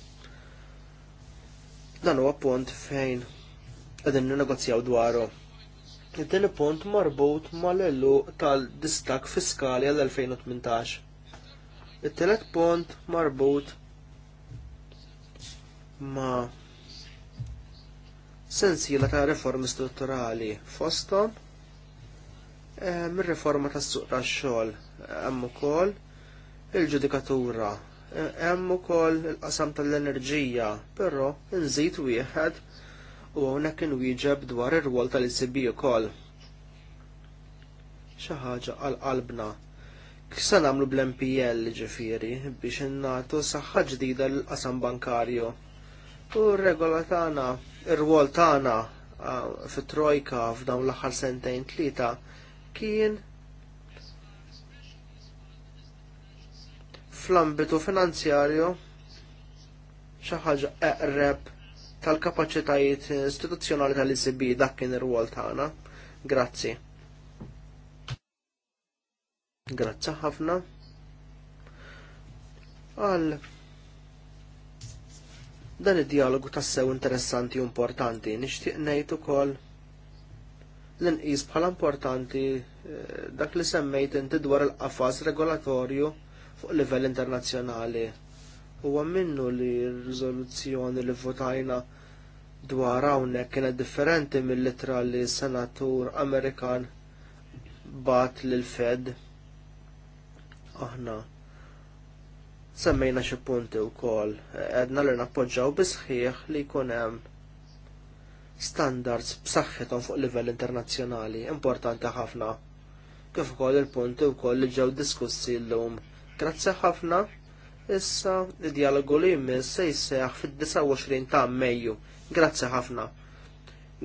A: Dan huwa punt fejn qegħdin negozjaw dwaru. It-tieni punt marbut mal-ellu tal-distak fiskali għal 2018 it telet punt marbut ma sensiela ta' reformi strutturali fostom eh, mir-reforma tas suq tax-xogħol hemm ukoll il-ġudikatura eh, hemm ukoll il-qasam tal-enerġija, però nżid wieħed u hawnhekk inwieġeb dwar ir-rwol tal-ICB ukoll. Xi ħaġa għal qalbna Kissa namlu bl-MPL ġifiri biex innatu saħħa ġdida l-qasam bankarju. U r-regola tagħna, ir-rwol tagħna fit-trojka f'dawn l-aħħar sentejn tlieta kien fl-ambitu finanzjarju xi ħaġa eqreb tal-kapaċitajiet istituzzjonali tal-ICB dak kien ir-rwol tagħna. Grazzi. Grazzi ħafna għal dan id-dialogu tassew interessanti u importanti. Nixtieq ngħid ukoll l-inqis bħala importanti eh, dak li semmejt inti dwar il-qafas regolatorju fuq livell internazzjonali. Huwa minnu li r-riżoluzzjoni li votajna dwar hawnhekk kienet differenti mill-litra li senatur Amerikan bat l Fed aħna semmejna xi punti wkoll għedna li nappoġġaw bisħieħ li jkun hemm standards b'saħħithom fuq livell internazzjonali importanti ħafna. Kif ukoll il-punti wkoll li ġew diskussi llum. Grazzi ħafna. Issa id-dialogu li jmiss se jseħħ fid-29 ta' Mejju. Grazzi ħafna.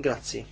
A: Grazzi.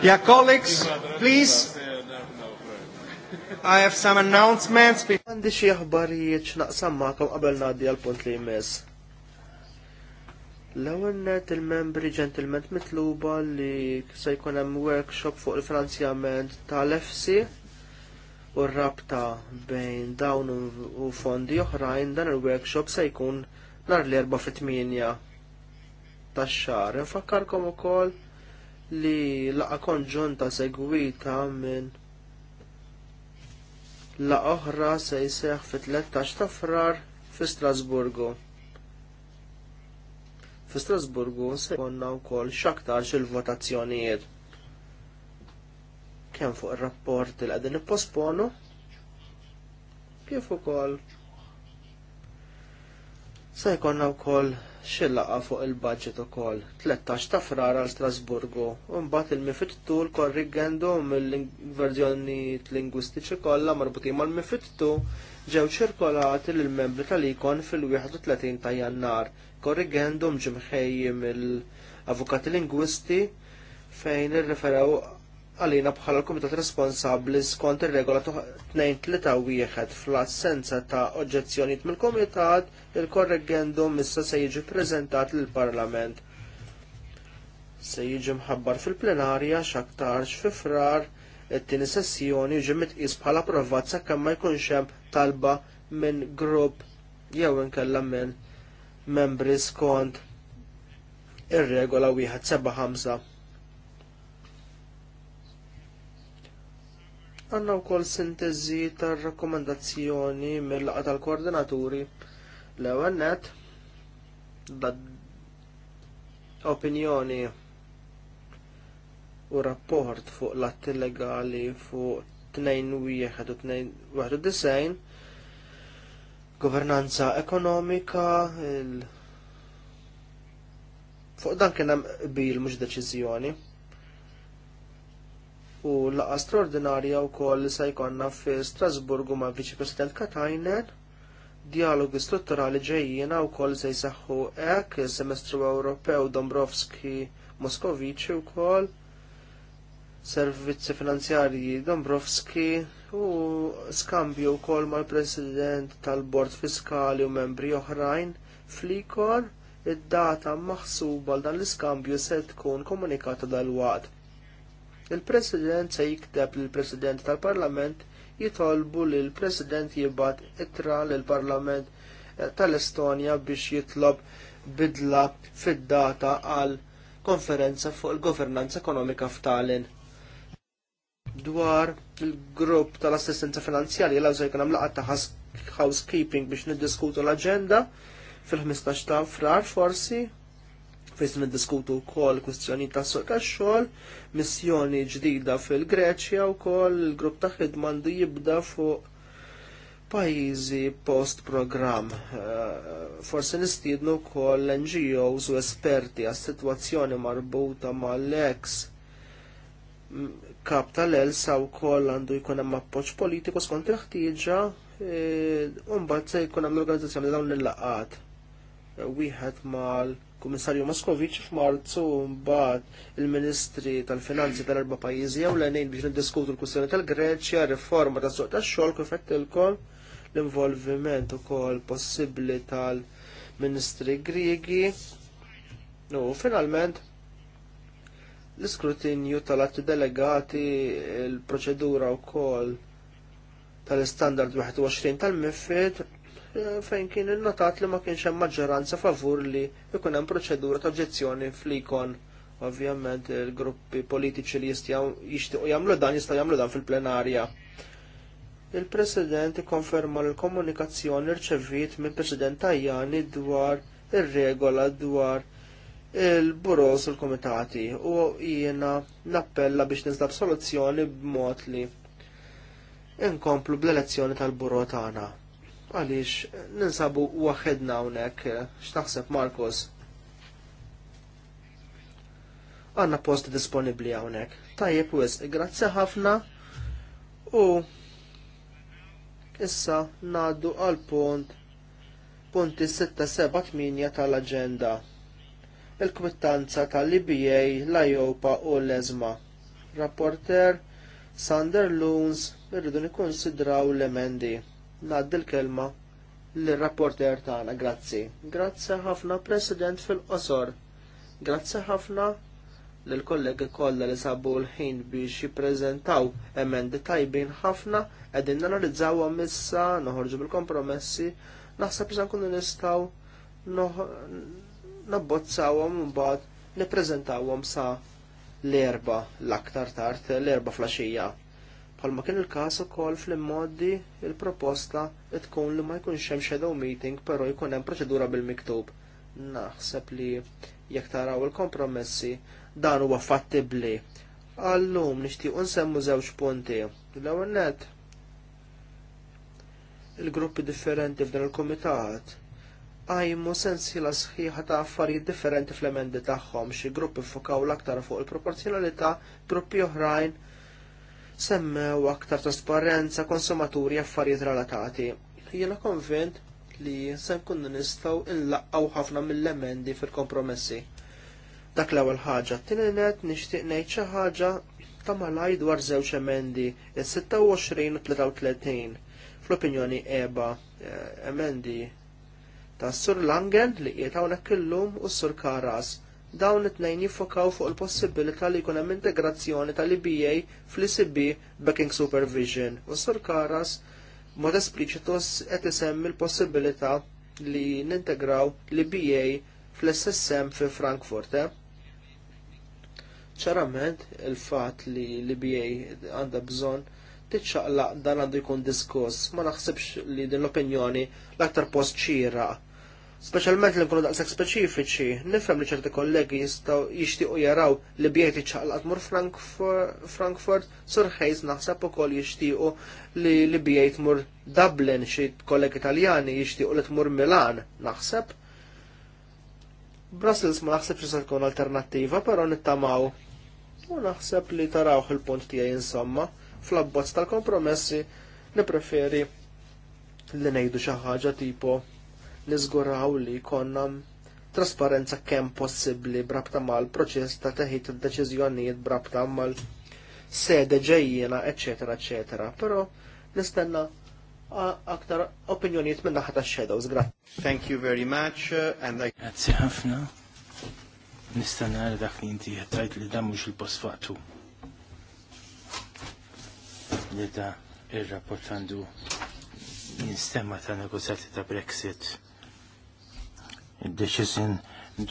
B: Yeah, colleagues, please.
A: I have some announcements. Għandi xie aħbarijiet x'naqsam magħkom qabel ngħaddi għal punt li jmiss. L-ewwel net il-membri ġentilment mitluba li se jkun hemm workshop fuq il-finanzjament tal-EFSI u r-rabta bejn dawn u fondi oħrajn dan il-workshop se jkun nhar l-erba' fit-tminja tax-xahar. Infakkarkom ukoll li laqa konġunta segwita minn la oħra se jseħ fit-13 ta' frar fi Strasburgu. Fi Strasburgu se u wkoll x'aktar il-votazzjonijiet. Kemm fuq ir-rapport li qegħdin ipposponu kif ukoll se jkollna wkoll xillaqa fuq il-budget ukoll. 13 ta' frar għal Strasburgu, mbagħad il-mifittu l-korrigendu mill-verżjonijiet lingwistiċi kollha marbutin mal-mifittu ġew ċirkolati lill membri tal-ikon fil-31 ta' jannar. korrigendu ġimħejji mill-avukati lingwisti fejn il-referaw għalina bħala l-Komitat responsabli skont ir-regola 2-3-1 fl-assenza ta' oġġezzjonijiet mill-Komitat, il-korregendum issa se jiġi preżentat lill-Parlament. Se jiġi mħabbar fil-plenarja x'aktarx fi frar it-tieni sessjoni jiġi mitqis bħala approvat sakemm ma jkunx hemm talba minn grupp jew inkella minn membri skont ir-regola wieħed seba' ħamsa. Għanna u kol sintezi tar rakkomandazzjoni mill-laqa tal-koordinaturi l-ewennet opinjoni u rapport fuq l att illegali fuq 2.91 governanza ekonomika il... fuq dan kien hemm bil mhux deċiżjoni u laqa straordinarja wkoll li se jkollna fi Strasburgu ma' Viċi President Katajnen dialogi strutturali ġejjina wkoll se jseħħu hekk is-Semestru Ewropew Dombrovski Moskovici wkoll servizzi finanzjarji Dombrovski u skambju wkoll mal-President tal-Bord Fiskali u membri oħrajn flikor id-data maħsuba dan l-iskambju se tkun komunikata dal-waqt il-President se jikteb lill president tal-Parlament jitolbu li l-President jibgħat ittra lill parlament eh, tal-Estonja biex jitlob bidla fid-data għal konferenza fuq il-governanza ekonomika f'Tallinn. Dwar il-grupp tal-assistenza finanzjarja l jkun hemm laqgħa ta' housekeeping biex niddiskutu l-aġenda fil-15 ta' frar forsi Fejn niddiskutu wkoll kwistjoni ta' suq tax-xogħol, missjoni ġdida fil-Greċja wkoll il-grupp ta' għandu jibda fuq pajjiżi post programm. Eh, forsi nistiednu wkoll NGOs u esperti għas-sitwazzjoni marbuta mal-ex kap tal-elsa u koll għandu jkun hemm appoġġ politiku skont il-ħtieġa eh, u mbagħad se jkun hemm l-organizzazzjoni dawn il-laqat eh, wieħed mal kummissarju Moskovic f'Marzu mbagħad il-Ministri tal-Finanzi tal-erba' pajjiżi jew l-għenejn biex niddiskutu l-kwistjoni tal-Greċja, riforma tas suq tax-xogħol kif qedtilkom l-involviment ukoll possibbli tal-Ministri Griegi. U finalment l-iskrutinju tal-atti delegati il-proċedura wkoll tal-istandard 21 tal-MIFID Eh, fejn kien innotat li ma kienx hemm maġġoranza favur li jkun hemm proċedura ta' oġġezzjoni flikon Ovvjament il-gruppi politiċi li jistgħu jixtiequ jagħmlu dan jistgħu jagħmlu dan fil-plenarja. Il-President ikkonferma l-komunikazzjoni rċevit mill President Tajani dwar ir-regola dwar il-buros u l-komitati u jiena nappella biex nizdab soluzzjoni b'mod li inkomplu bl-elezzjoni tal-buro tagħna għaliex ninsabu waħedna hawnhekk x'taħseb Marcos. Għanna post disponibbli hawnhekk. Tajjeb wis, grazzi ħafna u issa naddu għal punt punti 6-7-8 tal-aġenda. Il-kwittanza tal-IBA, l-Ajopa u l-Ezma. Rapporter Sander Loons irridu nikonsidraw l-emendi ngħaddi l-kelma lir-rapporter tagħna. Grazzi. Grazzi ħafna President fil-qosor. Grazzi ħafna lill kollegi kollha li sabu l-ħin biex jippreżentaw emendi tajbin ħafna qegħdin nanalizzaw missa noħorġu bil-kompromessi naħseb se nkunu nistgħu nabbozzawhom mbagħad nippreżentawhom sa l-erba l-aktar tard l-erba flaxija. Palma kien il-każ ukoll fl-immoddi il-proposta tkun li ma jkunx hemm shadow meeting però jkun hemm proċedura bil-miktub. Naħseb li jekk taraw il-kompromessi dan huwa fattibbli. Allum nixtiequ nsemmu żewġ punti. L-ewwel net il-gruppi differenti f'dan il-komitat għajmu la sħiħa ta' affarijiet differenti fl-emendi tagħhom, xi gruppi fokaw l-aktar fuq il-proporzjonalità, gruppi oħrajn semmew aktar trasparenza, konsumaturi, affarijiet relatati. Jiena konvent li se nkunu nistgħu nlaqqaw ħafna mill-emendi fil-kompromessi. Dak l-ewwel ħaġa, tieni nixtieq ngħid xi ħaġa ta' malaj dwar żewġ emendi, is 26 u 33, fl-opinjoni eba eh, emendi ta' Sur Langen li qiegħed hawnhekk illum u Sur Karas dawn it-tnejn jiffokaw fuq il-possibilità li jkun hemm integrazzjoni tal-IBA fl-ICB Backing Supervision. U Sur Karas mod espliċitos qed isemmi l-possibilità li nintegraw l-IBA fl-SSM fi Frankfurt. Eh? Ċarament il-fatt li l-IBA għandha bżonn tiċċaqlaq dan għandu jkun diskors, ma naħsibx li din l-opinjoni l-aktar post ċira Speċjalment li nkunu daqshekk speċifiċi, nifhem li ċerti kollegi jistgħu jixtiequ jaraw li bjejt iċċaqlaq mur Frankfurt, Sur naħseb ukoll jixtiequ li li bjejt mur Dublin xi kollegi Italjani jixtiequ li tmur Milan, naħseb. Brussels ma naħsebx se tkun alternattiva, però nittamaw. U naħseb li taraw il-punt tiegħi insomma, fl-abbozz tal-kompromessi nipreferi li ngħidu xi ħaġa tipo niżguraw li konna trasparenza kemm possibbli brabta mal-proċess ta' teħit id-deċiżjonijiet brabta mal-sede ġejjena, eċetera, eċetera. Però nistenna aktar opinjonijiet minn ħata xedaw, shadows Thank you very much uh,
B: Grazie ħafna. Nistenna nara dak li inti tajt li damu mhux il-posfatu. Li da ir ta' negozjati ta' Brexit id-deċiżin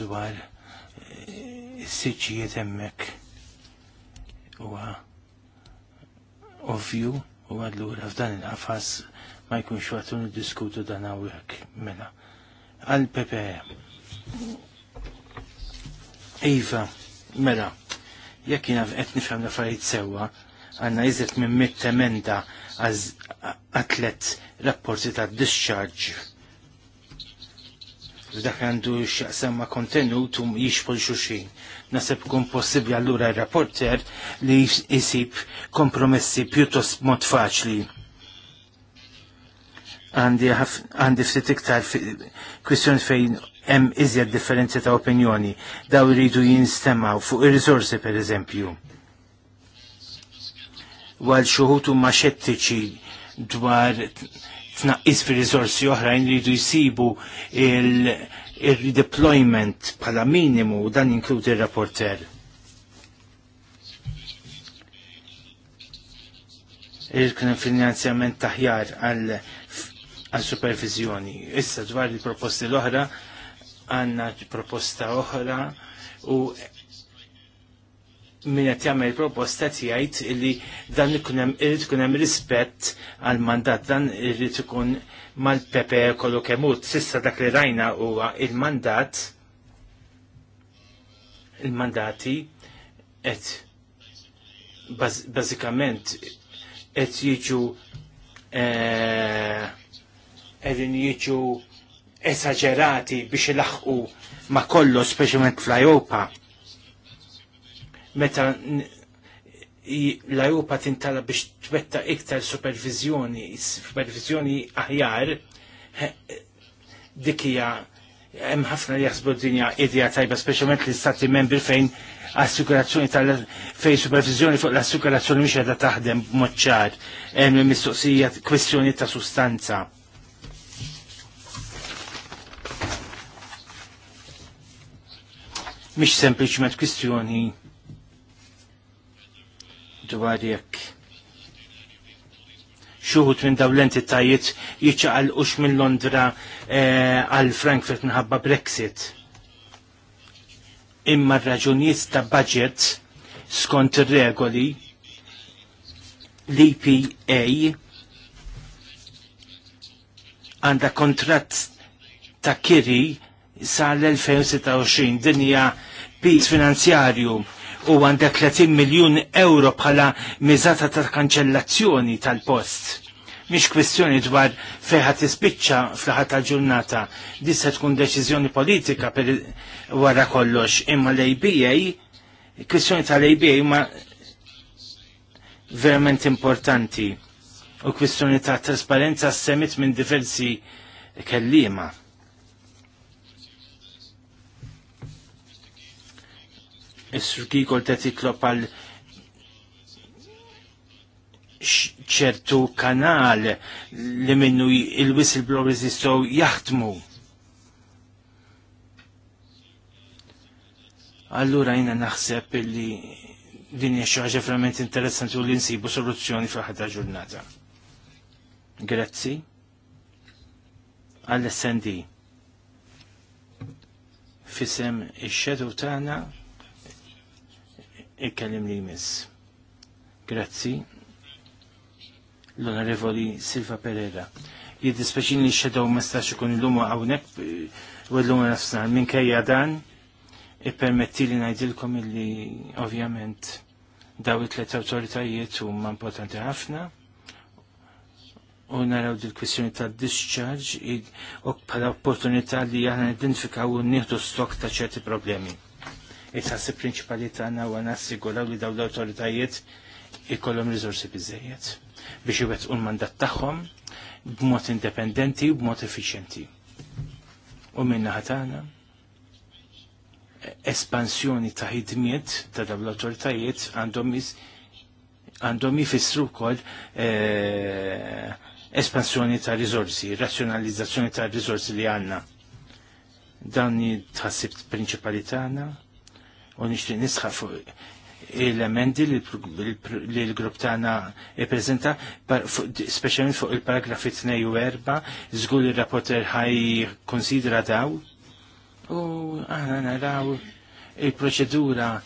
B: dwar s-siċijiet eh, emmek. Uwa ovvju u għallura f'dan il-ħafas ma jkunx għatun diskutu dan għawek mela. Għal Pepe. Iva, mela, jekk jina qed nifhem la affarijiet sewwa, għandna jizet minn mit-temenda atlet rapporti ta' discharge dak għandu xaqsam ma' kontenut u jixpol xuxin. Naseb kun possibli għallura il-rapporter li jisib kompromessi pjuttost mod faċli għandi ftit iktar kwistjoni fejn hemm iżjed differenzi ta' opinjoni daw iridu jinstemaw fuq ir-riżorsi pereżempju. Għal xuħut huma xettiċi dwar tnaqqis fi risorsi oħrajn li jridu jisibu il-redeployment il bħala minimu dan inkludi il-rapporter. il finanzjament taħjar għal supervizjoni. Issa dwar il-proposti l-oħra għanna proposta oħra u min qed jagħmel proposta jgħid illi dan irid ikun hemm rispett għal mandat dan irid ikun mal-Pepe kollu kemut sissa dak li rajna huwa il-mandat il-mandati qed bażikament qed jiġu eh, qegħdin jiġu esaġerati biex ilaħqu ma' kollu speċjalment fl-Ejopa meta l europa tintala biex twetta iktar supervizjoni, supervizjoni aħjar, dikija hemm ħafna li jaħsbu dinja idea tajba, speċjalment l-istati membri fejn assikurazzjoni tal fej supervizjoni fuq l-assikurazzjoni mhix qiegħda taħdem b'mod ċar, hemm mistoqsija kwestjoni ta' sustanza. Mhix sempliċement kwistjoni dwar jekk xuħut minn daw l-entitajiet jiċċaqal ux minn Londra eh, għal Frankfurt minħabba Brexit. Imma raġunijiet ta' budget skont regoli l-EPA għanda kontrat ta' kiri sa' l-2026 dinja pis finanzjarju u għandek 30 miljun euro bħala miżata ta' kanċellazzjoni tal-post. Mix kwestjoni dwar feħat tispiċċa fl-ħat tal-ġurnata. Dissa tkun deċiżjoni politika per wara kollox, imma l-ABA, kwestjoni tal-ABA ma verament importanti u kwistjoni ta' trasparenza semmit minn diversi kellima Is-Gigol ta' titlob għal ċertu kanal li minnu il-whistleblowers jistgħu jaħdmu. Allura jina naħseb li din hija xi ħaġa verament interessanti u li nsibu soluzzjoni fl-ħadda ġurnata. Grazzi. Għall-SND. Fisem ix-xedu tagħna ikkellim li jmiss. Grazzi. L-Onorevoli Silva Pereira. Jiddispeċin li xedaw ma kun ikun il-lumu għawnek, eh, u l-lumu nafsna, minn kajja dan, i-permetti li najdilkom illi ovvjament daw it let autoritajiet huma importanti ħafna u naraw dil-kwissjoni ta' discharge u bħala opportunità li aħna identifikaw u nieħdu stok ta' ċerti problemi it-ħassib prinċipali tagħna għanassi għolaw li dawn l-awtoritajiet ikollhom rizorsi bizzejiet biex iwettqu l-mandat tagħhom b'mod indipendenti u b'mod efficienti. U minna ħatana espansjoni ta' ħidmiet ta' dawn l-awtoritajiet għandhom għandhom jifissru wkoll eh, espansjoni ta' rizorsi, razzjonalizzazzjoni ta' rizorsi li għandna. Dan tħassib prinċipali tagħna u nixtieq nisħa fuq l-emendi li l-grupp tagħna ippreżenta speċjalment fuq il-paragrafi 2 u 4 żgur ir-rapporter ħaj konsidra daw u aħna naraw il-proċedura e,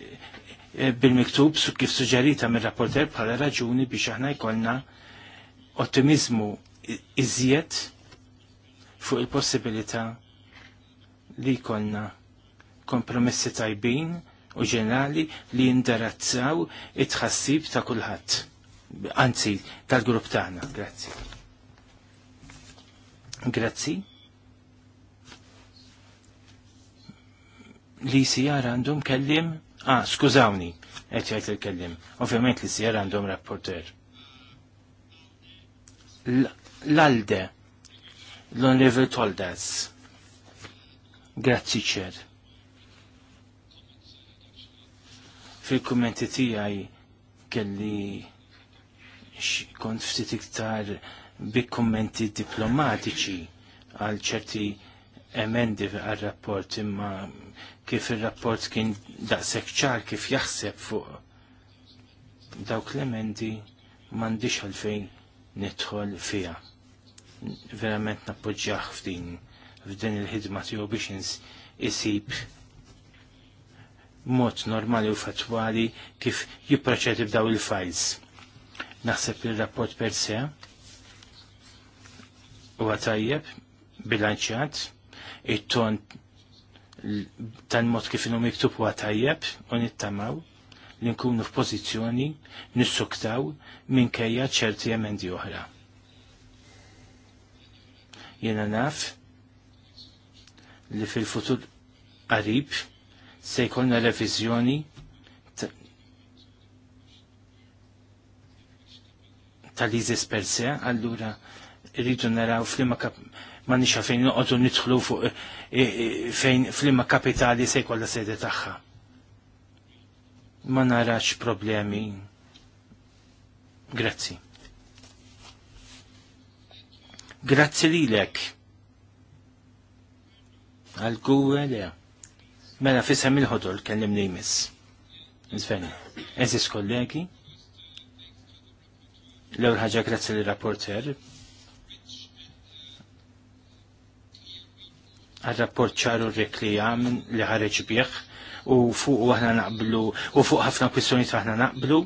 B: e, bil-miktub su kif suġġerita mir-rapporter bħala raġuni biex aħna jkollna ottimizmu iżjed fuq il-possibilità li jkollna kompromessi tajbin u ġenerali li jindarazzaw it-ħassib ta' kulħadd. Anzi, tal-grupp tagħna. Grazzi. Grazzi. Li sijar għandhom kellim? Ah, skużawni, qed jgħid il-kellim. Ovvjament li sijar għandhom rapporter. L-alde, l-onrevel toldas. Grazzi ċer fil-kummenti tiegħi kelli kont ftit iktar bi kummenti diplomatiċi għal ċerti emendi għal rapport imma kif il-rapport kien daqshekk ċar kif jaħseb fuq dawk l-emendi m'għandix għalfejn nidħol fiha. Verament nappoġġjah f'din f'din il-ħidma tiegħu biex isib mod normali u fatwali kif jipproċedi b'daw il-files. Naħseb li rapport per se u għatajjeb bilanċjat it-ton tal-mod kif inhu miktub huwa tajjeb u nittamaw li nkunu f'pożizzjoni nissuktaw minkejja ċerti emendi oħra. Jiena naf li fil-futur qarib se jkollna reviżjoni tal iżis per se, allura rridu naraw flima kap ma nixa fejn noqotu nidħlu fuq e, e, fejn flima kapitali se jkollha sede tagħha. Ma narax problemi. Grazzi. Grazzi lilek. al gwe Mela fissem il-ħodol li jmiss. Nżveni. Eżis kollegi. L-ewwel ħagġa grazzi li rapporter għal-rapport ċaru rek li għam li ħareġ bieħ u fuq aħna naqblu u fuq ħafna kwistjoni aħna naqblu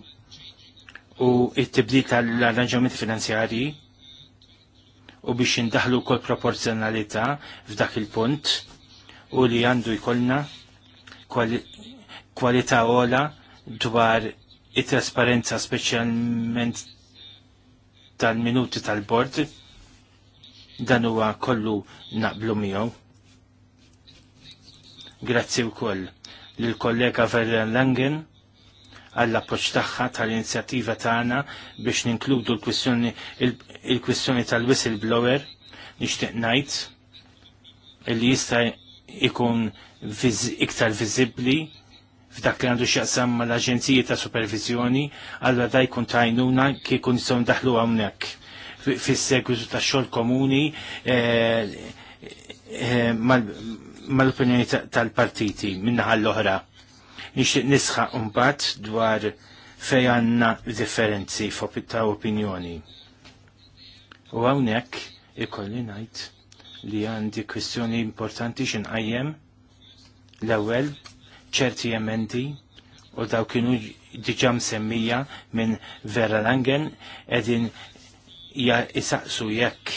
B: u it-tibdil tal arranġament finanzjari u biex indaħlu kol proporzjonalità f'dak il-punt u li għandu jkollna kwalità ola dwar it-trasparenza speċjalment tal-minuti tal-bord dan huwa kollu naqblu miegħu. Grazzi wkoll lill kollega Verren Langen għall appoġġ tagħha tal-inizjattiva tagħna biex ninkludu l-kwistjoni kwistjoni tal-whistleblower nixtieq ngħid li jista' ikun iktar vizibli f'dak li għandu x'jaqsam mal-Aġenziji ta' Supervizjoni, għalla da jkun tajnuna kif kun jistgħu daħlu hawnhekk fis-segwitu ta' xogħol komuni eh, eh, mal-opinjoni tal-partiti minnaħa l-oħra. Nixtieq nisħaq mbagħad dwar fej għandna differenzi ta' opinjoni. U hawnhekk ikolli ngħid li għandi kwistjoni importanti x'inqajjem L-ewwel ċerti emendi u daw kienu diġam semmija minn Vera Langen edin jisaqsu jekk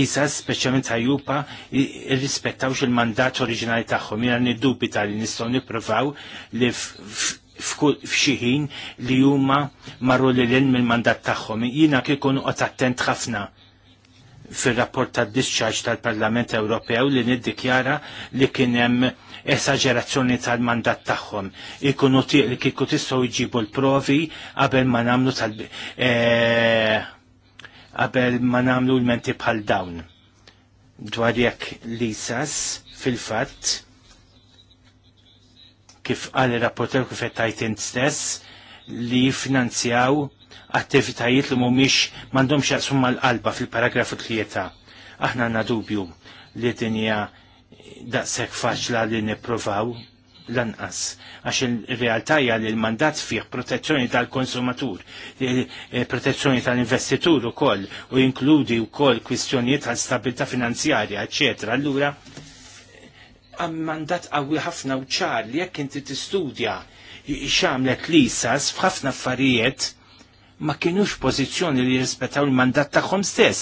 B: Isa, speċjalment ħajupa irrispettawx il-mandat oriġinali tagħhom. Jiena niddubita li nistgħu nippruvaw li f'xi ħin li huma marru lil mill-mandat tagħhom. Jiena kif qod attent ħafna fil-rapport tad discharge tal-Parlament Ewropew li niddikjara li kien hemm esagerazzjoni tal-mandat tagħhom. Ikunu li kieku tistgħu jġibu l-provi qabel ma nagħmlu tal- eh, qabel ma nagħmlu l-menti bħal dawn. Dwar jekk lisas fil-fatt kif qal ir rapport kif qed stess li finanzjaw attivitajiet li mhumiex m'għandhomx jaqsum mal-qalba fil-paragrafu tlieta. Aħna għanna dubju li dinja daqshekk faċla li nippruvaw lanqas għax il-realtà hija li l-mandat fih protezzjoni tal-konsumatur, eh, protezzjoni tal-investitur ukoll u inkludi wkoll kwistjonijiet tal-stabilità finanzjarja, eċetera. Allura għam mandat qawwi ħafna u ċar li jekk inti tistudja x'għamlet lisas f'ħafna affarijiet ma kienux pożizzjoni li jirrispettaw il-mandat tagħhom stess.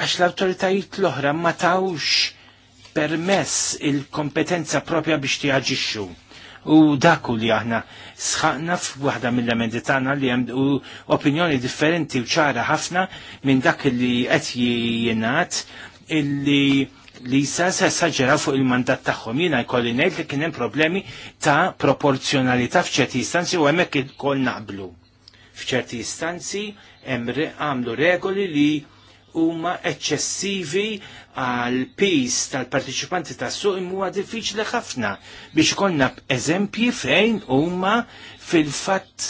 B: Għax l-awtoritajiet l-oħra ma tawx permess il-kompetenza propja biex tiaġixxu. U daku li aħna sħaqna f'waħda mill-emendi tagħna li hemm u opinjoni differenti u ċara ħafna minn dak li qed jingħad illi li sa saġġera fuq il-mandat tagħhom Jina jkolli ngħid li kien hemm problemi ta' proporzjonalità f'ċerti istanzi u hemmhekk ikoll naqblu F'ċerti istanzi hemm għamlu regoli li huma eċċessivi għal pis tal-partiċipanti tas-suq imma diffiċli ħafna biex konna eżempji fejn huma fil-fatt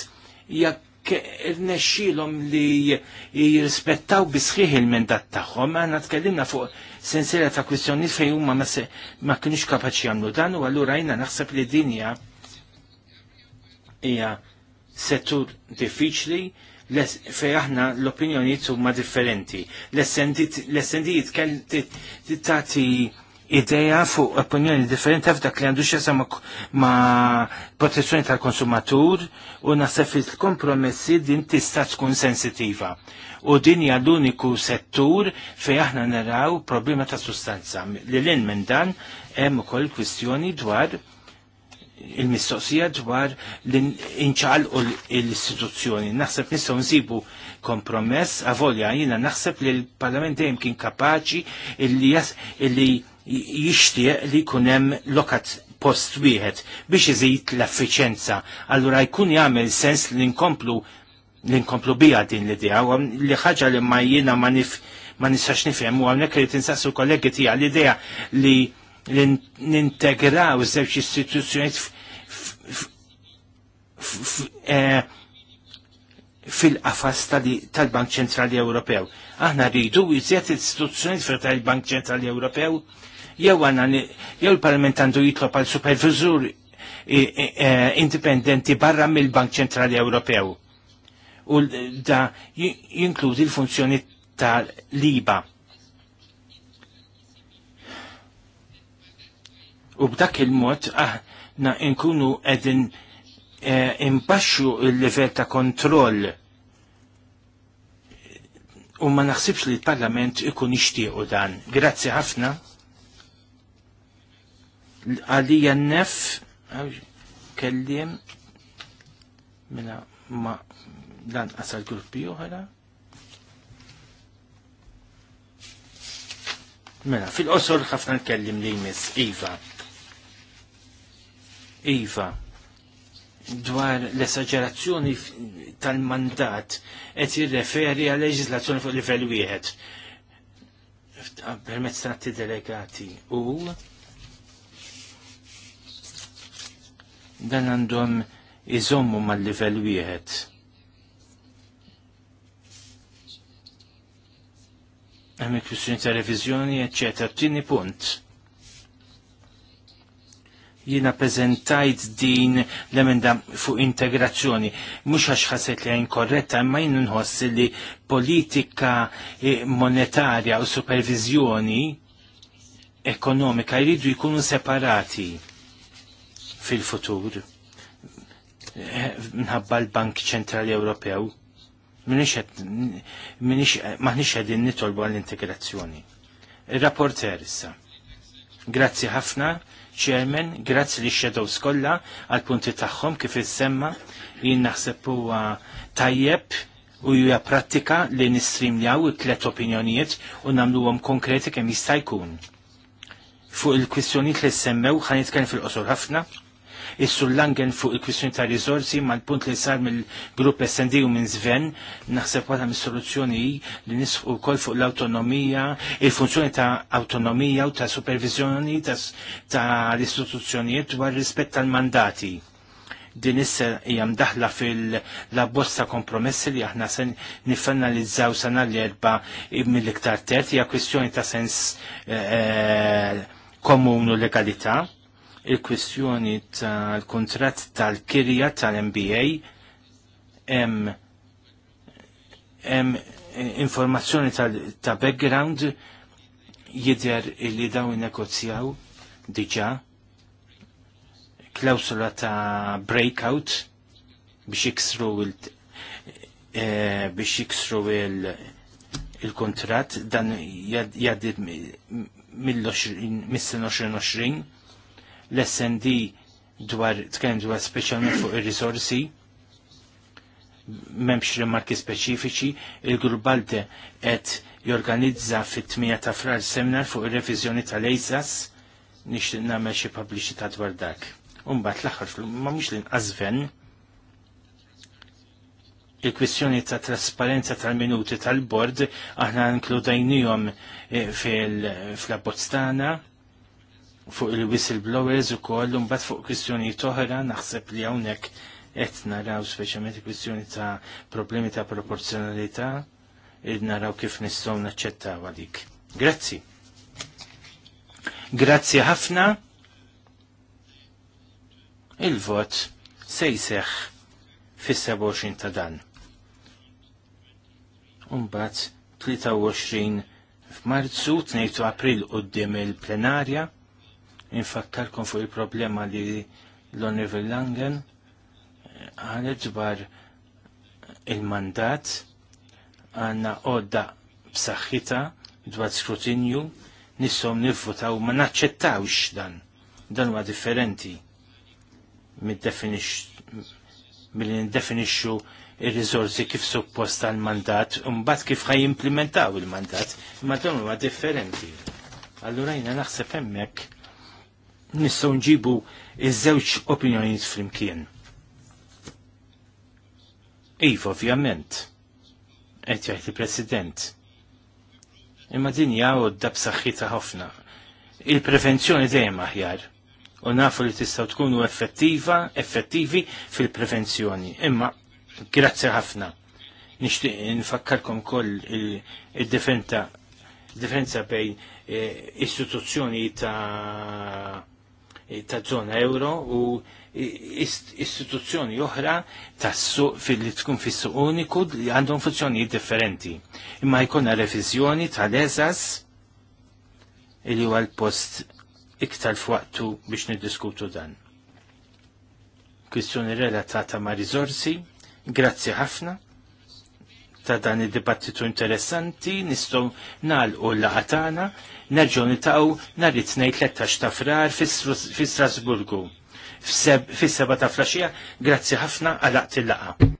B: jekk irnexxilhom li jirrispettaw bisħiħ il-mendat tagħhom, għandna tkellimna fuq sensiela ta' kwistjonijiet fejn huma ma kinux kapaċi jagħmlu dan u allura jiena naħseb li dinja hija settur diffiċli fej aħna l-opinjonijiet huma differenti. L-essendijiet kell tagħti idea fuq opinjoni differenti f'dak li għandu xesam ma protezzjoni tal-konsumatur u nasef il-kompromessi din tista' tkun sensitiva. U din hija l-uniku settur fej aħna naraw problema ta' sustanza. Li l minn dan hemm ukoll kwistjoni dwar il-mistoqsija dwar l-inċal u l-istituzzjoni. Naħseb nistgħu nsibu kompromess, avolja jina naħseb li l-Parlament dejjem kien kapaċi illi jixtieq li jkun hemm lokat post wieħed biex iżid l affiċenza Allura jkun jagħmel sens li nkomplu li nkomplu bija din l-idea, li ħaġa li ma jina ma nistax nifhem u għamnek li tinsassu kollegi tija l-idea li l-integraw żewġ istituzjoniet eh, fil-qafas tal-Bank Ċentrali Ewropew. Aħna rridu jizjet istituzzjoniet fil tal-Bank Ċentrali Ewropew, jew għanna jew il-Parlament għandu jitlob għal supervizur eh, indipendenti barra mill-Bank Ċentrali Ewropew. U da jinkludi l-funzjoni tal-liba. u b'dak il-mod aħna nkunu qegħdin eh, imbaxxu l livell ta' kontroll u ma naħsibx li l-Parlament ikun ixtiequ dan. Grazzi ħafna. Għalija nef, kellim, minna mela ma dan qasal gruppi oħra. Mela, fil-qosor ħafna nkellim li jmiss, Iva. Iva, dwar l-esagerazzjoni tal-mandat qed jirreferi għal leġislazzjoni fuq livell wieħed ah, permezz tratti delegati u dan għandhom iżommu mal-livell wieħed. Hemm kwistjoni ta' reviżjoni, eċċetera. Tini punt jina prezentajt din l-emenda fuq integrazzjoni. Mux għax ħaset li għajn korretta, imma jinn nħoss li politika eh, monetarja u supervizjoni ekonomika jridu jkunu separati fil-futur eh, minħabba l-Bank Ċentrali Ewropew. Maħnix għedin nitolbu għall-integrazzjoni. Il-rapporter issa. Grazzi ħafna Chairman, grazzi li Shadows kollha għal punti tagħhom kif issemma jien naħseb huwa tajjeb u hija prattika li li għaw tlet opinjonijiet u nagħmluhom konkreti kemm jista' jkun. Fuq il-kwistjonijiet li semmew ħanitkellem fil-qosor ħafna Is-Sur Langen fuq il-kwistjoni ta' ma' mal-punt li sar mill-grupp SND u minn Sven, naħseb wara mis-soluzzjoni li nisħu wkoll fuq l-autonomija, il-funzjoni ta' autonomija u ta' supervizjoni ta' l-istituzzjonijiet dwar rispett tal-mandati din issa hija mdaħla fil labbosta kompromessi li aħna se nifanalizzaw sana li erba mill-iktar tert hija kwistjoni ta' sens eh, eh, komunu legalità il-kwistjoni tal-kontrat tal-kirja tal-MBA hemm hemm informazzjoni ta' background jidher li daw negozjaw diġà klawsula ta' breakout biex iksru il e, biex iksru il il-kontrat dan jadid mill mis-20 l-SND dwar tkellem dwar speċjalment fuq ir-risorsi memx rimarki speċifiċi, il-grupp et qed jorganizza fit tmija ta' frar seminar fuq ir-reviżjoni tal-EJSAS nixtieq nagħmel xi pubbliċità dwar dak. Umbagħad l-aħħar ma mhux l-inqasven il-kwistjoni ta' trasparenza tal-minuti tal-bord aħna inkludajnijom eh, fil-abbozzana fuq il-whistleblowers u koll un bat fuq kwistjoni toħra naħseb li għawnek et naraw speċjalment kwistjoni ta' problemi ta' proporzjonalità id naraw kif nistgħu naċċettaw għalik. Grazzi. Grazzi ħafna. Il-vot se jseħħ fis-27 ta' dan. Umbat 23 f'Marzu, 2 April qudiem il-plenarja infattarkom fuq il-problema li l-Onevel Langen eh, għalet dwar il-mandat għanna għodda b'saħħita dwar skrutinju nissom nivvotaw ma naċċettawx dan. Dan huwa differenti mill-definixxu il-rizorsi kif supposta l mandat mbagħad kif ħaj implementaw il-mandat, imma dan huwa differenti. Allura jiena naħseb hemmhekk nistgħu nġibu iż-żewġ opinjonijiet flimkien. Iva, ovvjament, qed jgħid il-President. Imma din jgħu d-dab ħafna. Il-prevenzjoni dejjem aħjar u nafu li tistgħu tkunu effettiva, effettivi fil-prevenzjoni. Imma, grazzi ħafna. Nixtieq nfakkarkom koll il-differenza il bejn eh, istituzzjoni ta' Eh, ta' zona euro u istituzzjoni oħra tassu fil-li tkun fissu uniku li għandhom funzjoni differenti. Imma jkunna revizjoni tal-eżas li huwa l-post iktar fuqtu biex niddiskutu dan. Kwistjoni relatata ma' rizorsi, grazzi ħafna ta' dan id-dibattitu interessanti, nistgħu nagħlqu l-laqatana nerġgħu nitgħu nhar it-tnejn 13 ta' frar fi Strasburgu. Fis-seba ta' flaxija, grazzi ħafna għal laqgħa.